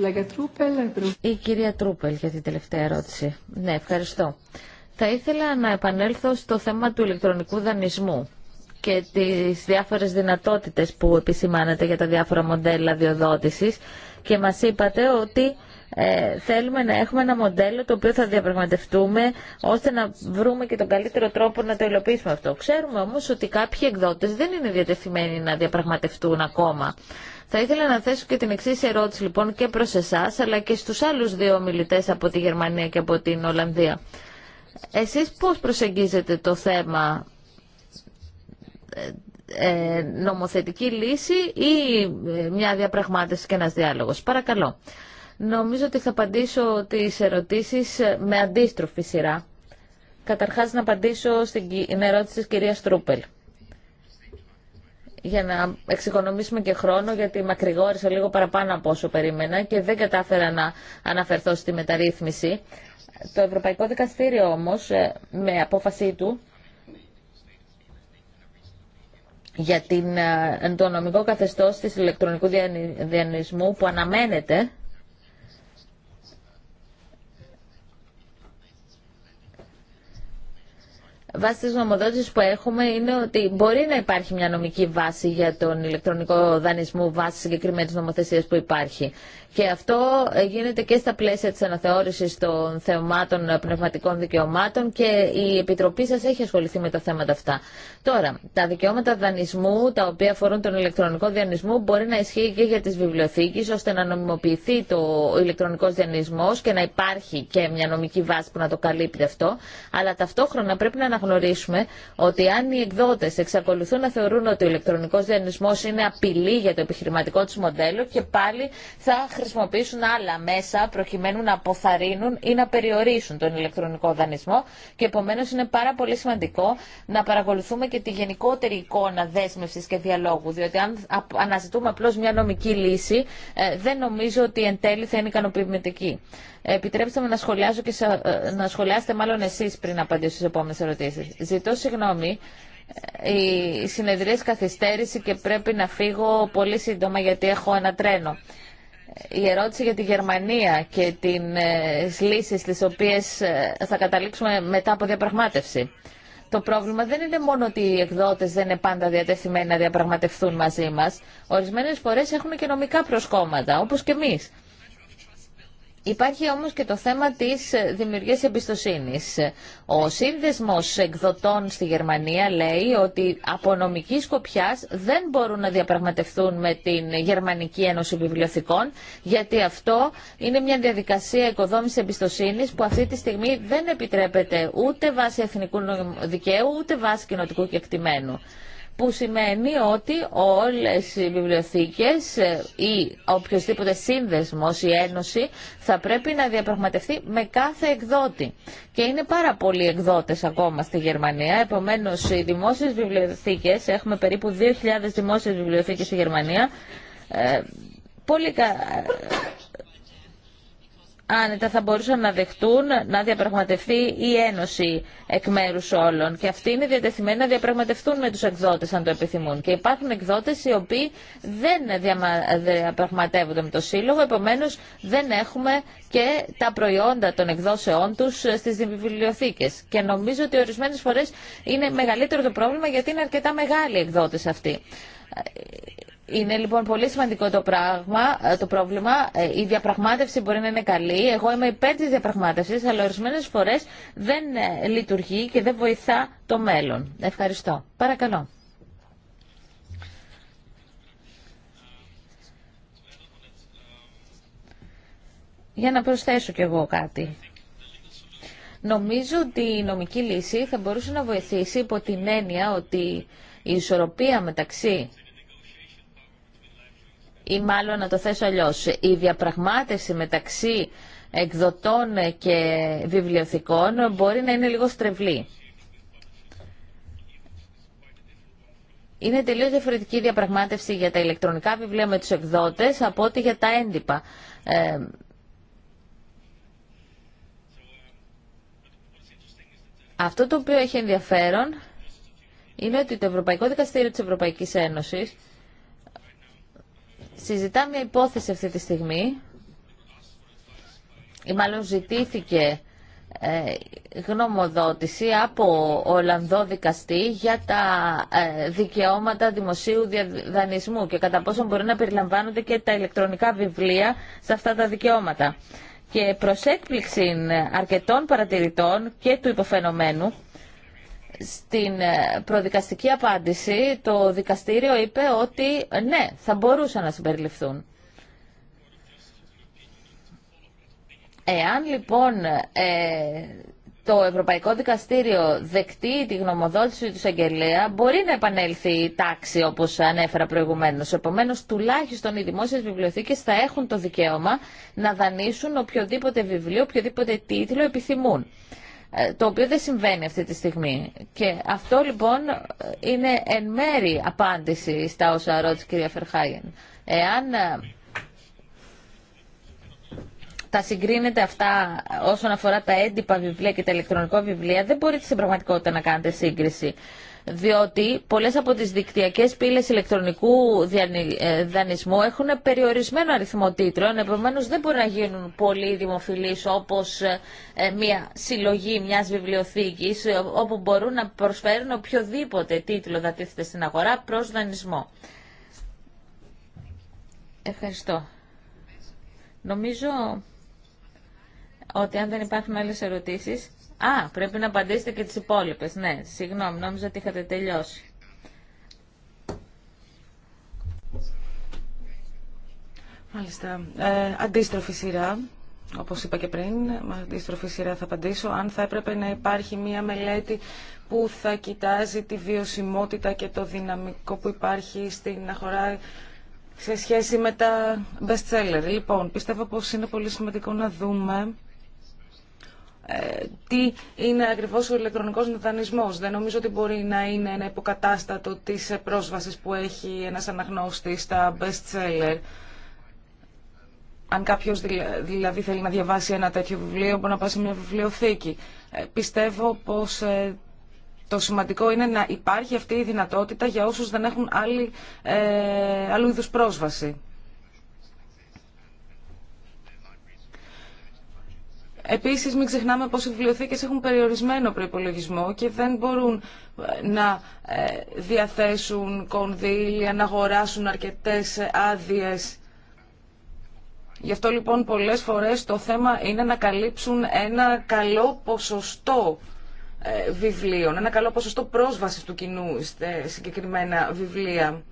Ε, Η κυρία Τρούπελ για την τελευταία ερώτηση. Ναι, ευχαριστώ. Θα ήθελα να επανέλθω στο θέμα του ηλεκτρονικού δανεισμού και τις διάφορες δυνατότητες που επισημάνετε για τα διάφορα μοντέλα διοδότησης και μας είπατε ότι ε, θέλουμε να έχουμε ένα μοντέλο το οποίο θα διαπραγματευτούμε ώστε να βρούμε και τον καλύτερο τρόπο να το υλοποιήσουμε αυτό. Ξέρουμε όμως ότι κάποιοι εκδότες δεν είναι διατεθειμένοι να διαπραγματευτούν ακόμα. Θα ήθελα να θέσω και την εξή ερώτηση λοιπόν και προς εσάς αλλά και στους άλλους δύο μιλητές από τη Γερμανία και από την Ολλανδία. Εσείς πώς προσεγγίζετε το θέμα ε, ε νομοθετική λύση ή ε, μια διαπραγμάτευση και ένα διάλογος. Παρακαλώ. Νομίζω ότι θα απαντήσω τις ερωτήσεις ε, με αντίστροφη σειρά. Καταρχάς να απαντήσω στην ερώτηση της κυρία Στρούπελ για να εξοικονομήσουμε και χρόνο γιατί μακρηγόρησα λίγο παραπάνω από όσο περίμενα και δεν κατάφερα να αναφερθώ στη μεταρρύθμιση. Το Ευρωπαϊκό Δικαστήριο όμως ε, με απόφασή του για την, ε, το νομικό καθεστώς της ηλεκτρονικού διανυσμού που αναμένεται βάση τη νομοδότησης που έχουμε είναι ότι μπορεί να υπάρχει μια νομική βάση για τον ηλεκτρονικό δανεισμό βάσει συγκεκριμένη νομοθεσία που υπάρχει. Και αυτό ε, γίνεται και στα πλαίσια της αναθεώρησης των θεωμάτων ε, πνευματικών δικαιωμάτων και η Επιτροπή σας έχει ασχοληθεί με τα θέματα αυτά. Τώρα, τα δικαιώματα δανεισμού, τα οποία αφορούν τον ηλεκτρονικό διανεισμό μπορεί να ισχύει και για τις βιβλιοθήκες, ώστε να νομιμοποιηθεί το ηλεκτρονικός διανεισμός και να υπάρχει και μια νομική βάση που να το καλύπτει αυτό. Αλλά ταυτόχρονα πρέπει να αναγνωρίσουμε ότι αν οι εκδότες εξακολουθούν να θεωρούν ότι ο ηλεκτρονικός δανεισμός είναι απειλή για το επιχειρηματικό μοντέλο και πάλι θα χρησιμοποιήσουν άλλα μέσα προκειμένου να αποθαρρύνουν ή να περιορίσουν τον ηλεκτρονικό δανεισμό και επομένως είναι πάρα πολύ σημαντικό να παρακολουθούμε και τη γενικότερη εικόνα δέσμευσης και διαλόγου διότι αν αναζητούμε απλώς μια νομική λύση ε, δεν νομίζω ότι εν τέλει θα είναι ικανοποιητική. Επιτρέψτε μου να σχολιάσω και ε, να σχολιάσετε μάλλον εσείς πριν απαντήσω στις επόμενες ερωτήσεις. Ζητώ συγγνώμη οι ε, συνεδρίες καθυστέρηση και πρέπει να φύγω πολύ σύντομα γιατί έχω ένα τρένο. Ε, η ερώτηση για τη Γερμανία και ε, τις λύσει τις οποίες ε, θα καταλήξουμε μετά από διαπραγμάτευση. Το πρόβλημα δεν είναι μόνο ότι οι εκδότε δεν είναι πάντα διατεθειμένοι να διαπραγματευτούν μαζί μα. Ορισμένε φορέ έχουν και νομικά προσκόμματα, όπω και εμεί. Υπάρχει όμως και το θέμα της δημιουργίας εμπιστοσύνης. Ο σύνδεσμος εκδοτών στη Γερμανία λέει ότι από νομική σκοπιά δεν μπορούν να διαπραγματευτούν με την Γερμανική Ένωση Βιβλιοθηκών γιατί αυτό είναι μια διαδικασία οικοδόμησης εμπιστοσύνης που αυτή τη στιγμή δεν επιτρέπεται ούτε βάσει εθνικού δικαίου ούτε βάσει κοινοτικού κεκτημένου που σημαίνει ότι όλες οι βιβλιοθήκες ε, ή οποιοδήποτε σύνδεσμος ή ένωση θα πρέπει να διαπραγματευτεί με κάθε εκδότη. Και είναι πάρα πολλοί εκδότες ακόμα στη Γερμανία, επομένως οι δημόσιες βιβλιοθήκες, έχουμε περίπου 2.000 δημόσιες βιβλιοθήκες στη Γερμανία, ε, πολύ κα άνετα θα μπορούσαν να δεχτούν να διαπραγματευτεί η Ένωση εκ μέρου όλων. Και αυτοί είναι διατεθειμένοι να διαπραγματευτούν με του εκδότε, αν το επιθυμούν. Και υπάρχουν εκδότε οι οποίοι δεν διαπραγματεύονται με το Σύλλογο, επομένω δεν έχουμε και τα προϊόντα των εκδόσεών του στι βιβλιοθήκε. Και νομίζω ότι ορισμένε φορέ είναι μεγαλύτερο το πρόβλημα γιατί είναι αρκετά μεγάλοι εκδότε αυτοί είναι λοιπόν πολύ σημαντικό το, πράγμα, ε, το πρόβλημα. Ε, η διαπραγμάτευση μπορεί να είναι καλή. Εγώ είμαι υπέρ τη διαπραγμάτευση, αλλά ορισμένε φορέ δεν ε, λειτουργεί και δεν βοηθά το μέλλον. Ευχαριστώ. Παρακαλώ. Για να προσθέσω κι εγώ κάτι. Νομίζω ότι η νομική λύση θα μπορούσε να βοηθήσει υπό την έννοια ότι η ισορροπία μεταξύ ή μάλλον να το θέσω αλλιώς, η διαπραγμάτευση μεταξύ εκδοτών και βιβλιοθηκών μπορεί να είναι λίγο στρεβλή. Είναι τελείως διαφορετική η διαπραγμάτευση για τα ηλεκτρονικά βιβλία με τους εκδότες από ό,τι για τα έντυπα. Ε, αυτό το οποίο έχει ενδιαφέρον είναι ότι το Ευρωπαϊκό Δικαστήριο της Ευρωπαϊκής Ένωσης συζητά μια υπόθεση αυτή τη στιγμή ή μάλλον ζητήθηκε ε, γνωμοδότηση από Ολλανδό δικαστή για τα ε, δικαιώματα δημοσίου διαδανεισμού και κατά πόσο μπορεί να περιλαμβάνονται και τα ηλεκτρονικά βιβλία σε αυτά τα δικαιώματα. Και προς έκπληξη αρκετών παρατηρητών και του υποφαινομένου, στην ε, προδικαστική απάντηση το δικαστήριο είπε ότι ε, ναι, θα μπορούσαν να συμπεριληφθούν. Εάν λοιπόν ε, το Ευρωπαϊκό Δικαστήριο δεκτεί τη γνωμοδότηση του εισαγγελέα, μπορεί να επανέλθει η τάξη όπως ανέφερα προηγουμένως. Επομένως, τουλάχιστον οι δημόσιες βιβλιοθήκες θα έχουν το δικαίωμα να δανείσουν οποιοδήποτε βιβλίο, οποιοδήποτε τίτλο επιθυμούν. Ε, το οποίο δεν συμβαίνει αυτή τη στιγμή. Και αυτό λοιπόν είναι εν μέρη απάντηση στα όσα ρώτησε η κυρία Φερχάγεν. Εάν ε, τα συγκρίνετε αυτά όσον αφορά τα έντυπα βιβλία και τα ηλεκτρονικά βιβλία, δεν μπορείτε στην πραγματικότητα να κάνετε σύγκριση διότι πολλές από τις δικτυακές πύλες ηλεκτρονικού ε, δανεισμού έχουν περιορισμένο αριθμό τίτλων, επομένως δεν μπορεί να γίνουν πολύ δημοφιλείς όπως ε, ε, μια συλλογή μιας βιβλιοθήκης, όπου μπορούν να προσφέρουν οποιοδήποτε τίτλο να στην αγορά προς δανεισμό. Ευχαριστώ. Νομίζω ότι αν δεν υπάρχουν άλλες ερωτήσεις... Α, πρέπει να απαντήσετε και τις υπόλοιπες. Ναι, συγγνώμη, νόμιζα ότι είχατε τελειώσει. Μάλιστα. Ε, αντίστροφη σειρά, όπως είπα και πριν, με αντίστροφη σειρά θα απαντήσω. Αν θα έπρεπε να υπάρχει μία μελέτη που θα κοιτάζει τη βιωσιμότητα και το δυναμικό που υπάρχει στην αγορά σε σχέση με τα best seller. Λοιπόν, πιστεύω πως είναι πολύ σημαντικό να δούμε ε, τι είναι ακριβώς ο ηλεκτρονικός δανεισμό. Δεν νομίζω ότι μπορεί να είναι ένα υποκατάστατο της πρόσβασης που έχει ένας αναγνώστης στα best seller. Αν κάποιος δηλαδή θέλει να διαβάσει ένα τέτοιο βιβλίο, μπορεί να πάει σε μια βιβλιοθήκη. Ε, πιστεύω πως ε, το σημαντικό είναι να υπάρχει αυτή η δυνατότητα για όσους δεν έχουν άλλη, άλλου είδους πρόσβαση. Επίσης μην ξεχνάμε πως οι βιβλιοθήκες έχουν περιορισμένο προϋπολογισμό και δεν μπορούν ε, να ε, διαθέσουν κονδύλια, να αγοράσουν αρκετές ε, άδειε. Γι' αυτό λοιπόν πολλές φορές το θέμα είναι να καλύψουν ένα καλό ποσοστό βιβλίων, ένα καλό ποσοστό πρόσβασης του κοινού σε συγκεκριμένα βιβλία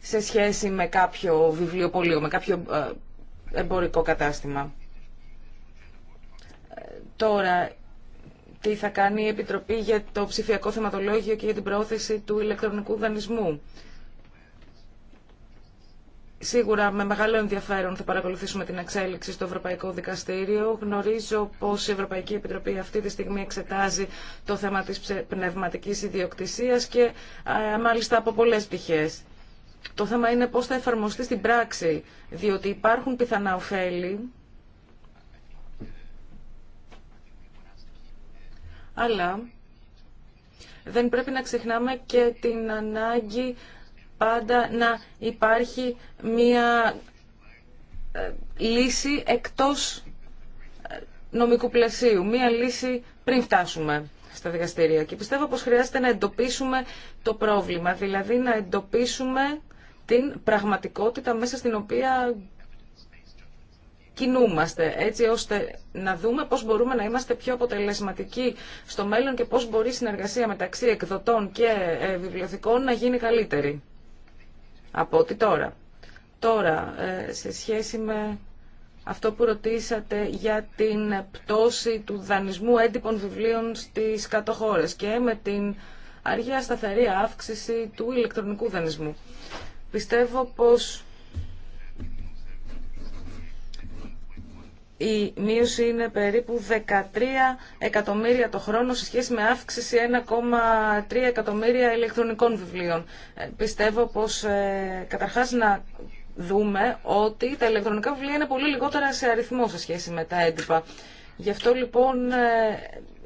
σε σχέση με κάποιο βιβλιοπωλείο, με κάποιο εμπορικό κατάστημα. Τώρα, τι θα κάνει η Επιτροπή για το ψηφιακό θεματολόγιο και για την πρόθεση του ηλεκτρονικού δανεισμού. Σίγουρα με μεγάλο ενδιαφέρον θα παρακολουθήσουμε την εξέλιξη στο Ευρωπαϊκό Δικαστήριο. Γνωρίζω πως η Ευρωπαϊκή Επιτροπή αυτή τη στιγμή εξετάζει το θέμα της πνευματικής ιδιοκτησίας και μάλιστα από πολλές πτυχές. Το θέμα είναι πώς θα εφαρμοστεί στην πράξη, διότι υπάρχουν πιθανά ωφέλη αλλά δεν πρέπει να ξεχνάμε και την ανάγκη πάντα να υπάρχει μία ε, λύση εκτός ε, νομικού πλαισίου, μία λύση πριν φτάσουμε στα δικαστήρια. Και πιστεύω πως χρειάζεται να εντοπίσουμε το πρόβλημα, δηλαδή να εντοπίσουμε την πραγματικότητα μέσα στην οποία κινούμαστε, έτσι ώστε να δούμε πώς μπορούμε να είμαστε πιο αποτελεσματικοί στο μέλλον και πώς μπορεί η συνεργασία μεταξύ εκδοτών και ε, βιβλιοθηκών να γίνει καλύτερη από ό,τι τώρα. Τώρα, ε, σε σχέση με αυτό που ρωτήσατε για την πτώση του δανεισμού έντυπων βιβλίων στις κατοχώρες και με την αργία σταθερή αύξηση του ηλεκτρονικού δανεισμού. Πιστεύω πως η μείωση είναι περίπου 13 εκατομμύρια το χρόνο σε σχέση με αύξηση 1,3 εκατομμύρια ηλεκτρονικών βιβλίων. Ε, πιστεύω πως ε, καταρχάς να δούμε ότι τα ηλεκτρονικά βιβλία είναι πολύ λιγότερα σε αριθμό σε σχέση με τα έντυπα. Γι' αυτό λοιπόν ε,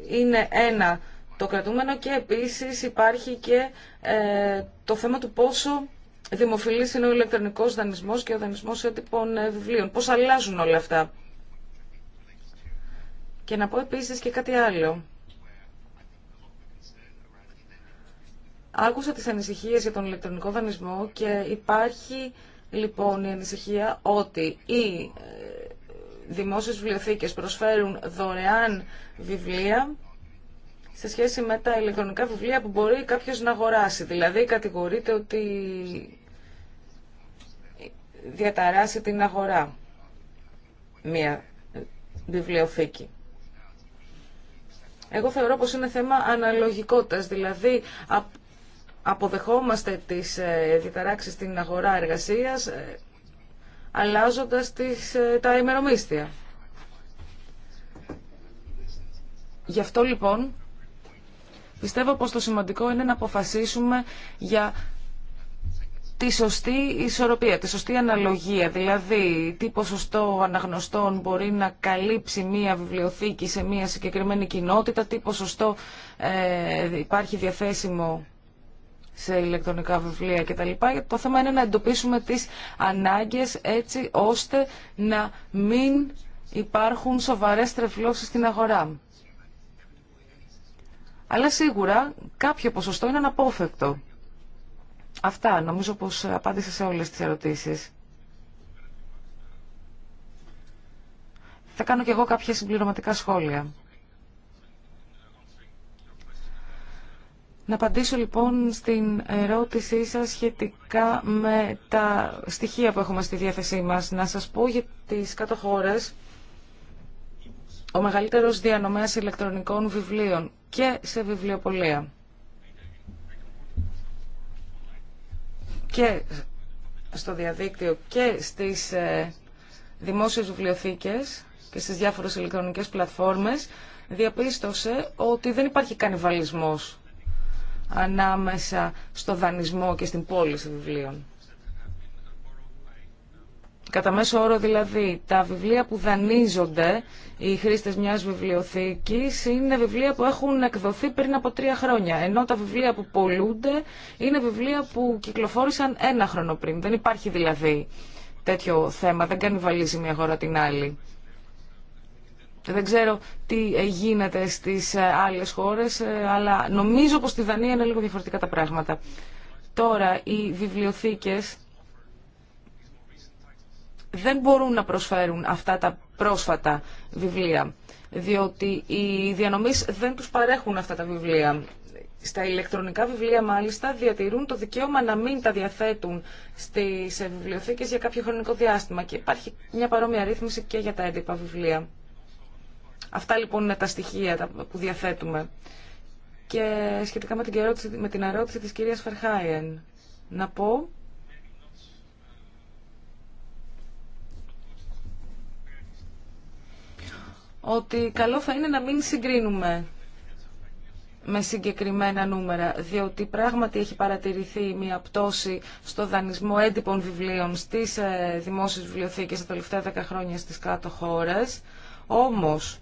είναι ένα το κρατούμενο και επίσης υπάρχει και το θέμα του πόσο δημοφιλής είναι ο ηλεκτρονικός δανεισμός και ο δανεισμός έντυπων βιβλίων. Πώς αλλάζουν όλα αυτά. Και να πω επίσης και κάτι άλλο. Άκουσα τις ανησυχίες για τον ηλεκτρονικό δανεισμό και υπάρχει λοιπόν η ανησυχία ότι οι ε, δημόσιες βιβλιοθήκες προσφέρουν δωρεάν βιβλία σε σχέση με τα ηλεκτρονικά βιβλία που μπορεί κάποιος να αγοράσει. Δηλαδή κατηγορείται ότι διαταράσει την αγορά μια ε, βιβλιοθήκη. Εγώ θεωρώ πως είναι θέμα αναλογικότητας, δηλαδή αποδεχόμαστε τις ε, διταράξεις στην αγορά εργασίας ε, αλλάζοντας τις, ε, τα ημερομίσθια. Γι' αυτό λοιπόν πιστεύω πως το σημαντικό είναι να αποφασίσουμε για τη σωστή ισορροπία, τη σωστή αναλογία, δηλαδή τι ποσοστό αναγνωστών μπορεί να καλύψει μία βιβλιοθήκη σε μία συγκεκριμένη κοινότητα, τι ποσοστό ε, υπάρχει διαθέσιμο σε ηλεκτρονικά βιβλία κτλ. Το θέμα είναι να εντοπίσουμε τις ανάγκες έτσι ώστε να μην υπάρχουν σοβαρές τρευλώσεις στην αγορά. Αλλά σίγουρα κάποιο ποσοστό είναι αναπόφευκτο. Αυτά. Νομίζω πως απάντησα σε όλες τις ερωτήσεις. Θα κάνω και εγώ κάποια συμπληρωματικά σχόλια. Να απαντήσω λοιπόν στην ερώτησή σας σχετικά με τα στοιχεία που έχουμε στη διάθεσή μας. Να σας πω για τις κάτω χώρες, ο μεγαλύτερος διανομέας ηλεκτρονικών βιβλίων και σε βιβλιοπολία. και στο διαδίκτυο και στις ε, δημόσιες βιβλιοθήκες και στις διάφορες ηλεκτρονικές πλατφόρμες διαπίστωσε ότι δεν υπάρχει κανιβαλισμός ανάμεσα στο δανεισμό και στην πώληση βιβλίων. Κατά μέσο όρο δηλαδή, τα βιβλία που δανείζονται οι χρήστε μιας βιβλιοθήκη είναι βιβλία που έχουν εκδοθεί πριν από τρία χρόνια, ενώ τα βιβλία που πολλούνται είναι βιβλία που κυκλοφόρησαν ένα χρόνο πριν. Δεν υπάρχει δηλαδή τέτοιο θέμα, δεν κάνει βαλίζει μια χώρα την άλλη. Δεν ξέρω τι ε, γίνεται στις ε, άλλες χώρες, ε, αλλά νομίζω πως στη Δανία είναι λίγο διαφορετικά τα πράγματα. Τώρα, οι βιβλιοθήκες δεν μπορούν να προσφέρουν αυτά τα πρόσφατα βιβλία, διότι οι διανομής δεν τους παρέχουν αυτά τα βιβλία. Στα ηλεκτρονικά βιβλία, μάλιστα, διατηρούν το δικαίωμα να μην τα διαθέτουν στις βιβλιοθήκες για κάποιο χρονικό διάστημα και υπάρχει μια παρόμοια ρύθμιση και για τα έντυπα βιβλία. Αυτά λοιπόν είναι τα στοιχεία που διαθέτουμε. Και σχετικά με την ερώτηση, με την ερώτηση της κυρίας Φερχάιεν, να πω ότι καλό θα είναι να μην συγκρίνουμε με συγκεκριμένα νούμερα, διότι πράγματι έχει παρατηρηθεί μια πτώση στο δανεισμό έντυπων βιβλίων στις ε, δημόσιες βιβλιοθήκες τα τελευταία δέκα χρόνια στις κάτω χώρες. Όμως,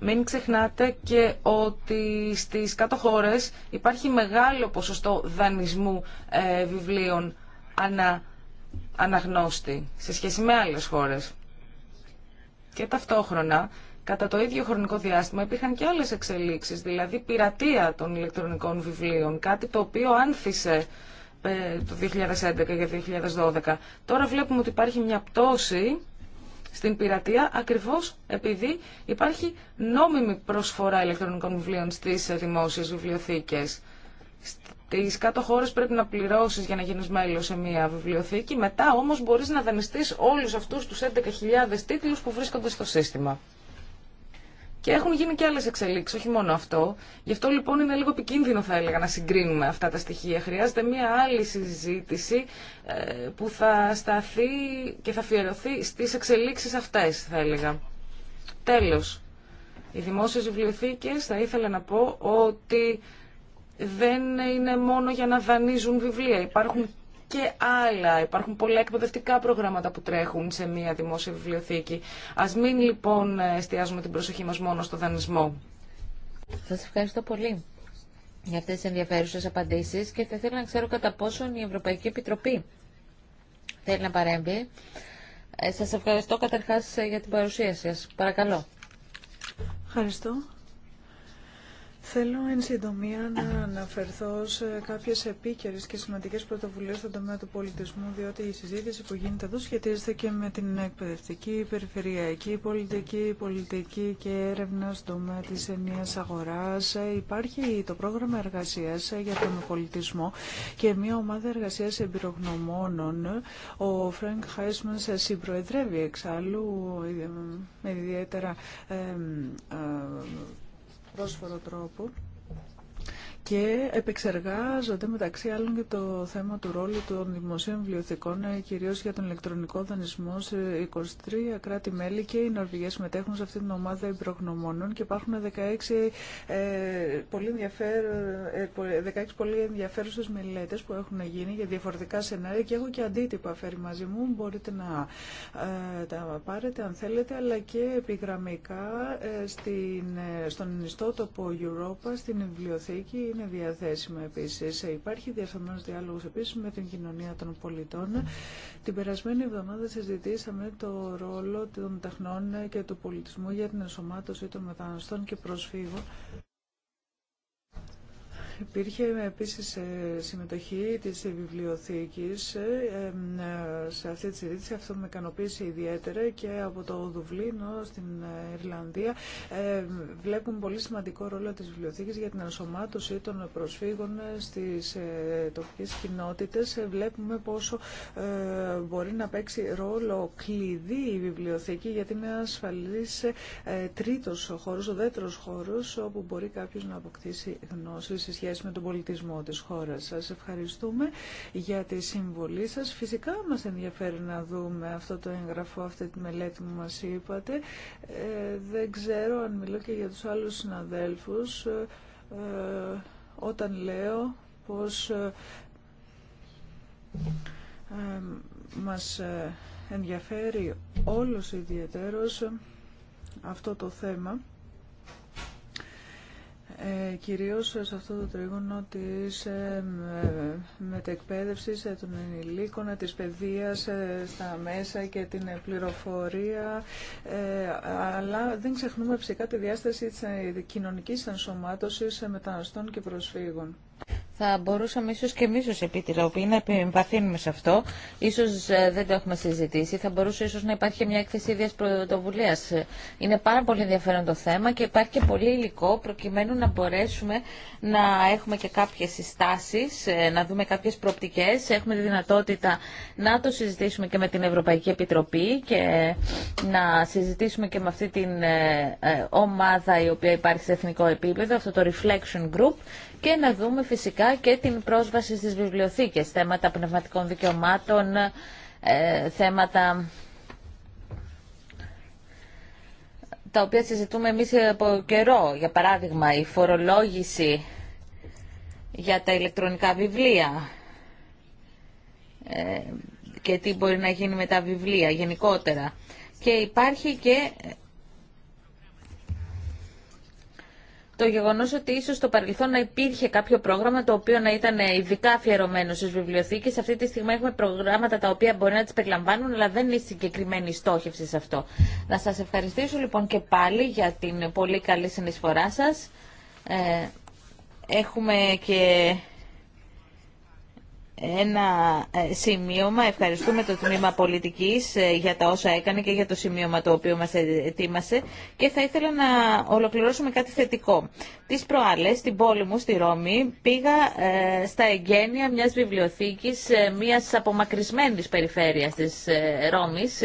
μην ξεχνάτε και ότι στις κάτω χώρες υπάρχει μεγάλο ποσοστό δανεισμού ε, βιβλίων ανα, αναγνώστη σε σχέση με άλλες χώρες. Και ταυτόχρονα, κατά το ίδιο χρονικό διάστημα, υπήρχαν και άλλες εξελίξεις, δηλαδή πειρατεία των ηλεκτρονικών βιβλίων, κάτι το οποίο άνθησε ε, το 2011 και 2012. Τώρα βλέπουμε ότι υπάρχει μια πτώση στην πειρατεία ακριβώς επειδή υπάρχει νόμιμη προσφορά ηλεκτρονικών βιβλίων στις δημόσιες βιβλιοθήκες. Στι κάτω χώρε πρέπει να πληρώσει για να γίνει μέλο σε μια βιβλιοθήκη. Μετά όμω μπορεί να δανειστεί όλου αυτού του 11.000 τίτλου που βρίσκονται στο σύστημα. Και έχουν γίνει και άλλε εξελίξει, όχι μόνο αυτό. Γι' αυτό λοιπόν είναι λίγο επικίνδυνο, θα έλεγα, να συγκρίνουμε αυτά τα στοιχεία. Χρειάζεται μια άλλη συζήτηση ε, που θα σταθεί και θα αφιερωθεί στι εξελίξει αυτέ, θα έλεγα. Τέλο, οι δημόσιε βιβλιοθήκε θα ήθελα να πω ότι δεν είναι μόνο για να δανείζουν βιβλία. Υπάρχουν και άλλα. Υπάρχουν πολλά εκπαιδευτικά προγράμματα που τρέχουν σε μια δημόσια βιβλιοθήκη. Ας μην λοιπόν εστιάζουμε την προσοχή μας μόνο στο δανεισμό. Σας ευχαριστώ πολύ για αυτές τις ενδιαφέρουσες απαντήσεις και θα ήθελα να ξέρω κατά πόσον η Ευρωπαϊκή Επιτροπή θέλει να παρέμβει. Ε, σας ευχαριστώ καταρχάς για την παρουσία σας. Παρακαλώ. Ευχαριστώ. Θέλω εν συντομία να αναφερθώ σε κάποιες επίκαιρες και σημαντικές πρωτοβουλίες στον τομέα του πολιτισμού, διότι η συζήτηση που γίνεται εδώ σχετίζεται και με την εκπαιδευτική, περιφερειακή πολιτική, πολιτική και έρευνα στον τομέα της ενίας αγοράς. Υπάρχει το πρόγραμμα εργασίας για τον πολιτισμό και μια ομάδα εργασίας εμπειρογνωμόνων. Ο Φρανκ Χάισμανς συμπροεδρεύει εξάλλου ε, με ιδιαίτερα ε, ε, πρόσφορο τρόπο και επεξεργάζονται μεταξύ άλλων και το θέμα του ρόλου των δημοσίων βιβλιοθηκών, ε, κυρίως για τον ηλεκτρονικό δανεισμό σε 23 κράτη-μέλη και οι Νορβηγοί συμμετέχουν σε αυτή την ομάδα υπρογνωμόνων και υπάρχουν 16, ε, πολύ, ε, ενδιαφέρουσες μελέτες που έχουν γίνει για διαφορετικά σενάρια και έχω και αντίτυπα φέρει μαζί μου, μπορείτε να ε, τα πάρετε αν θέλετε, αλλά και επιγραμμικά ε, στην, στον ιστότοπο Europa, στην βιβλιοθήκη είναι διαθέσιμα επίσης. Υπάρχει διαφανώ διάλογο επίσης με την κοινωνία των πολιτών. Την περασμένη εβδομάδα συζητήσαμε το ρόλο των τεχνών και του πολιτισμού για την ενσωμάτωση των μεταναστών και προσφύγων. Υπήρχε επίσης ε, συμμετοχή της βιβλιοθήκης ε, ε, σε αυτή τη συζήτηση. Αυτό με ικανοποίησε ιδιαίτερα και από το Δουβλίνο στην Ιρλανδία Βλέπουμε πολύ σημαντικό ρόλο της βιβλιοθήκης για την ενσωμάτωση των προσφύγων στις τοπικές κοινότητες. Βλέπουμε πόσο μπορεί να παίξει ρόλο κλειδί η βιβλιοθήκη γιατί είναι ασφαλής τρίτος χώρος, ο δεύτερος χώρος όπου μπορεί κάποιος να αποκτήσει γνώσεις σχέση με τον πολιτισμό της χώρας σας. Ευχαριστούμε για τη συμβολή σας. Φυσικά μας ενδιαφέρει να δούμε αυτό το έγγραφο, αυτή τη μελέτη που μας είπατε. Ε, δεν ξέρω αν μιλώ και για τους άλλους συναδέλφους ε, ε όταν λέω πως ε, μας ενδιαφέρει όλος ιδιαίτερος αυτό το θέμα ε, κυρίως σε αυτό το τρίγωνο της ε, μετεκπαίδευσης ε, των ενηλίκων, ε, της παιδείας ε, στα μέσα και την πληροφορία, αλλά δεν ξεχνούμε φυσικά τη διάσταση της κοινωνικής ενσωμάτωσης μεταναστών και προσφύγων θα μπορούσαμε ίσως και εμείς ως Επίτροποι να επιμβαθύνουμε σε αυτό. Ίσως ε, δεν το έχουμε συζητήσει. Θα μπορούσε ίσως να υπάρχει μια έκθεση ίδιας πρωτοβουλία. Είναι πάρα πολύ ενδιαφέρον το θέμα και υπάρχει και πολύ υλικό προκειμένου να μπορέσουμε να έχουμε και κάποιες συστάσεις, ε, να δούμε κάποιες προπτικές. Έχουμε τη δυνατότητα να το συζητήσουμε και με την Ευρωπαϊκή Επιτροπή και να συζητήσουμε και με αυτή την ε, ομάδα η οποία υπάρχει σε εθνικό επίπεδο, αυτό το Reflection Group και να δούμε φυσικά και την πρόσβαση στις βιβλιοθήκες, θέματα πνευματικών δικαιωμάτων, ε, θέματα τα οποία συζητούμε εμείς από καιρό. Για παράδειγμα, η φορολόγηση για τα ηλεκτρονικά βιβλία ε, και τι μπορεί να γίνει με τα βιβλία γενικότερα. Και υπάρχει και το γεγονός ότι ίσως στο παρελθόν να υπήρχε κάποιο πρόγραμμα το οποίο να ήταν ειδικά αφιερωμένο στις βιβλιοθήκες. Αυτή τη στιγμή έχουμε προγράμματα τα οποία μπορεί να τις περιλαμβάνουν, αλλά δεν είναι συγκεκριμένη στόχευση σε αυτό. Να σας ευχαριστήσω λοιπόν και πάλι για την πολύ καλή συνεισφορά σας. Ε, έχουμε και ένα ε, σημείωμα. Ευχαριστούμε το Τμήμα Πολιτικής ε, για τα όσα έκανε και για το σημείωμα το οποίο μας ετοίμασε και θα ήθελα να ολοκληρώσουμε κάτι θετικό. Τις προάλλες, στην πόλη μου, στη Ρώμη, πήγα ε, στα εγγένεια μιας βιβλιοθήκης μιας απομακρυσμένης περιφέρειας της Ρώμης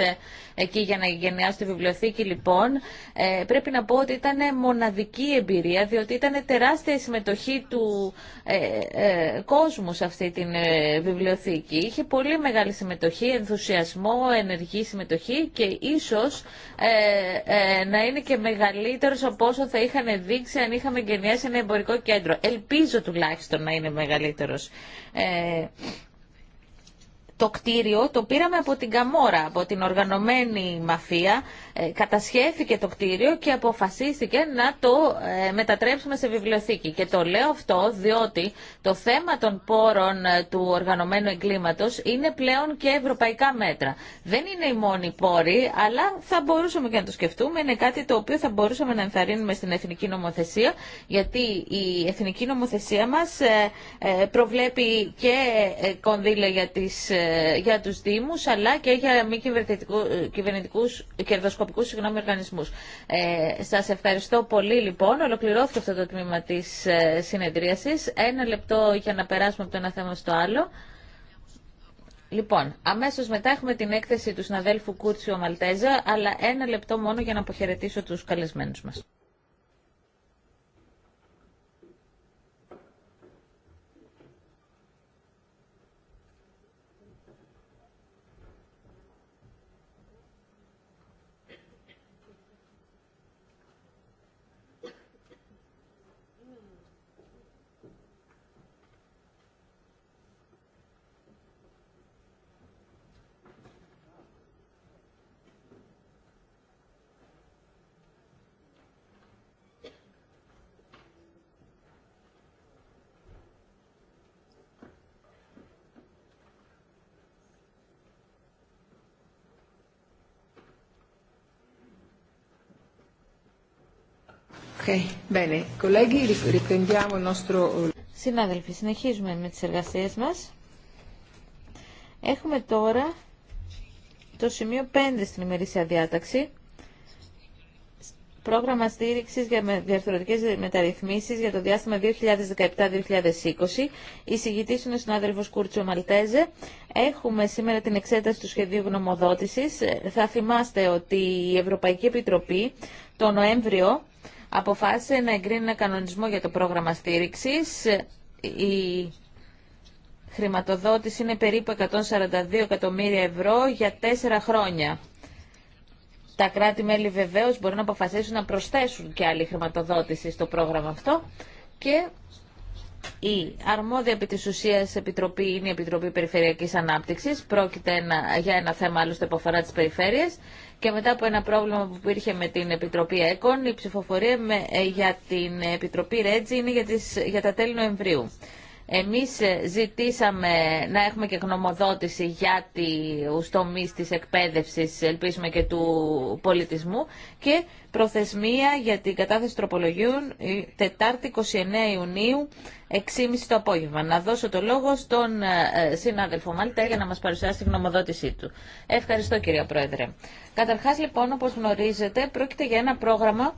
εκεί για να γεννιάσω τη βιβλιοθήκη λοιπόν, ε, πρέπει να πω ότι ήταν μοναδική εμπειρία, διότι ήταν τεράστια η συμμετοχή του ε, ε, κόσμου σε αυτή τη βιβλιοθήκη. Είχε πολύ μεγάλη συμμετοχή, ενθουσιασμό, ενεργή συμμετοχή και ίσως να είναι και μεγαλύτερος από όσο θα είχαν δείξει αν είχαμε γενιάσει ένα εμπορικό κέντρο. Ελπίζω τουλάχιστον να είναι μεγαλύτερος το κτίριο το πήραμε από την Καμόρα, από την οργανωμένη μαφία. Ε, κατασχέθηκε το κτίριο και αποφασίστηκε να το ε, μετατρέψουμε σε βιβλιοθήκη. Και το λέω αυτό διότι το θέμα των πόρων ε, του οργανωμένου εγκλήματος είναι πλέον και ευρωπαϊκά μέτρα. Δεν είναι οι μόνοι πόροι, αλλά θα μπορούσαμε και να το σκεφτούμε. Είναι κάτι το οποίο θα μπορούσαμε να ενθαρρύνουμε στην εθνική νομοθεσία, γιατί η εθνική νομοθεσία μας προβλέπει και κονδύλια για τις για τους Δήμους αλλά και για μη κυβερνητικούς κερδοσκοπικούς συγγνώμη, οργανισμούς. Ε, σας ευχαριστώ πολύ λοιπόν. Ολοκληρώθηκε αυτό το τμήμα της ε, συνεδρίασης. Ένα λεπτό για να περάσουμε από το ένα θέμα στο άλλο. Λοιπόν, αμέσως μετά έχουμε την έκθεση του συναδέλφου Κούρτσιο Μαλτέζα, αλλά ένα λεπτό μόνο για να αποχαιρετήσω τους καλεσμένους μας. Eh, Συνάδελφοι, συνεχίζουμε με τις εργασίες μας. Έχουμε τώρα το σημείο 5 στην ημερήσια διάταξη. Πρόγραμμα στήριξης για διαρθρωτικές μεταρρυθμίσεις για το διάστημα 2017-2020. Εισηγητής είναι ο συνάδελφος Κούρτσο Μαλτέζε. Έχουμε σήμερα την εξέταση του σχεδίου γνωμοδότησης. Ε, θα θυμάστε ότι η Ευρωπαϊκή Επιτροπή το Νοέμβριο αποφάσισε να εγκρίνει ένα κανονισμό για το πρόγραμμα στήριξης. Η χρηματοδότηση είναι περίπου 142 εκατομμύρια ευρώ για τέσσερα χρόνια. Τα κράτη-μέλη βεβαίως μπορούν να αποφασίσουν να προσθέσουν και άλλη χρηματοδότηση στο πρόγραμμα αυτό και η αρμόδια επί της ουσίας επιτροπή είναι η Επιτροπή Περιφερειακής Ανάπτυξης. Πρόκειται για ένα θέμα άλλωστε που αφορά τις περιφέρειες και μετά από ένα πρόβλημα που υπήρχε με την Επιτροπή ΕΚΟΝ, η ψηφοφορία με, ε, για την Επιτροπή ΡΕΤΖΙ είναι για, τις, για τα τέλη Νοεμβρίου. Εμείς ε, ζητήσαμε να έχουμε και γνωμοδότηση για του τομείς της εκπαίδευσης, ελπίζουμε και του πολιτισμού και προθεσμία για την κατάθεση τροπολογιών Τετάρτη 29 Ιουνίου 6.30 το απόγευμα. Να δώσω το λόγο στον ε, συνάδελφο Μάλτα για να μας παρουσιάσει τη γνωμοδότησή του. Ευχαριστώ κύριε Πρόεδρε. Καταρχάς λοιπόν όπως γνωρίζετε πρόκειται για ένα πρόγραμμα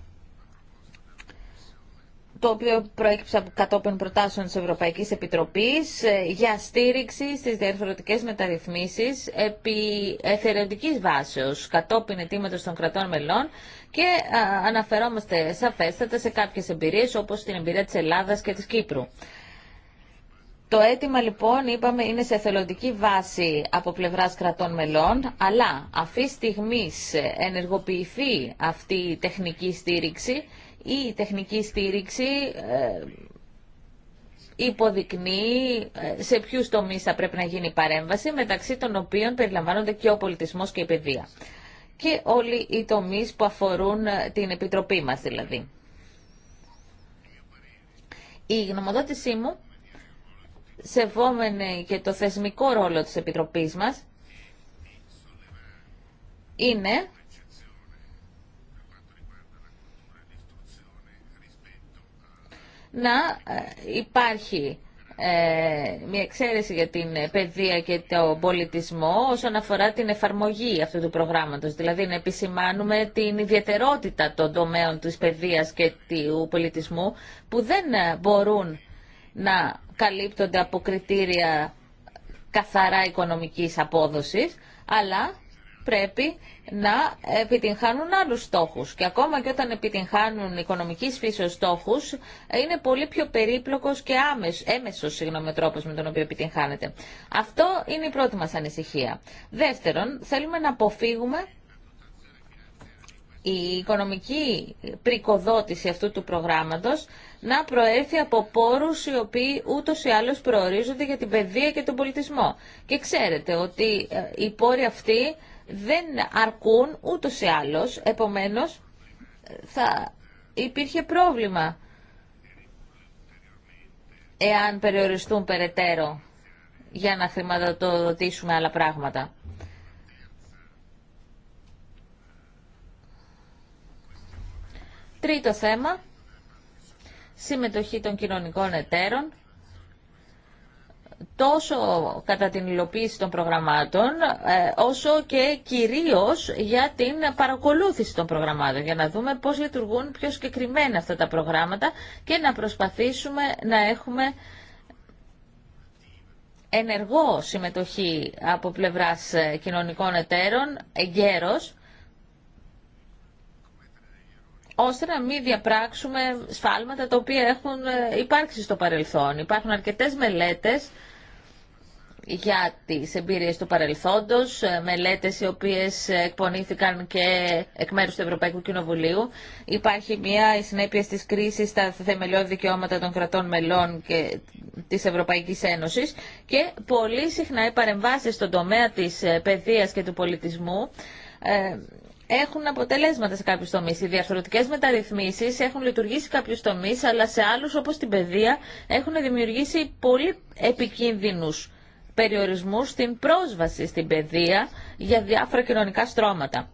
το οποίο προέκυψε από κατόπιν προτάσεων της Ευρωπαϊκής Επιτροπής ε, για στήριξη στις διαρθρωτικές μεταρρυθμίσεις επί εθελοντικής βάσεως κατόπιν αιτήματος των κρατών μελών και αναφερόμαστε σαφέστατα σε κάποιες εμπειρίες όπως την εμπειρία της Ελλάδας και της Κύπρου. Το αίτημα λοιπόν, είπαμε, είναι σε εθελοντική βάση από πλευράς κρατών μελών, αλλά αυτή στιγμής ενεργοποιηθεί αυτή η τεχνική στήριξη, η τεχνική στήριξη ε, υποδεικνύει ε, σε ποιους τομείς θα πρέπει να γίνει η παρέμβαση, μεταξύ των οποίων περιλαμβάνονται και ο πολιτισμός και η παιδεία. Και όλοι οι τομείς που αφορούν ε, την Επιτροπή μας δηλαδή. Η γνωμοδότησή μου, σεβόμενη και το θεσμικό ρόλο της Επιτροπής μας, είναι να ε, υπάρχει ε, μια εξαίρεση για την παιδεία και τον πολιτισμό όσον αφορά την εφαρμογή αυτού του προγράμματος. Δηλαδή να επισημάνουμε την ιδιαιτερότητα των τομέων της παιδείας και του πολιτισμού που δεν ε, μπορούν να καλύπτονται από κριτήρια καθαρά οικονομικής απόδοσης, αλλά πρέπει να επιτυγχάνουν άλλους στόχους. Και ακόμα και όταν επιτυγχάνουν οικονομικής φύσεως στόχους, είναι πολύ πιο περίπλοκος και άμεσος, έμεσος με τον οποίο επιτυγχάνεται. Αυτό είναι η πρώτη μας ανησυχία. Δεύτερον, θέλουμε να αποφύγουμε η οικονομική πρικοδότηση αυτού του προγράμματος να προέρθει από πόρους οι οποίοι ούτως ή άλλως προορίζονται για την παιδεία και τον πολιτισμό. Και ξέρετε ότι ε, οι πόροι αυτοί δεν αρκούν ούτως ή άλλως, επομένως θα υπήρχε πρόβλημα εάν περιοριστούν περαιτέρω για να χρηματοδοτήσουμε άλλα πράγματα. Τρίτο θέμα, συμμετοχή των κοινωνικών εταίρων τόσο κατά την υλοποίηση των προγραμμάτων, ε, όσο και κυρίως για την παρακολούθηση των προγραμμάτων, για να δούμε πώς λειτουργούν πιο συγκεκριμένα αυτά τα προγράμματα και να προσπαθήσουμε να έχουμε ενεργό συμμετοχή από πλευράς ε, κοινωνικών εταίρων, εγκαίρως, ώστε να μην διαπράξουμε σφάλματα τα οποία έχουν ε, υπάρξει στο παρελθόν. Υπάρχουν αρκετές μελέτες για τις εμπειρίες του παρελθόντος, ε, μελέτες οι οποίες εκπονήθηκαν και εκ μέρους του Ευρωπαϊκού Κοινοβουλίου. Υπάρχει μια συνέπεια στις της στα θεμελιώδη δικαιώματα των κρατών μελών και της Ευρωπαϊκής Ένωσης και πολύ συχνά οι παρεμβάσεις στον τομέα της ε, παιδείας και του πολιτισμού ε, έχουν αποτελέσματα σε κάποιου τομεί. Οι διαρθρωτικέ μεταρρυθμίσει έχουν λειτουργήσει σε κάποιου τομεί, αλλά σε άλλου, όπω την παιδεία, έχουν δημιουργήσει πολύ επικίνδυνου περιορισμούς στην πρόσβαση στην παιδεία για διάφορα κοινωνικά στρώματα.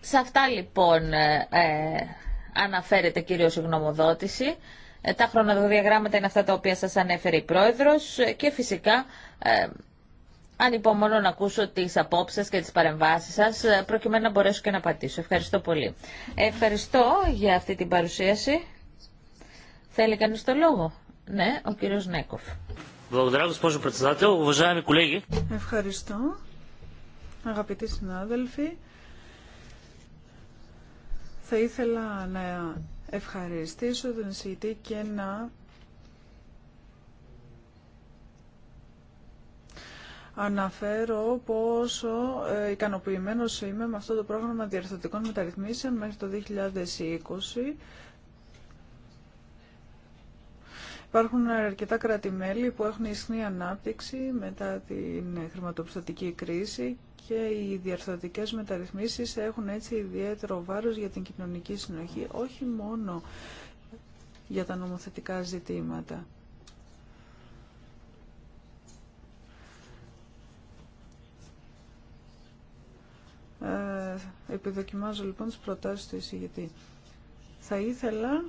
Σε αυτά λοιπόν ε, ε αναφέρεται κυρίως η γνωμοδότηση. Ε, τα χρονοδιαγράμματα είναι αυτά τα οποία σας ανέφερε η Πρόεδρος και φυσικά ε, ανυπομονώ να ακούσω τις απόψεις και τις παρεμβάσεις σας ε, προκειμένου να μπορέσω και να πατήσω. Ευχαριστώ πολύ. Ευχαριστώ για αυτή την παρουσίαση. Θέλει κανείς το λόγο. Ναι, ο κύριος Νέκοφ. Ευχαριστώ. Αγαπητοί συνάδελφοι, θα ήθελα να ευχαριστήσω τον εισηγητή και να αναφέρω πόσο ε, ικανοποιημένος είμαι με αυτό το πρόγραμμα διαρθωτικών μεταρρυθμίσεων μέχρι το 2020 Υπάρχουν αρκετά που έχουν ισχνή ανάπτυξη μετά την χρηματοπιστωτική κρίση και οι διαρθρωτικές μεταρρυθμίσεις έχουν έτσι ιδιαίτερο βάρος για την κοινωνική συνοχή, όχι μόνο για τα νομοθετικά ζητήματα. Ε, επιδοκιμάζω λοιπόν τις προτάσεις του εισηγητή. Θα ήθελα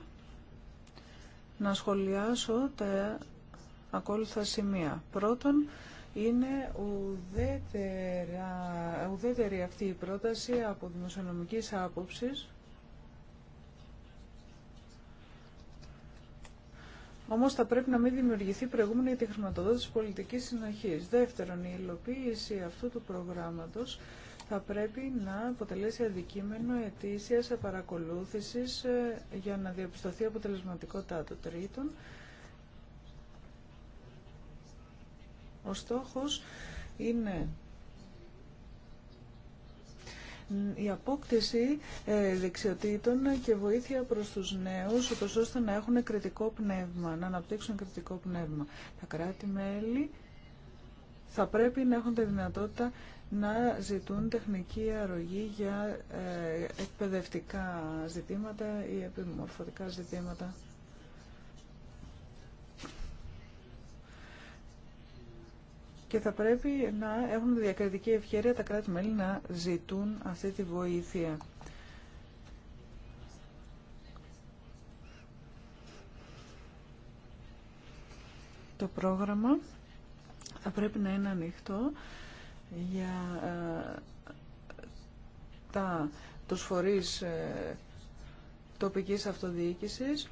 να σχολιάσω τα ακόλουθα σημεία. Πρώτον, είναι ουδέτερα, ουδέτερη αυτή η πρόταση από δημοσιονομικής άποψης. Όμως θα πρέπει να μην δημιουργηθεί προηγούμενη για τη χρηματοδότηση πολιτικής συνοχής. Δεύτερον, η υλοποίηση αυτού του προγράμματος θα πρέπει να αποτελέσει αντικείμενο ετήσιας παρακολούθησης ε, για να διαπιστωθεί η αποτελεσματικότητά του τρίτον. Ο στόχος είναι η απόκτηση ε, δεξιοτήτων και βοήθεια προς τους νέους, ώστε να έχουν κριτικό πνεύμα, να αναπτύξουν κριτικό πνεύμα. Τα κράτη-μέλη θα πρέπει να έχουν τη δυνατότητα να ζητούν τεχνική αρρωγή για ε, εκπαιδευτικά ζητήματα ή επιμορφωτικά ζητήματα. Και θα πρέπει να έχουν διακριτική ευκαιρία τα κράτη-μέλη να ζητούν αυτή τη βοήθεια. Το πρόγραμμα θα πρέπει να είναι ανοιχτό για ε, τα, τους φορείς ε, τοπικής αυτοδιοίκησης.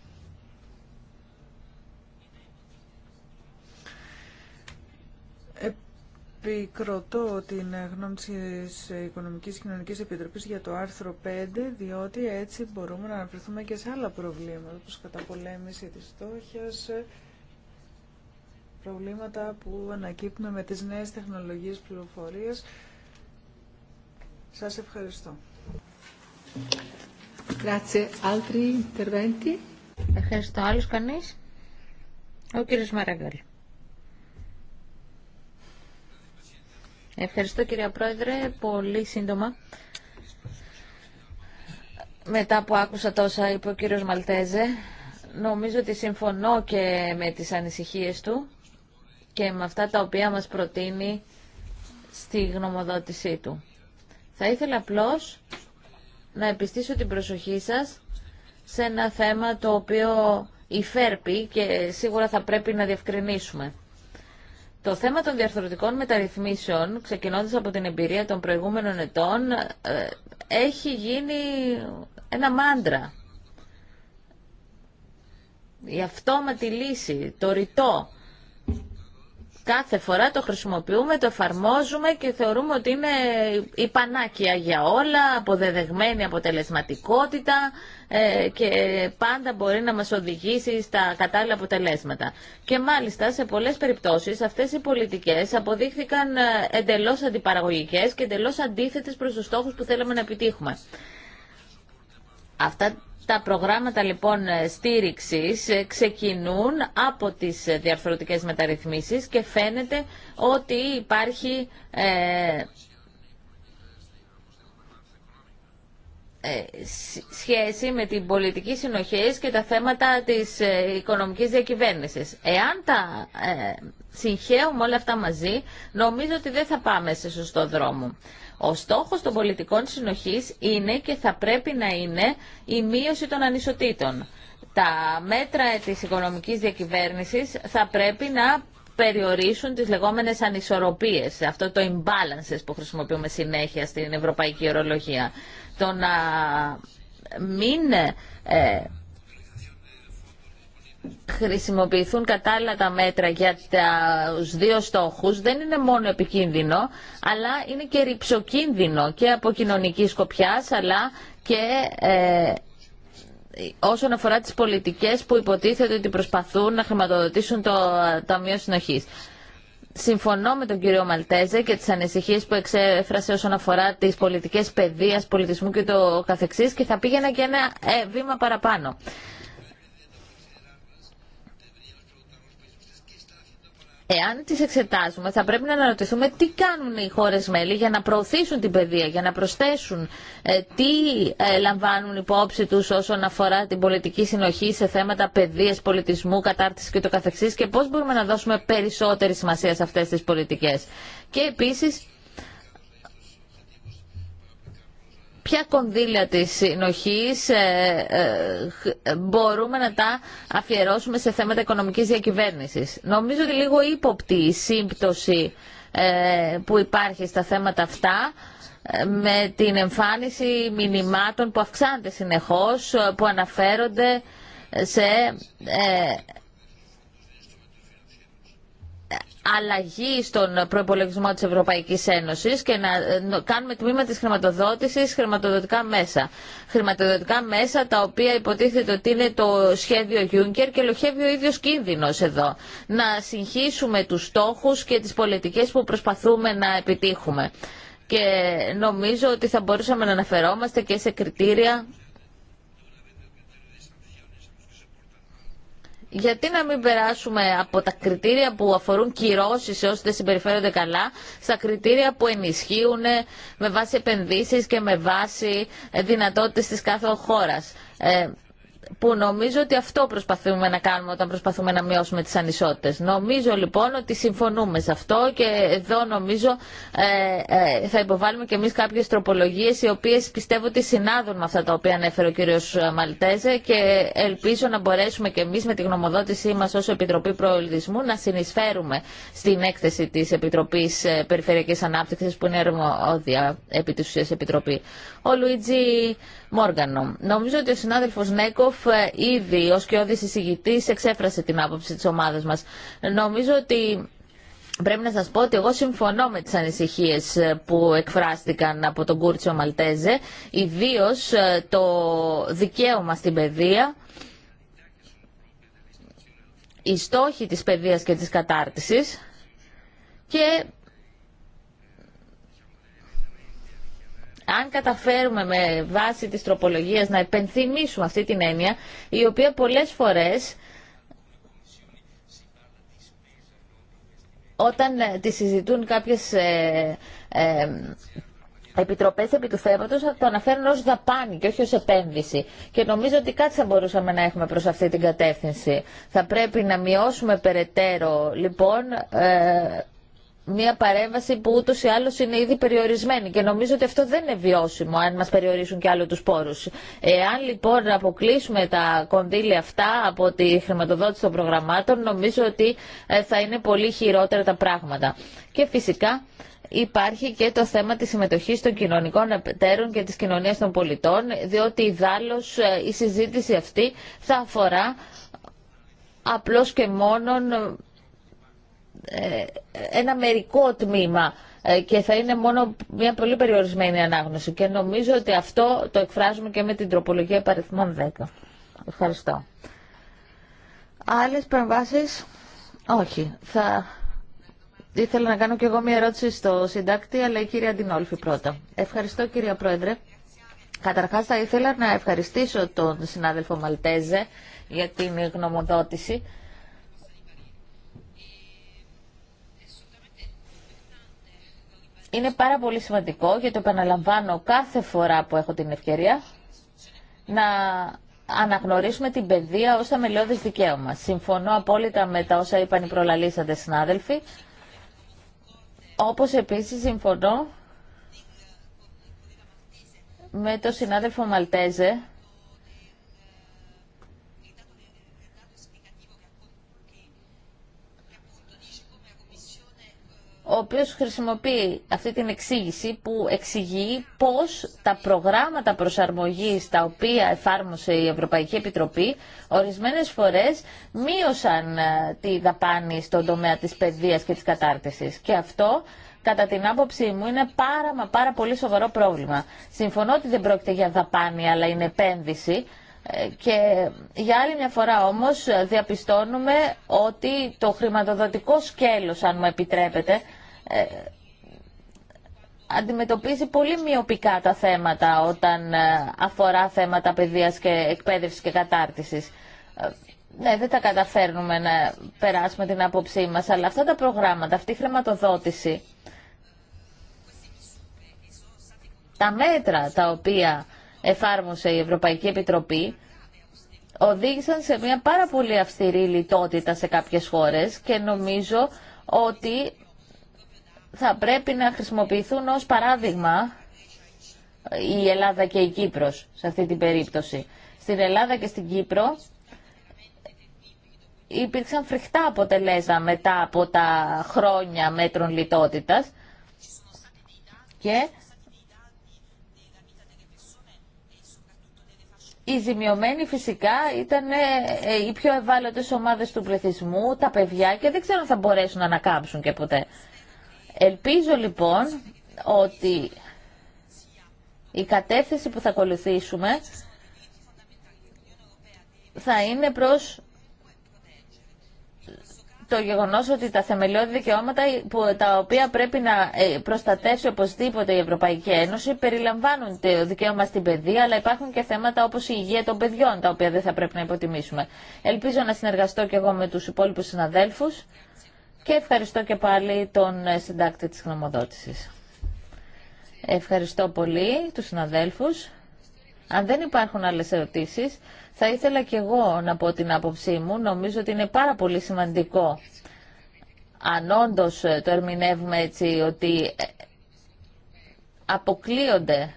Επικροτώ την γνώμη της Οικονομικής και Κοινωνικής Επιτροπής για το άρθρο 5, διότι έτσι μπορούμε να αναφερθούμε και σε άλλα προβλήματα, όπως καταπολέμηση της στόχιας, προβλήματα που ανακύπτουν με τις νέες τεχνολογίες πληροφορίας. Σας ευχαριστώ. Ευχαριστώ. Άλλος κανείς? Ο κύριος Μαραγκάλη. Ευχαριστώ κυρία Πρόεδρε. Πολύ σύντομα. Μετά που άκουσα τόσα είπε ο κύριος Μαλτέζε, νομίζω ότι συμφωνώ και με τις ανησυχίες του και με αυτά τα οποία μας προτείνει στη γνωμοδότησή του. Θα ήθελα απλώς να επιστήσω την προσοχή σας σε ένα θέμα το οποίο υφέρπει και σίγουρα θα πρέπει να διευκρινίσουμε. Το θέμα των διαρθρωτικών μεταρρυθμίσεων, ξεκινώντας από την εμπειρία των προηγούμενων ετών, ε, έχει γίνει ένα μάντρα. Η αυτόματη λύση, το ρητό, Κάθε φορά το χρησιμοποιούμε, το εφαρμόζουμε και θεωρούμε ότι είναι η πανάκια για όλα, αποδεδεγμένη αποτελεσματικότητα ε, και πάντα μπορεί να μας οδηγήσει στα κατάλληλα αποτελέσματα. Και μάλιστα σε πολλές περιπτώσεις αυτές οι πολιτικές αποδείχθηκαν ε, εντελώς αντιπαραγωγικές και εντελώς αντίθετες προς τους στόχους που θέλαμε να επιτύχουμε. Τα προγράμματα λοιπόν στήριξης ε, ξεκινούν από τις ε, διαρθρωτικές μεταρρυθμίσεις και φαίνεται ότι υπάρχει ε, ε σχέση με την πολιτική συνοχή και τα θέματα της οικονομικής διακυβέρνησης. Εάν τα ε, όλα αυτά μαζί, νομίζω ότι δεν θα πάμε σε σωστό δρόμο. Ο στόχος των πολιτικών συνοχής είναι και θα πρέπει να είναι η μείωση των ανισοτήτων. Τα μέτρα της οικονομικής διακυβέρνησης θα πρέπει να περιορίσουν τις λεγόμενες ανισορροπίες, αυτό το imbalances που χρησιμοποιούμε συνέχεια στην ευρωπαϊκή ορολογία. Το να μην ε, χρησιμοποιηθούν κατάλληλα τα μέτρα για τους δύο στόχους δεν είναι μόνο επικίνδυνο, αλλά είναι και ρηψοκίνδυνο και από κοινωνική σκοπιά αλλά και ε, όσον αφορά τις πολιτικές που υποτίθεται ότι προσπαθούν να χρηματοδοτήσουν το Ταμείο Συνοχής. Συμφωνώ με τον κύριο Μαλτέζε και τις ανησυχίες που εξέφρασε όσον αφορά τις πολιτικές παιδείας, πολιτισμού και το καθεξής και θα πήγαινα και ένα ε, βήμα παραπάνω. Εάν τις εξετάζουμε θα πρέπει να αναρωτηθούμε τι κάνουν οι χώρες μέλη για να προωθήσουν την παιδεία, για να προσθέσουν ε, τι ε, λαμβάνουν υπόψη τους όσον αφορά την πολιτική συνοχή σε θέματα παιδείας, πολιτισμού, κατάρτισης και το καθεξής και πώς μπορούμε να δώσουμε περισσότερη σημασία σε αυτές τις πολιτικές. Και επίσης ποια κονδύλια της συνοχής ε, ε, μπορούμε να τα αφιερώσουμε σε θέματα οικονομικής διακυβέρνησης. Νομίζω ότι λίγο ύποπτη η σύμπτωση ε, που υπάρχει στα θέματα αυτά με την εμφάνιση μηνυμάτων που αυξάνεται συνεχώς, που αναφέρονται σε αλλαγή στον προπολογισμό της Ευρωπαϊκής Ένωσης και να ε, κάνουμε τμήμα της χρηματοδότησης χρηματοδοτικά μέσα. Χρηματοδοτικά μέσα τα οποία υποτίθεται ότι είναι το σχέδιο Juncker και λοχεύει ο ίδιος κίνδυνος εδώ. Να συγχύσουμε τους στόχους και τις πολιτικές που προσπαθούμε να επιτύχουμε. Και νομίζω ότι θα μπορούσαμε να αναφερόμαστε και σε κριτήρια γιατί να μην περάσουμε από τα κριτήρια που αφορούν κυρώσει σε όσοι δεν συμπεριφέρονται καλά, στα κριτήρια που ενισχύουν ε, με βάση επενδύσεις και με βάση ε, δυνατότητες της κάθε χώρας. Ε, που νομίζω ότι αυτό προσπαθούμε να κάνουμε όταν προσπαθούμε να μειώσουμε τις ανισότητες. Νομίζω λοιπόν ότι συμφωνούμε σε αυτό και εδώ νομίζω ε, ε, θα υποβάλουμε και εμείς κάποιες τροπολογίες οι οποίες πιστεύω ότι συνάδουν με αυτά τα οποία ανέφερε ο κύριος Μαλτέζε και ελπίζω να μπορέσουμε και εμείς με τη γνωμοδότησή μας ως Επιτροπή Προελδισμού να συνεισφέρουμε στην έκθεση της Επιτροπής ε, Περιφερειακής Ανάπτυξης που είναι αρμόδια επί της ουσίας Επιτροπή ο Λουίτζι Μόργανο. Νομίζω ότι ο συνάδελφο Νέκοφ ε, ήδη ω και ο εξέφρασε την άποψη τη ομάδα μα. Νομίζω ότι Πρέπει να σας πω ότι εγώ συμφωνώ με τις ανησυχίες ε, που εκφράστηκαν από τον Κούρτσιο Μαλτέζε, ιδίως ε, το δικαίωμα στην παιδεία, η στόχοι της παιδείας και της κατάρτισης και αν καταφέρουμε με βάση της τροπολογίας να επενθυμίσουμε αυτή την έννοια, η οποία πολλές φορές όταν ε, τη συζητούν κάποιες ε, ε, επιτροπές επί του θέματος θα το αναφέρουν ως δαπάνη και όχι ως επένδυση. Και νομίζω ότι κάτι θα μπορούσαμε να έχουμε προς αυτή την κατεύθυνση. Θα πρέπει να μειώσουμε περαιτέρω λοιπόν ε, μια παρέμβαση που ούτω ή άλλω είναι ήδη περιορισμένη και νομίζω ότι αυτό δεν είναι βιώσιμο αν μας περιορίσουν και άλλο του πόρους. Εάν λοιπόν αποκλείσουμε τα κονδύλια αυτά από τη χρηματοδότηση των προγραμμάτων νομίζω ότι ε, θα είναι πολύ χειρότερα τα πράγματα. Και φυσικά υπάρχει και το θέμα της συμμετοχής των κοινωνικών εταίρων και της κοινωνίας των πολιτών διότι η ε, η συζήτηση αυτή θα αφορά απλώς και μόνον ε, ένα μερικό τμήμα ε, και θα είναι μόνο μια πολύ περιορισμένη ανάγνωση. Και νομίζω ότι αυτό το εκφράζουμε και με την τροπολογία παριθμών 10. Ευχαριστώ. Άλλες παρεμβάσεις. Όχι. Θα... Ήθελα να κάνω και εγώ μια ερώτηση στο συντάκτη, αλλά η κυρία Αντινόλφη πρώτα. Ευχαριστώ κυρία Πρόεδρε. Καταρχάς θα ήθελα να ευχαριστήσω τον συνάδελφο Μαλτέζε για την γνωμοδότηση. είναι πάρα πολύ σημαντικό γιατί το επαναλαμβάνω κάθε φορά που έχω την ευκαιρία να αναγνωρίσουμε την παιδεία ως αμελιώδης δικαίωμα. Συμφωνώ απόλυτα με τα όσα είπαν οι προλαλήσαντε συνάδελφοι, όπως επίσης συμφωνώ με το συνάδελφο Μαλτέζε ο οποίος χρησιμοποιεί αυτή την εξήγηση που εξηγεί πώς τα προγράμματα προσαρμογής τα οποία εφάρμοσε η Ευρωπαϊκή Επιτροπή ορισμένες φορές μείωσαν ε, τη δαπάνη στον τομέα της παιδείας και της κατάρτισης. Και αυτό κατά την άποψή μου είναι πάρα μα πάρα πολύ σοβαρό πρόβλημα. Συμφωνώ ότι δεν πρόκειται για δαπάνη αλλά είναι επένδυση ε, και για άλλη μια φορά όμως ε, διαπιστώνουμε ότι το χρηματοδοτικό σκέλος, αν μου επιτρέπετε, ε, αντιμετωπίζει πολύ μειοπικά τα θέματα όταν αφορά θέματα παιδείας και εκπαίδευσης και κατάρτισης. Ναι, δεν τα καταφέρνουμε να περάσουμε την άποψή μας, αλλά αυτά τα προγράμματα, αυτή η χρηματοδότηση, τα μέτρα τα οποία εφάρμοσε η Ευρωπαϊκή Επιτροπή οδήγησαν σε μια πάρα πολύ αυστηρή λιτότητα σε κάποιες χώρες και νομίζω ότι θα πρέπει να χρησιμοποιηθούν ως παράδειγμα η Ελλάδα και η Κύπρος σε αυτή την περίπτωση. Στην Ελλάδα και στην Κύπρο υπήρξαν φρικτά αποτελέσματα μετά από τα χρόνια μέτρων λιτότητας και Οι ζημιωμένοι φυσικά ήταν ε, ε, οι πιο ευάλωτες ομάδες του πληθυσμού, τα παιδιά και δεν ξέρω αν θα μπορέσουν να ανακάμψουν και ποτέ. Ελπίζω λοιπόν ότι η κατεύθυνση που θα ακολουθήσουμε θα είναι προς το γεγονό ότι τα θεμελιώδη δικαιώματα που, τα οποία πρέπει να ε, προστατεύσει οπωσδήποτε η Ευρωπαϊκή Ένωση περιλαμβάνουν το δικαίωμα στην παιδεία, αλλά υπάρχουν και θέματα όπως η υγεία των παιδιών, τα οποία δεν θα πρέπει να υποτιμήσουμε. Ελπίζω να συνεργαστώ και εγώ με τους υπόλοιπου συναδέλφου και ευχαριστώ και πάλι τον ε, συντάκτη τη γνωμοδότησης. Ευχαριστώ πολύ του συναδέλφου. Αν δεν υπάρχουν άλλε ερωτήσει, θα ήθελα και εγώ να πω την άποψή μου. Νομίζω ότι είναι πάρα πολύ σημαντικό, αν όντω το ερμηνεύουμε έτσι, ότι αποκλείονται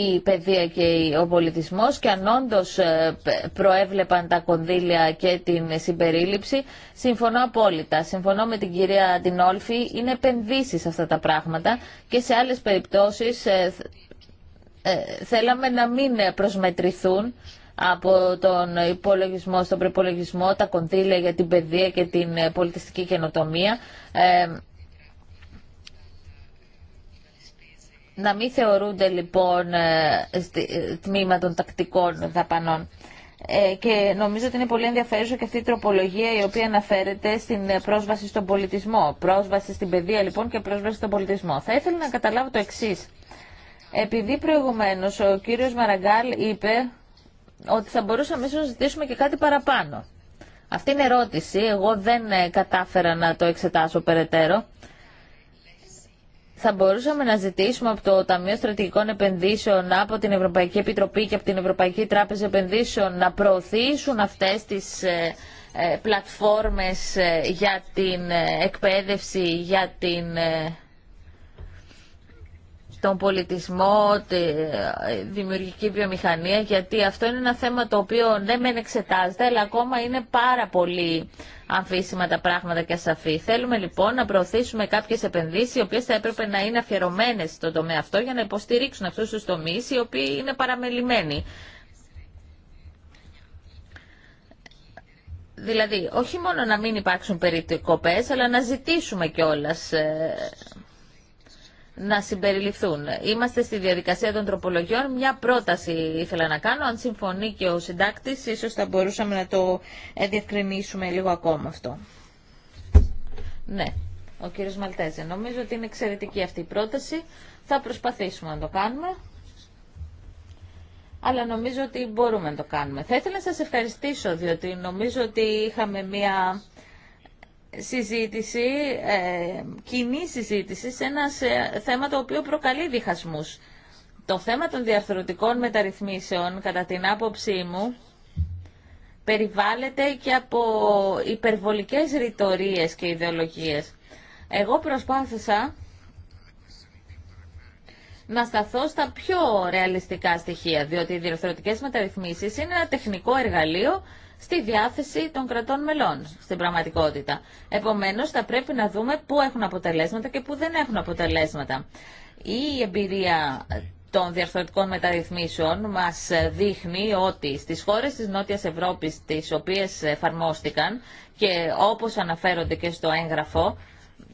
η παιδεία και ο πολιτισμός και αν όντω ε, προέβλεπαν τα κονδύλια και την συμπερίληψη, συμφωνώ απόλυτα. Συμφωνώ με την κυρία Τινόλφη, είναι επενδύσει αυτά τα πράγματα και σε άλλες περιπτώσεις ε, ε, θέλαμε να μην προσμετρηθούν από τον υπολογισμό στον προπολογισμό, τα κονδύλια για την παιδεία και την πολιτιστική καινοτομία. να μην θεωρούνται λοιπόν ε, ε, τμήμα των τακτικών δαπανών. Ε, και νομίζω ότι είναι πολύ ενδιαφέρουσα και αυτή η τροπολογία η οποία αναφέρεται στην πρόσβαση στον πολιτισμό. Πρόσβαση στην παιδεία λοιπόν και πρόσβαση στον πολιτισμό. Θα ήθελα να καταλάβω το εξή. Επειδή προηγουμένω ο κύριος Μαραγκάλ είπε ότι θα μπορούσαμε ίσω να ζητήσουμε και κάτι παραπάνω. Αυτή είναι ερώτηση. Εγώ δεν κατάφερα να το εξετάσω περαιτέρω θα μπορούσαμε να ζητήσουμε από το Ταμείο Στρατηγικών Επενδύσεων, από την Ευρωπαϊκή Επιτροπή και από την Ευρωπαϊκή Τράπεζα Επενδύσεων να προωθήσουν αυτές τις ε, ε, πλατφόρμες ε, για την εκπαίδευση, για την τον πολιτισμό, τη ε, δημιουργική βιομηχανία, γιατί αυτό είναι ένα θέμα το οποίο δεν μεν εξετάζεται, αλλά ακόμα είναι πάρα πολύ αμφίσιμα τα πράγματα και ασαφή. Θέλουμε λοιπόν να προωθήσουμε κάποιες επενδύσεις, οι οποίες θα έπρεπε να είναι αφιερωμένες στο τομέα αυτό, για να υποστηρίξουν αυτούς τους τομείς, οι οποίοι είναι παραμελημένοι. Δηλαδή, όχι μόνο να μην υπάρξουν περίπτωκοπές, αλλά να ζητήσουμε κιόλας ε, να συμπεριληφθούν. Είμαστε στη διαδικασία των τροπολογιών. Μια πρόταση ήθελα να κάνω. Αν συμφωνεί και ο συντάκτης, ίσως θα μπορούσαμε να το ε, διευκρινίσουμε λίγο ακόμα αυτό. Ναι, ο κύριος Μαλτέζε. Νομίζω ότι είναι εξαιρετική αυτή η πρόταση. Θα προσπαθήσουμε να το κάνουμε. Αλλά νομίζω ότι μπορούμε να το κάνουμε. Θα ήθελα να σας ευχαριστήσω, διότι νομίζω ότι είχαμε μια συζήτηση, ε, κοινή συζήτηση σε ένα θέμα το οποίο προκαλεί διχασμούς. Το θέμα των διαρθρωτικών μεταρρυθμίσεων, κατά την άποψή μου, περιβάλλεται και από υπερβολικές ρητορίες και ιδεολογίες. Εγώ προσπάθησα να σταθώ στα πιο ρεαλιστικά στοιχεία, διότι οι διαρθρωτικές μεταρρυθμίσεις είναι ένα τεχνικό εργαλείο στη διάθεση των κρατών μελών στην πραγματικότητα. Επομένως, θα πρέπει να δούμε πού έχουν αποτελέσματα και πού δεν έχουν αποτελέσματα. Η εμπειρία των διαρθρωτικών μεταρρυθμίσεων μας δείχνει ότι στις χώρες της Νότιας Ευρώπης τις οποίες εφαρμόστηκαν και όπως αναφέρονται και στο έγγραφο,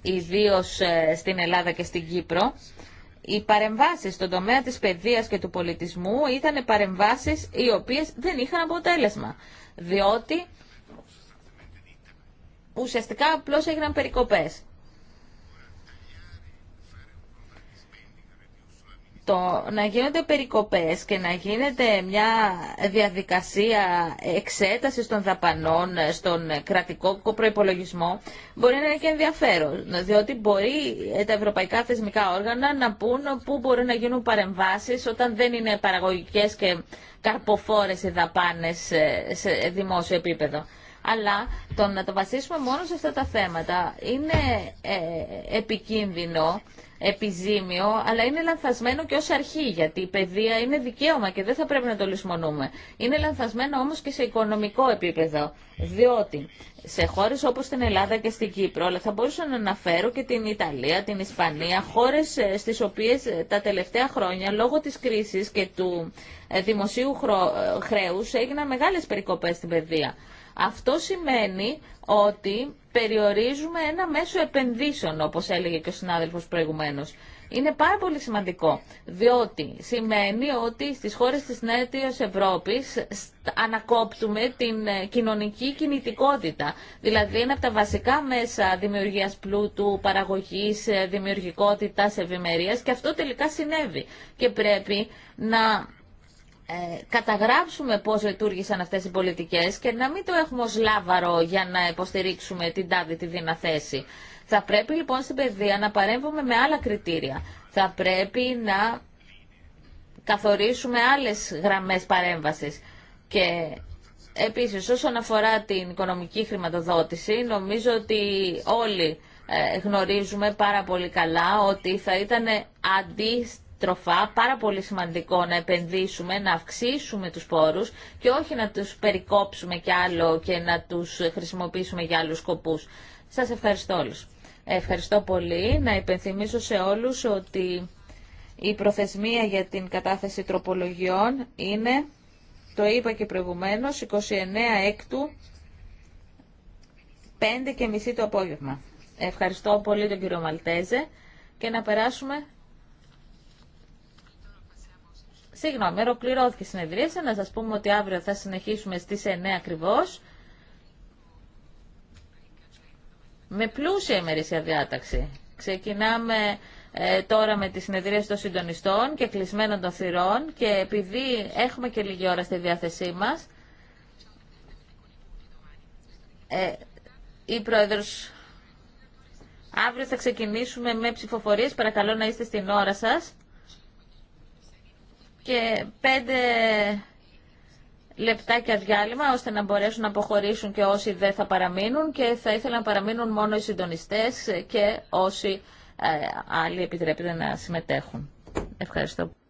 ιδίω ε, στην Ελλάδα και στην Κύπρο, οι παρεμβάσεις στον τομέα της παιδείας και του πολιτισμού ήταν παρεμβάσεις οι οποίες δεν είχαν αποτέλεσμα διότι ουσιαστικά απλώς έγιναν περικοπές. το να γίνονται περικοπές και να γίνεται μια διαδικασία εξέτασης των δαπανών στον κρατικό προϋπολογισμό μπορεί να είναι και ενδιαφέρον, διότι μπορεί τα ευρωπαϊκά θεσμικά όργανα να πούν πού μπορεί να γίνουν παρεμβάσεις όταν δεν είναι παραγωγικές και καρποφόρες οι δαπάνες σε δημόσιο επίπεδο. Αλλά το να το βασίσουμε μόνο σε αυτά τα θέματα είναι ε, επικίνδυνο, επιζήμιο, αλλά είναι λανθασμένο και ως αρχή, γιατί η παιδεία είναι δικαίωμα και δεν θα πρέπει να το λησμονούμε. Είναι λανθασμένο όμως και σε οικονομικό επίπεδο, διότι σε χώρες όπως την Ελλάδα και στην Κύπρο, αλλά θα μπορούσα να αναφέρω και την Ιταλία, την Ισπανία, χώρες ε, στις οποίες ε, τα τελευταία χρόνια λόγω της κρίσης και του δημοσίου χρέους έγιναν μεγάλες περικοπές στην παιδεία. Αυτό σημαίνει ότι περιορίζουμε ένα μέσο επενδύσεων, όπως έλεγε και ο συνάδελφος προηγουμένως. Είναι πάρα πολύ σημαντικό, διότι σημαίνει ότι στις χώρες της Νέτιος Ευρώπης ανακόπτουμε την ε, κοινωνική κινητικότητα. Δηλαδή είναι από τα βασικά μέσα δημιουργίας πλούτου, παραγωγής, ε, δημιουργικότητας, ευημερίας και αυτό τελικά συνέβη. Και πρέπει να ε, καταγράψουμε πώς λειτουργήσαν αυτές οι πολιτικές και να μην το έχουμε ως λάβαρο για να υποστηρίξουμε την τάδη τη δυναθέση. Θα πρέπει λοιπόν στην παιδεία να παρέμβουμε με άλλα κριτήρια. Θα πρέπει να καθορίσουμε άλλες γραμμές παρέμβασης. Και επίσης όσον αφορά την οικονομική χρηματοδότηση νομίζω ότι όλοι ε, γνωρίζουμε πάρα πολύ καλά ότι θα ήταν αντί τροφά, πάρα πολύ σημαντικό να επενδύσουμε, να αυξήσουμε τους πόρους και όχι να τους περικόψουμε κι άλλο και να τους χρησιμοποιήσουμε για άλλους σκοπούς. Σας ευχαριστώ όλους. Ευχαριστώ πολύ. Να υπενθυμίσω σε όλους ότι η προθεσμία για την κατάθεση τροπολογιών είναι, το είπα και προηγουμένως, 29 έκτου, 5 και μισή το απόγευμα. Ευχαριστώ πολύ τον κύριο Μαλτέζε και να περάσουμε Συγγνώμη, ολοκληρώθηκε η συνεδρίαση. Να σα πούμε ότι αύριο θα συνεχίσουμε στις 9 ακριβώς. Με πλούσια ημερήσια διάταξη. Ξεκινάμε ε, τώρα με τη συνεδρία των συντονιστών και κλεισμένων των θυρών και επειδή έχουμε και λίγη ώρα στη διάθεσή μας, ε, η πρόεδρο. αύριο θα ξεκινήσουμε με ψηφοφορίες. Παρακαλώ να είστε στην ώρα σας και πέντε λεπτάκια διάλειμμα ώστε να μπορέσουν να αποχωρήσουν και όσοι δεν θα παραμείνουν και θα ήθελα να παραμείνουν μόνο οι συντονιστές και όσοι ε, άλλοι επιτρέπεται να συμμετέχουν. Ευχαριστώ.